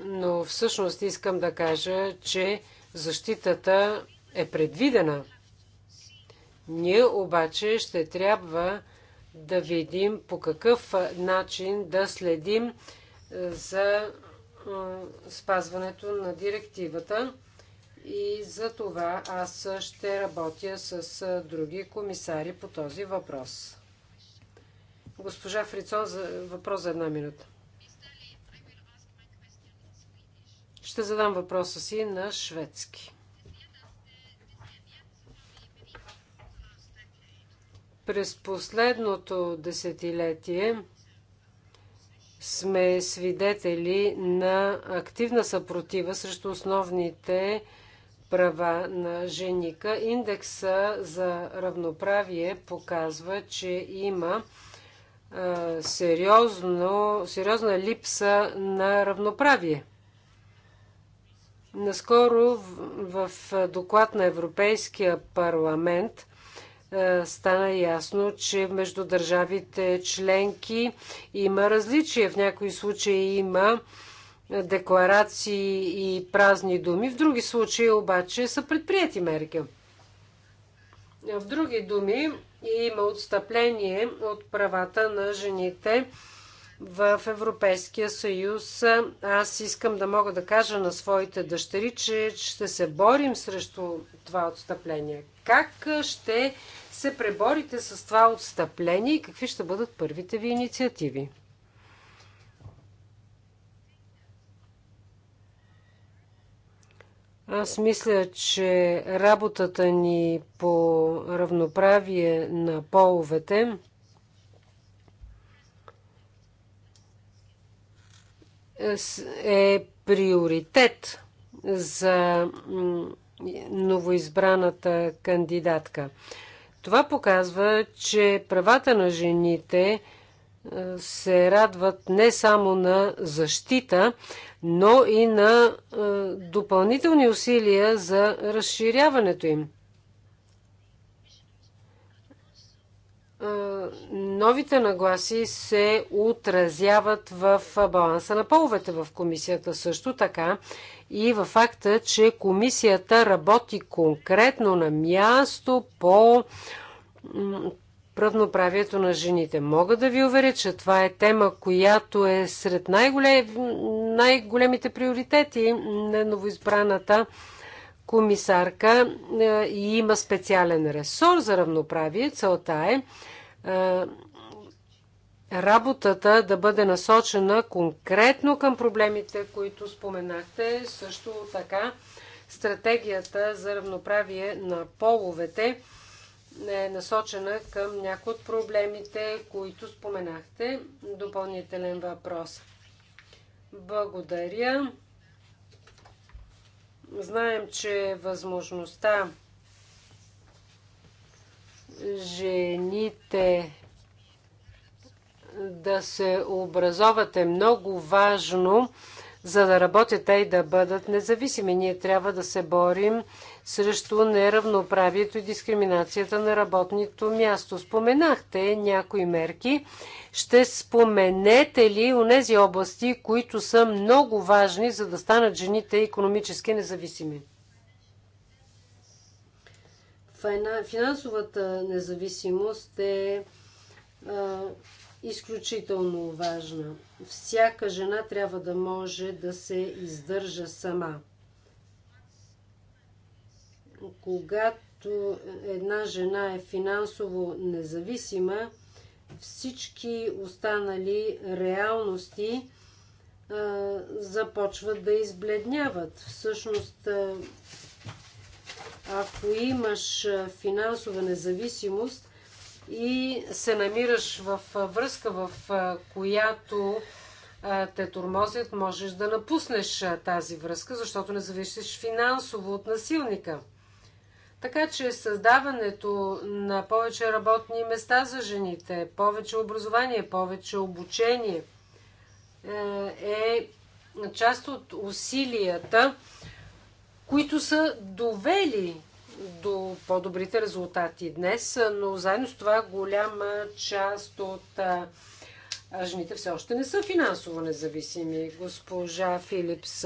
но всъщност искам да кажа, че защитата е предвидена. Ние обаче ще трябва да видим по какъв начин да следим е, за е, спазването на директивата и за това аз ще работя с е, други комисари по този въпрос. Госпожа Фрицо, за въпрос за една минута. Ще задам въпроса си на шведски. През последното десетилетие сме свидетели на активна съпротива срещу основните права на женика. Индекса за равноправие показва, че има сериозно, сериозна липса на равноправие. Наскоро в доклад на Европейския парламент стана ясно, че между държавите членки има различия. В някои случаи има декларации и празни думи, в други случаи обаче са предприяти мерки. В други думи, има отстъпление от правата на жените в Европейския съюз. Аз искам да мога да кажа на своите дъщери, че ще се борим срещу това отстъпление. Как ще се преборите с това отстъпление и какви ще бъдат първите ви инициативи? Аз мисля, че работата ни по равноправие на половете е приоритет за новоизбраната кандидатка. Това показва, че правата на жените – се радват не само на защита, но и на е, допълнителни усилия за разширяването им. Е, новите нагласи се отразяват в баланса на половете в комисията също така и във факта, че комисията работи конкретно на място по равноправието на жените. Мога да ви уверя, че това е тема, която е сред най-голем, най-големите приоритети на новоизбраната комисарка е, и има специален ресор за равноправие. Целта е, е работата да бъде насочена конкретно към проблемите, които споменахте, също така стратегията за равноправие на половете е насочена към някои от проблемите, които споменахте. Допълнителен въпрос. Благодаря. Знаем, че възможността жените да се образоват е много важно, за да работят те и да бъдат независими. Ние трябва да се борим срещу неравноправието и дискриминацията на работното място. Споменахте някои мерки. Ще споменете ли у нези области, които са много важни, за да станат жените економически независими? Финансовата независимост е изключително важна. Всяка жена трябва да може да се издържа сама когато една жена е финансово независима, всички останали реалности а, започват да избледняват. Всъщност, а, ако имаш финансова независимост и се намираш в връзка, в която те тормозят, можеш да напуснеш тази връзка, защото не зависиш финансово от насилника. Така че създаването на повече работни места за жените, повече образование, повече обучение е, е част от усилията, които са довели до по-добрите резултати днес, но заедно с това голяма част от а жените все още не са финансово независими. Госпожа Филипс,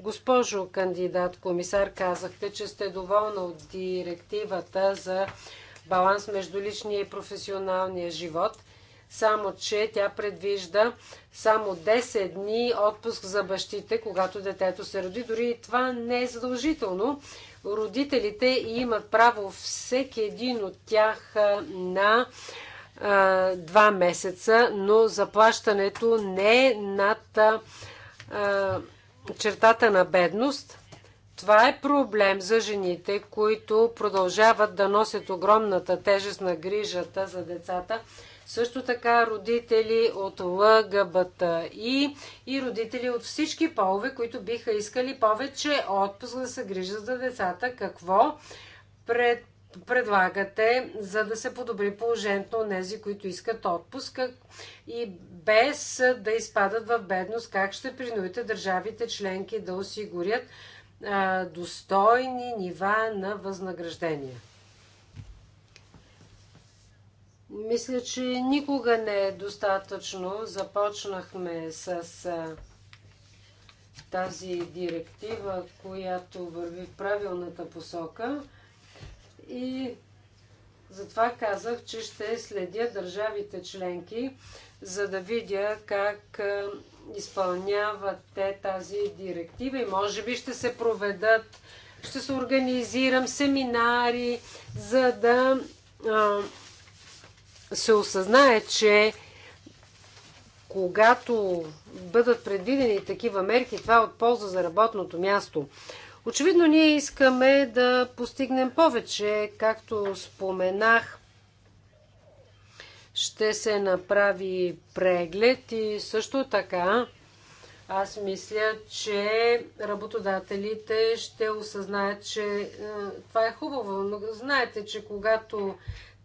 госпожо кандидат комисар, казахте, че сте доволна от директивата за баланс между личния и професионалния живот – само че тя предвижда само 10 дни отпуск за бащите, когато детето се роди. Дори и това не е задължително. Родителите имат право всеки един от тях на два месеца, но заплащането не е над чертата на бедност. Това е проблем за жените, които продължават да носят огромната тежест на грижата за децата. Също така родители от и, и родители от всички полове, които биха искали повече отпуск да се грижат за децата. Какво пред предлагате, за да се подобри положението на тези, които искат отпуск и без да изпадат в бедност? Как ще принудите държавите членки да осигурят а, достойни нива на възнаграждение? Мисля, че никога не е достатъчно. Започнахме с а, тази директива, която върви в правилната посока и затова казах, че ще следя държавите членки, за да видя как е, изпълняват те тази директива и може би ще се проведат, ще се организирам семинари, за да а, се осъзнае, че когато бъдат предвидени такива мерки, това е от полза за работното място. Очевидно ние искаме да постигнем повече, както споменах. Ще се направи преглед и също така аз мисля, че работодателите ще осъзнаят, че е, това е хубаво. Но знаете, че когато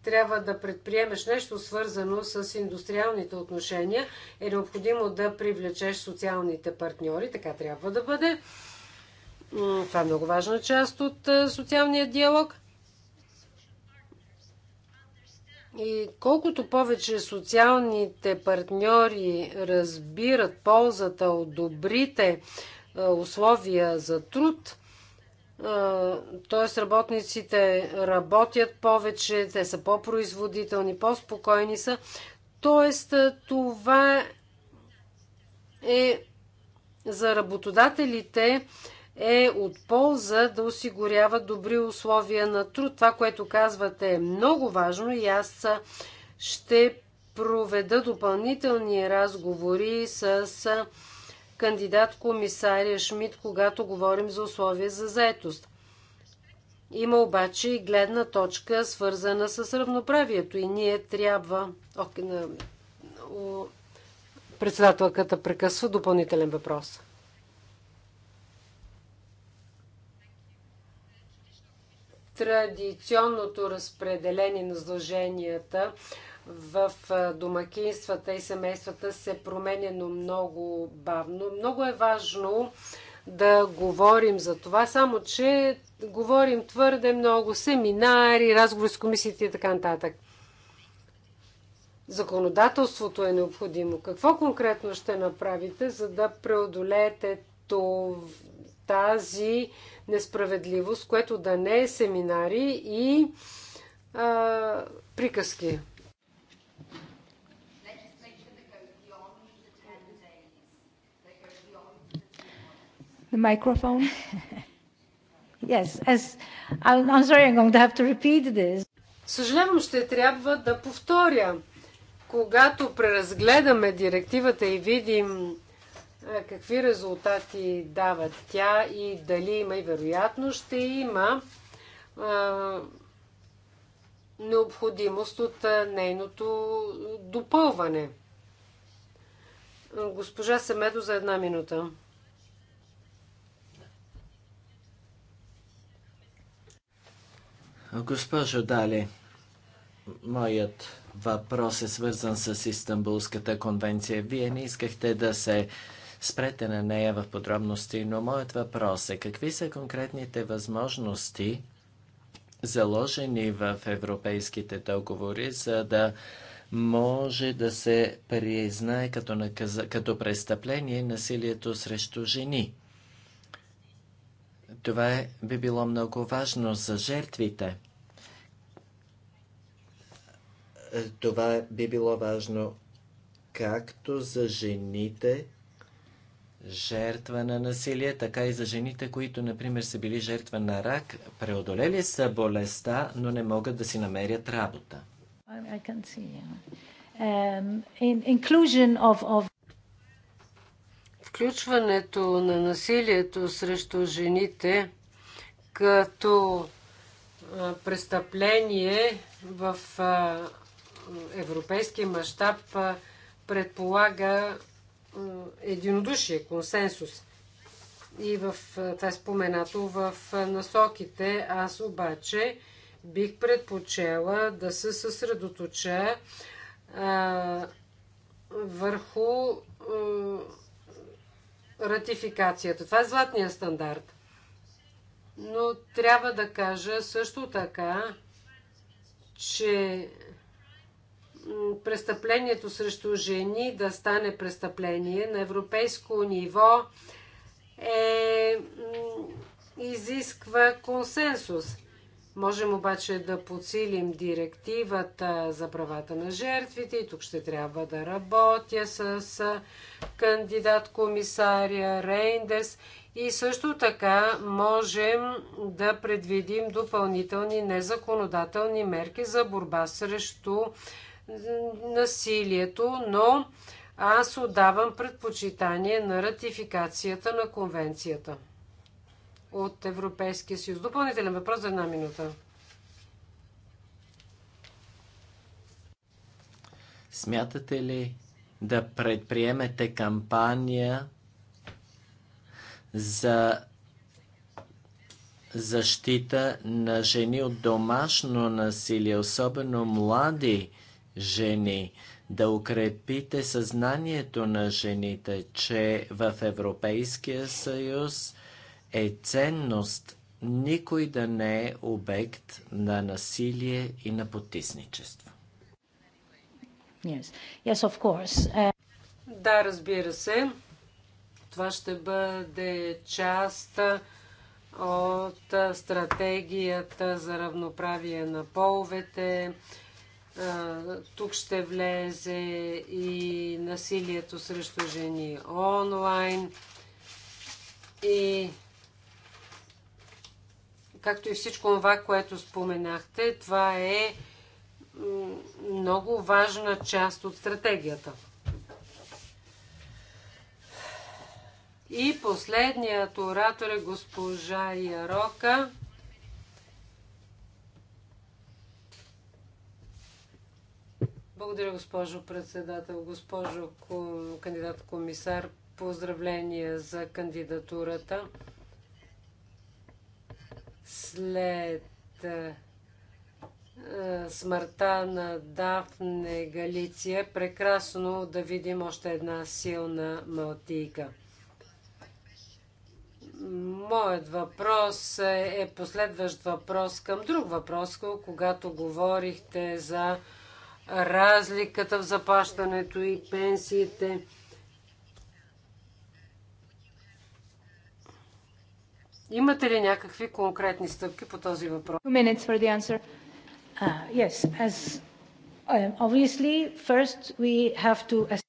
трябва да предприемеш нещо свързано с индустриалните отношения, е необходимо да привлечеш социалните партньори. Така трябва да бъде. Това е много важна част от е, социалния диалог. И колкото повече социалните партньори разбират ползата от добрите е, условия за труд, т.е. работниците работят повече, те са по-производителни, по-спокойни са. Т.е. това е за работодателите е от полза да осигурява добри условия на труд. Това, което казвате е много важно и аз ще проведа допълнителни разговори с кандидат комисария Шмидт, когато говорим за условия за заетост. Има обаче и гледна точка, свързана с равноправието и ние трябва... Председателката прекъсва допълнителен въпрос. традиционното разпределение на задълженията в домакинствата и семействата се променя, но много бавно. Много е важно да говорим за това, само че говорим твърде много, семинари, разговори с комисиите и така нататък. Законодателството е необходимо. Какво конкретно ще направите, за да преодолеете тази несправедливост, което да не е семинари и а, приказки. The microphone. yes, as I'm sorry, I'm going to have to repeat this. Съжалявам, ще трябва да повторя. Когато преразгледаме директивата и видим какви резултати дават тя и дали има и вероятно ще има а, необходимост от нейното допълване. Госпожа Семедо за една минута. Госпожо Дали, моят въпрос е свързан с Истанбулската конвенция. Вие не искахте да се спрете на нея в подробности, но моят въпрос е какви са конкретните възможности, заложени в европейските договори, за да може да се признае като, наказ... като престъпление насилието срещу жени. Това е, би било много важно за жертвите. Е, това е, би било важно както за жените, жертва на насилие, така и за жените, които, например, са били жертва на рак, преодолели са болестта, но не могат да си намерят работа. Um, Включването на насилието срещу жените като престъпление в европейски мащаб предполага е, единодушие, консенсус. И в, е, това е споменато в е, насоките. Аз обаче бих предпочела да се съсредоточа а, върху а, ратификацията. Това е златния стандарт. Но трябва да кажа също така, че престъплението срещу жени да стане престъпление на европейско ниво е, изисква консенсус. Можем обаче да подсилим директивата за правата на жертвите и тук ще трябва да работя с кандидат комисаря Рейндес и също така можем да предвидим допълнителни незаконодателни мерки за борба срещу насилието, но аз отдавам предпочитание на ратификацията на конвенцията от Европейския съюз. Допълнителен въпрос за една минута. Смятате ли да предприемете кампания за защита на жени от домашно насилие, особено млади? жени, да укрепите съзнанието на жените, че в Европейския съюз е ценност никой да не е обект на насилие и на потисничество. Yes. Yes, of course. Uh... Да, разбира се. Това ще бъде част от стратегията за равноправие на половете, тук ще влезе и насилието срещу жени онлайн и както и всичко това, което споменахте, това е много важна част от стратегията. И последният оратор е госпожа Ярока. Благодаря, госпожо председател, госпожо кандидат комисар. Поздравления за кандидатурата. След е, е, смъртта на Дафне Галиция, прекрасно да видим още една силна малтийка. Моят въпрос е, е последващ въпрос към друг въпрос, когато говорихте за разликата в заплащането и пенсиите. Имате ли някакви конкретни стъпки по този въпрос? Minutes for the answer. Uh, yes, as um, obviously first we have to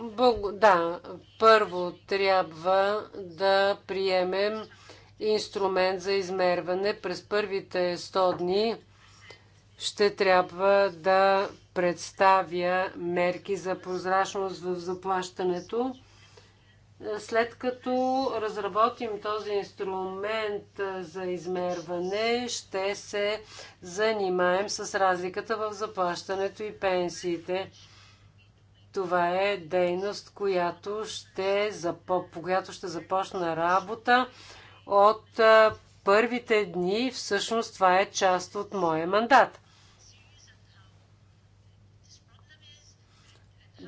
Бог, да, първо трябва да приемем инструмент за измерване през първите 100 дни ще трябва да представя мерки за прозрачност в заплащането. След като разработим този инструмент за измерване, ще се занимаем с разликата в заплащането и пенсиите. Това е дейност, която ще, по която ще започна работа от първите дни. Всъщност това е част от моя мандат.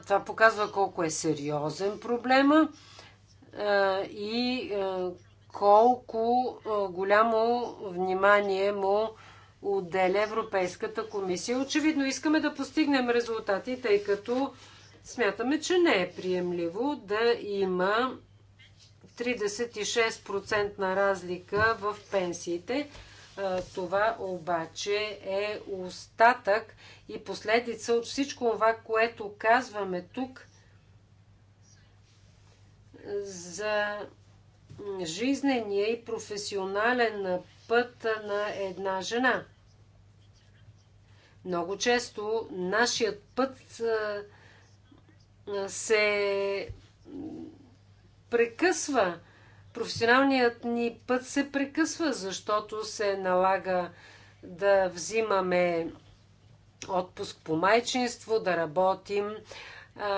Това показва колко е сериозен проблема е, и е, колко е, голямо внимание му отделя Европейската комисия. Очевидно искаме да постигнем резултати, тъй като смятаме, че не е приемливо да има 36% на разлика в пенсиите това обаче е остатък и последица от всичко това, което казваме тук за жизнения и професионален път на една жена. Много често нашият път се прекъсва професионалният ни път се прекъсва, защото се налага да взимаме отпуск по майчинство, да работим а,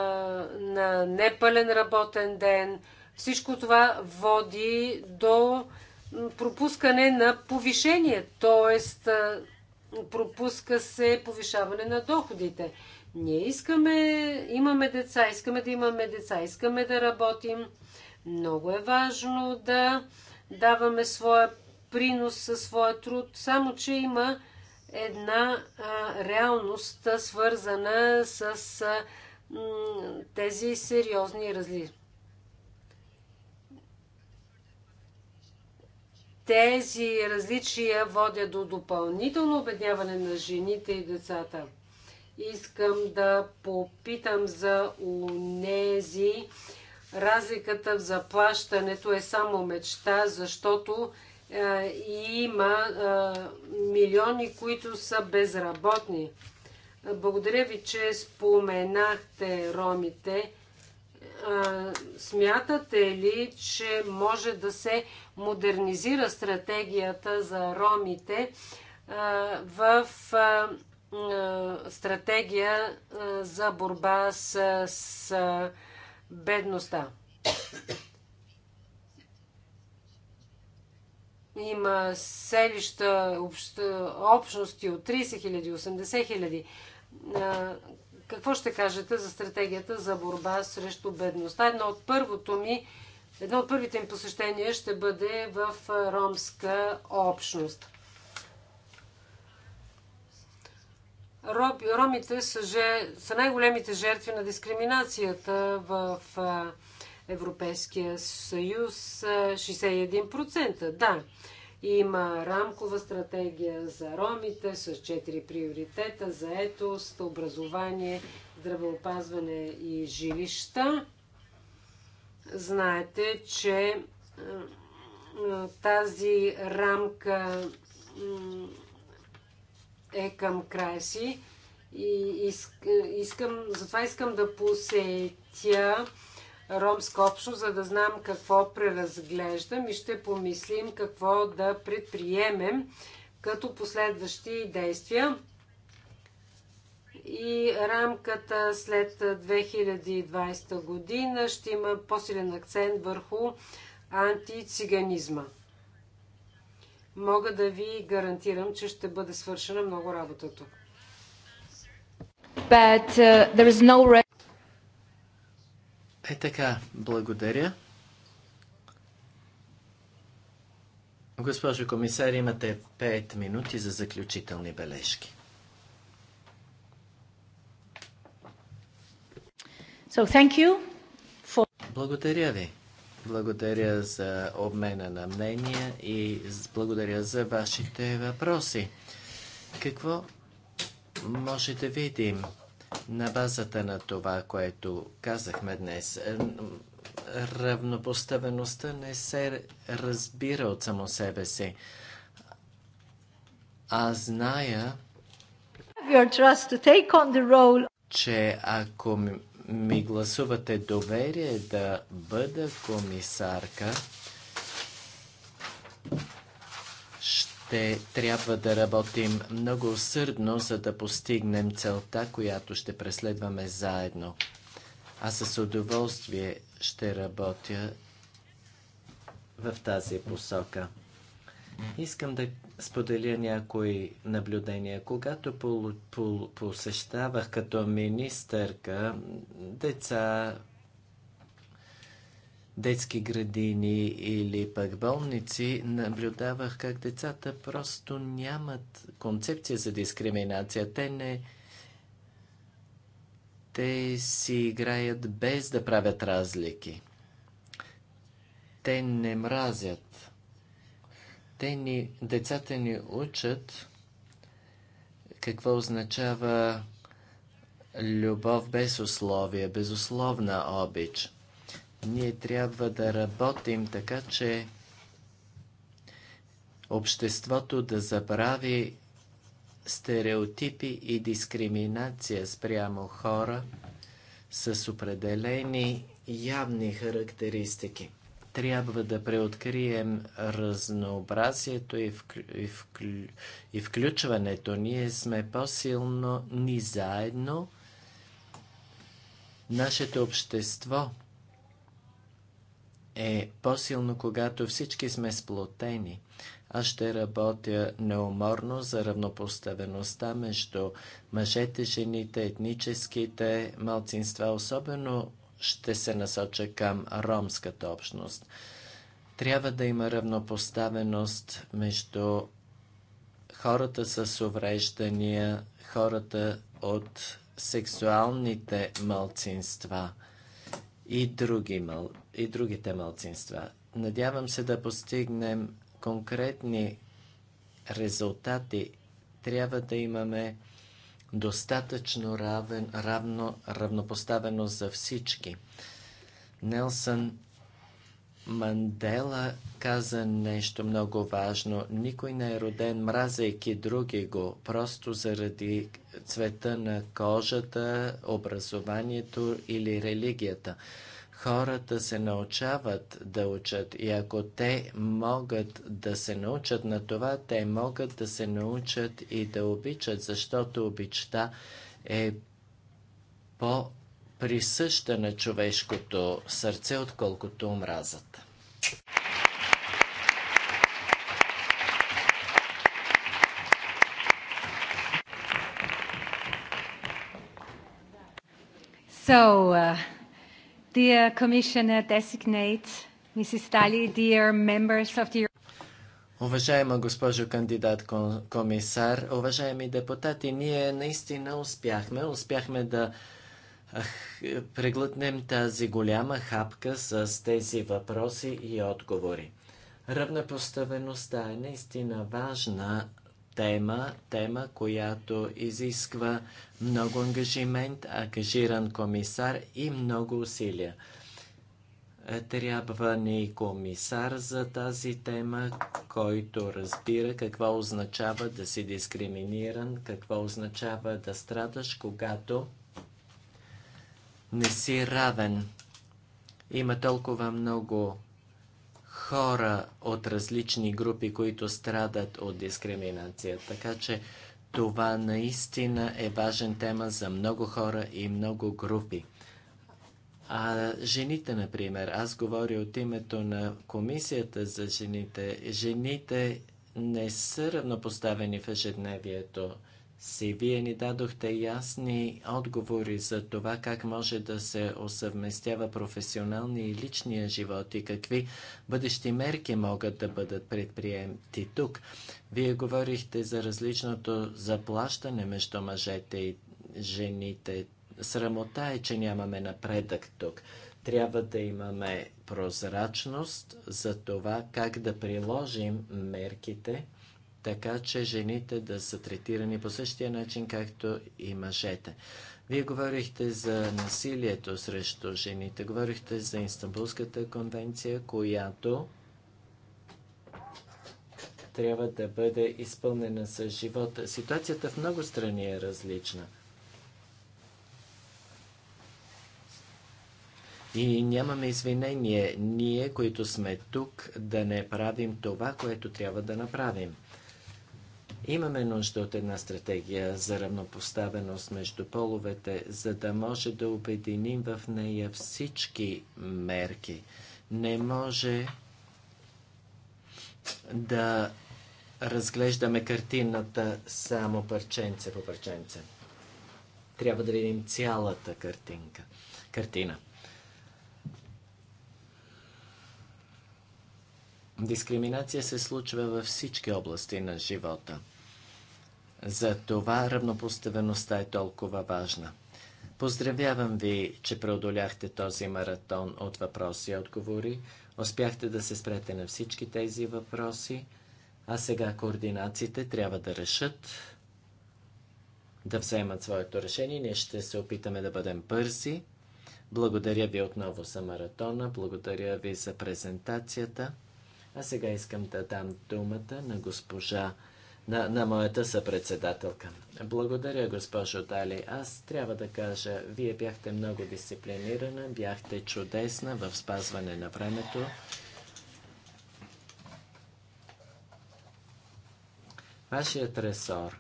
на непълен работен ден. Всичко това води до пропускане на повишение, т.е. пропуска се повишаване на доходите. Ние искаме, имаме деца, искаме да имаме деца, искаме да работим, много е важно да даваме своя принос със своя труд, само че има една а, реалност, свързана с а, м, тези сериозни разли. Тези различия водят до допълнително обедняване на жените и децата. Искам да попитам за унези, Разликата в заплащането е само мечта, защото е, има е, милиони, които са безработни. Благодаря ви, че споменахте ромите. Е, смятате ли, че може да се модернизира стратегията за ромите е, в е, стратегия за борба с бедността. Има селища, общ, общности от 30 000, 80 хиляди. Какво ще кажете за стратегията за борба срещу бедността? Едно от първото ми, едно от първите им посещения ще бъде в ромска общност. Ромите са, же, са най-големите жертви на дискриминацията в Европейския съюз 61%. Да, има рамкова стратегия за ромите с 4 приоритета за етост, образование, здравеопазване и жилища. Знаете, че тази рамка е към края си и искам, затова искам да посетя ромска общност, за да знам какво преразглеждам и ще помислим какво да предприемем като последващи действия. И рамката след 2020 година ще има по-силен акцент върху антициганизма мога да ви гарантирам, че ще бъде свършена много работа тук. But, uh, there is no... Е така, благодаря. Госпожо комисар, имате 5 минути за заключителни бележки. So, thank you for... Благодаря ви. Благодаря за обмена на мнения и благодаря за вашите въпроси. Какво може да видим на базата на това, което казахме днес? Е, равнопоставеността не се разбира от само себе си. А зная, че ако ми гласувате доверие да бъда комисарка, ще трябва да работим много усърдно, за да постигнем целта, която ще преследваме заедно. Аз с удоволствие ще работя в тази посока. Искам да споделя някои наблюдения. Когато посещавах като министърка деца, детски градини или пък болници, наблюдавах как децата просто нямат концепция за дискриминация. Те не. Те си играят без да правят разлики. Те не мразят те ни, децата ни учат какво означава любов без условия, безусловна обич. Ние трябва да работим така, че обществото да забрави стереотипи и дискриминация спрямо хора с определени явни характеристики трябва да преоткрием разнообразието и, вк... И, вк... и включването. Ние сме по-силно ни заедно. Нашето общество е по-силно, когато всички сме сплотени. Аз ще работя неуморно за равнопоставеността между мъжете, жените, етническите малцинства, особено ще се насоча към ромската общност. Трябва да има равнопоставеност между хората с увреждания, хората от сексуалните мълцинства и, други, мъл... и другите мълцинства. Надявам се да постигнем конкретни резултати. Трябва да имаме достатъчно равен, равно, равнопоставено за всички. Нелсън Мандела каза нещо много важно. Никой не е роден, мразейки други го, просто заради цвета на кожата, образованието или религията хората се научават да учат и ако те могат да се научат на това, те могат да се научат и да обичат, защото обичта е по-присъща на човешкото сърце, отколкото омразът. So, uh... Dear Commissioner Designate, Mrs. dear members of the Уважаема госпожо кандидат комисар, уважаеми депутати, ние наистина успяхме. Успяхме да преглътнем тази голяма хапка с тези въпроси и отговори. Равнопоставеността е наистина важна тема, тема, която изисква много ангажимент, ангажиран комисар и много усилия. Е, трябва ни комисар за тази тема, който разбира какво означава да си дискриминиран, какво означава да страдаш, когато не си равен. Има толкова много хора от различни групи, които страдат от дискриминация. Така че това наистина е важен тема за много хора и много групи. А жените, например, аз говоря от името на комисията за жените. Жените не са равнопоставени в ежедневието си. Вие ни дадохте ясни отговори за това как може да се осъвместява професионалния и личния живот и какви бъдещи мерки могат да бъдат предприемти тук. Вие говорихте за различното заплащане между мъжете и жените. Срамота е, че нямаме напредък тук. Трябва да имаме прозрачност за това как да приложим мерките – така че жените да са третирани по същия начин, както и мъжете. Вие говорихте за насилието срещу жените, говорихте за Истанбулската конвенция, която трябва да бъде изпълнена с живота. Ситуацията в много страни е различна. И нямаме извинение ние, които сме тук, да не правим това, което трябва да направим. Имаме нужда от една стратегия за равнопоставеност между половете, за да може да обединим в нея всички мерки. Не може да разглеждаме картината само парченце по парченце. Трябва да видим цялата картинка. Картина. Дискриминация се случва във всички области на живота – за това равнопоставеността е толкова важна. Поздравявам ви, че преодоляхте този маратон от въпроси и отговори. Успяхте да се спрете на всички тези въпроси, а сега координациите трябва да решат да вземат своето решение. Ние ще се опитаме да бъдем бързи. Благодаря ви отново за маратона, благодаря ви за презентацията. А сега искам да дам думата на госпожа на, на моята съпредседателка. Благодаря, госпожо Дали. Аз трябва да кажа, вие бяхте много дисциплинирана, бяхте чудесна в спазване на времето. Вашият ресор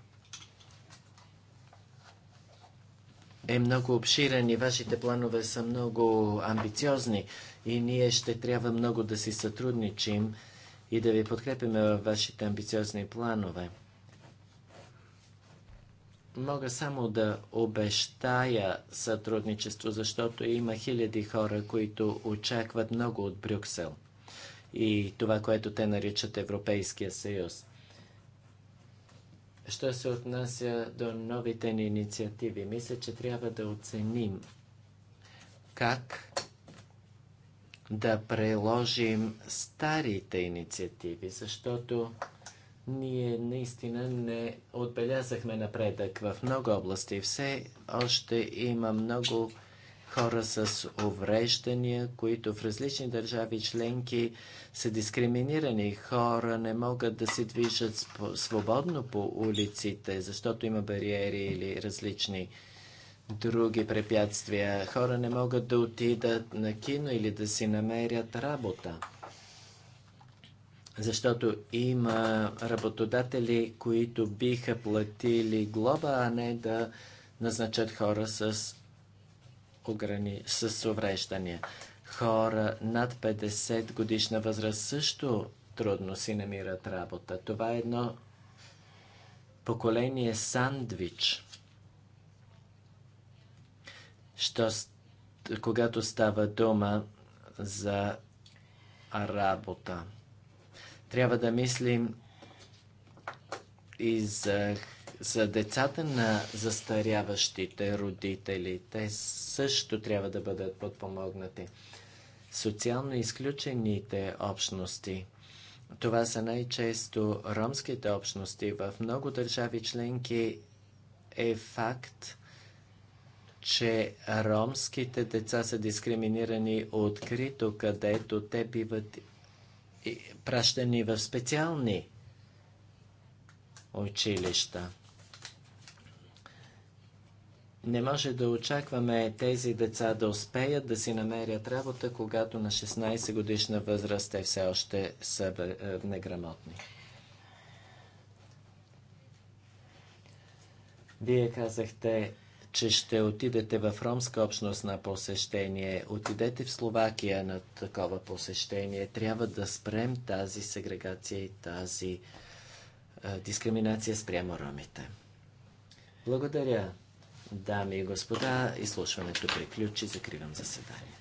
е много обширен и вашите планове са много амбициозни и ние ще трябва много да си сътрудничим и да ви подкрепяме във вашите амбициозни планове. Мога само да обещая сътрудничество, защото има хиляди хора, които очакват много от Брюксел и това, което те наричат Европейския съюз. Що се отнася до новите ни инициативи, мисля, че трябва да оценим как да преложим старите инициативи, защото ние наистина не отбелязахме напредък в много области. Все още има много хора с увреждания, които в различни държави членки са дискриминирани. Хора не могат да се движат свободно по улиците, защото има бариери или различни други препятствия. Хора не могат да отидат на кино или да си намерят работа. Защото има работодатели, които биха платили глоба, а не да назначат хора с, ограни... с увреждания. Хора над 50 годишна възраст също трудно си намират работа. Това е едно поколение сандвич що, когато става дума за работа. Трябва да мислим и за, за децата на застаряващите родители. Те също трябва да бъдат подпомогнати. Социално изключените общности. Това са най-често ромските общности. В много държави членки е факт, че ромските деца са дискриминирани открито, където те биват пращани в специални училища. Не може да очакваме тези деца да успеят да си намерят работа, когато на 16 годишна възраст те все още са е, неграмотни. Вие казахте, че ще отидете в ромска общност на посещение. Отидете в Словакия на такова посещение. Трябва да спрем тази сегрегация и тази е, дискриминация спрямо ромите. Благодаря, дами и господа. Изслушването приключи. Закривам заседание.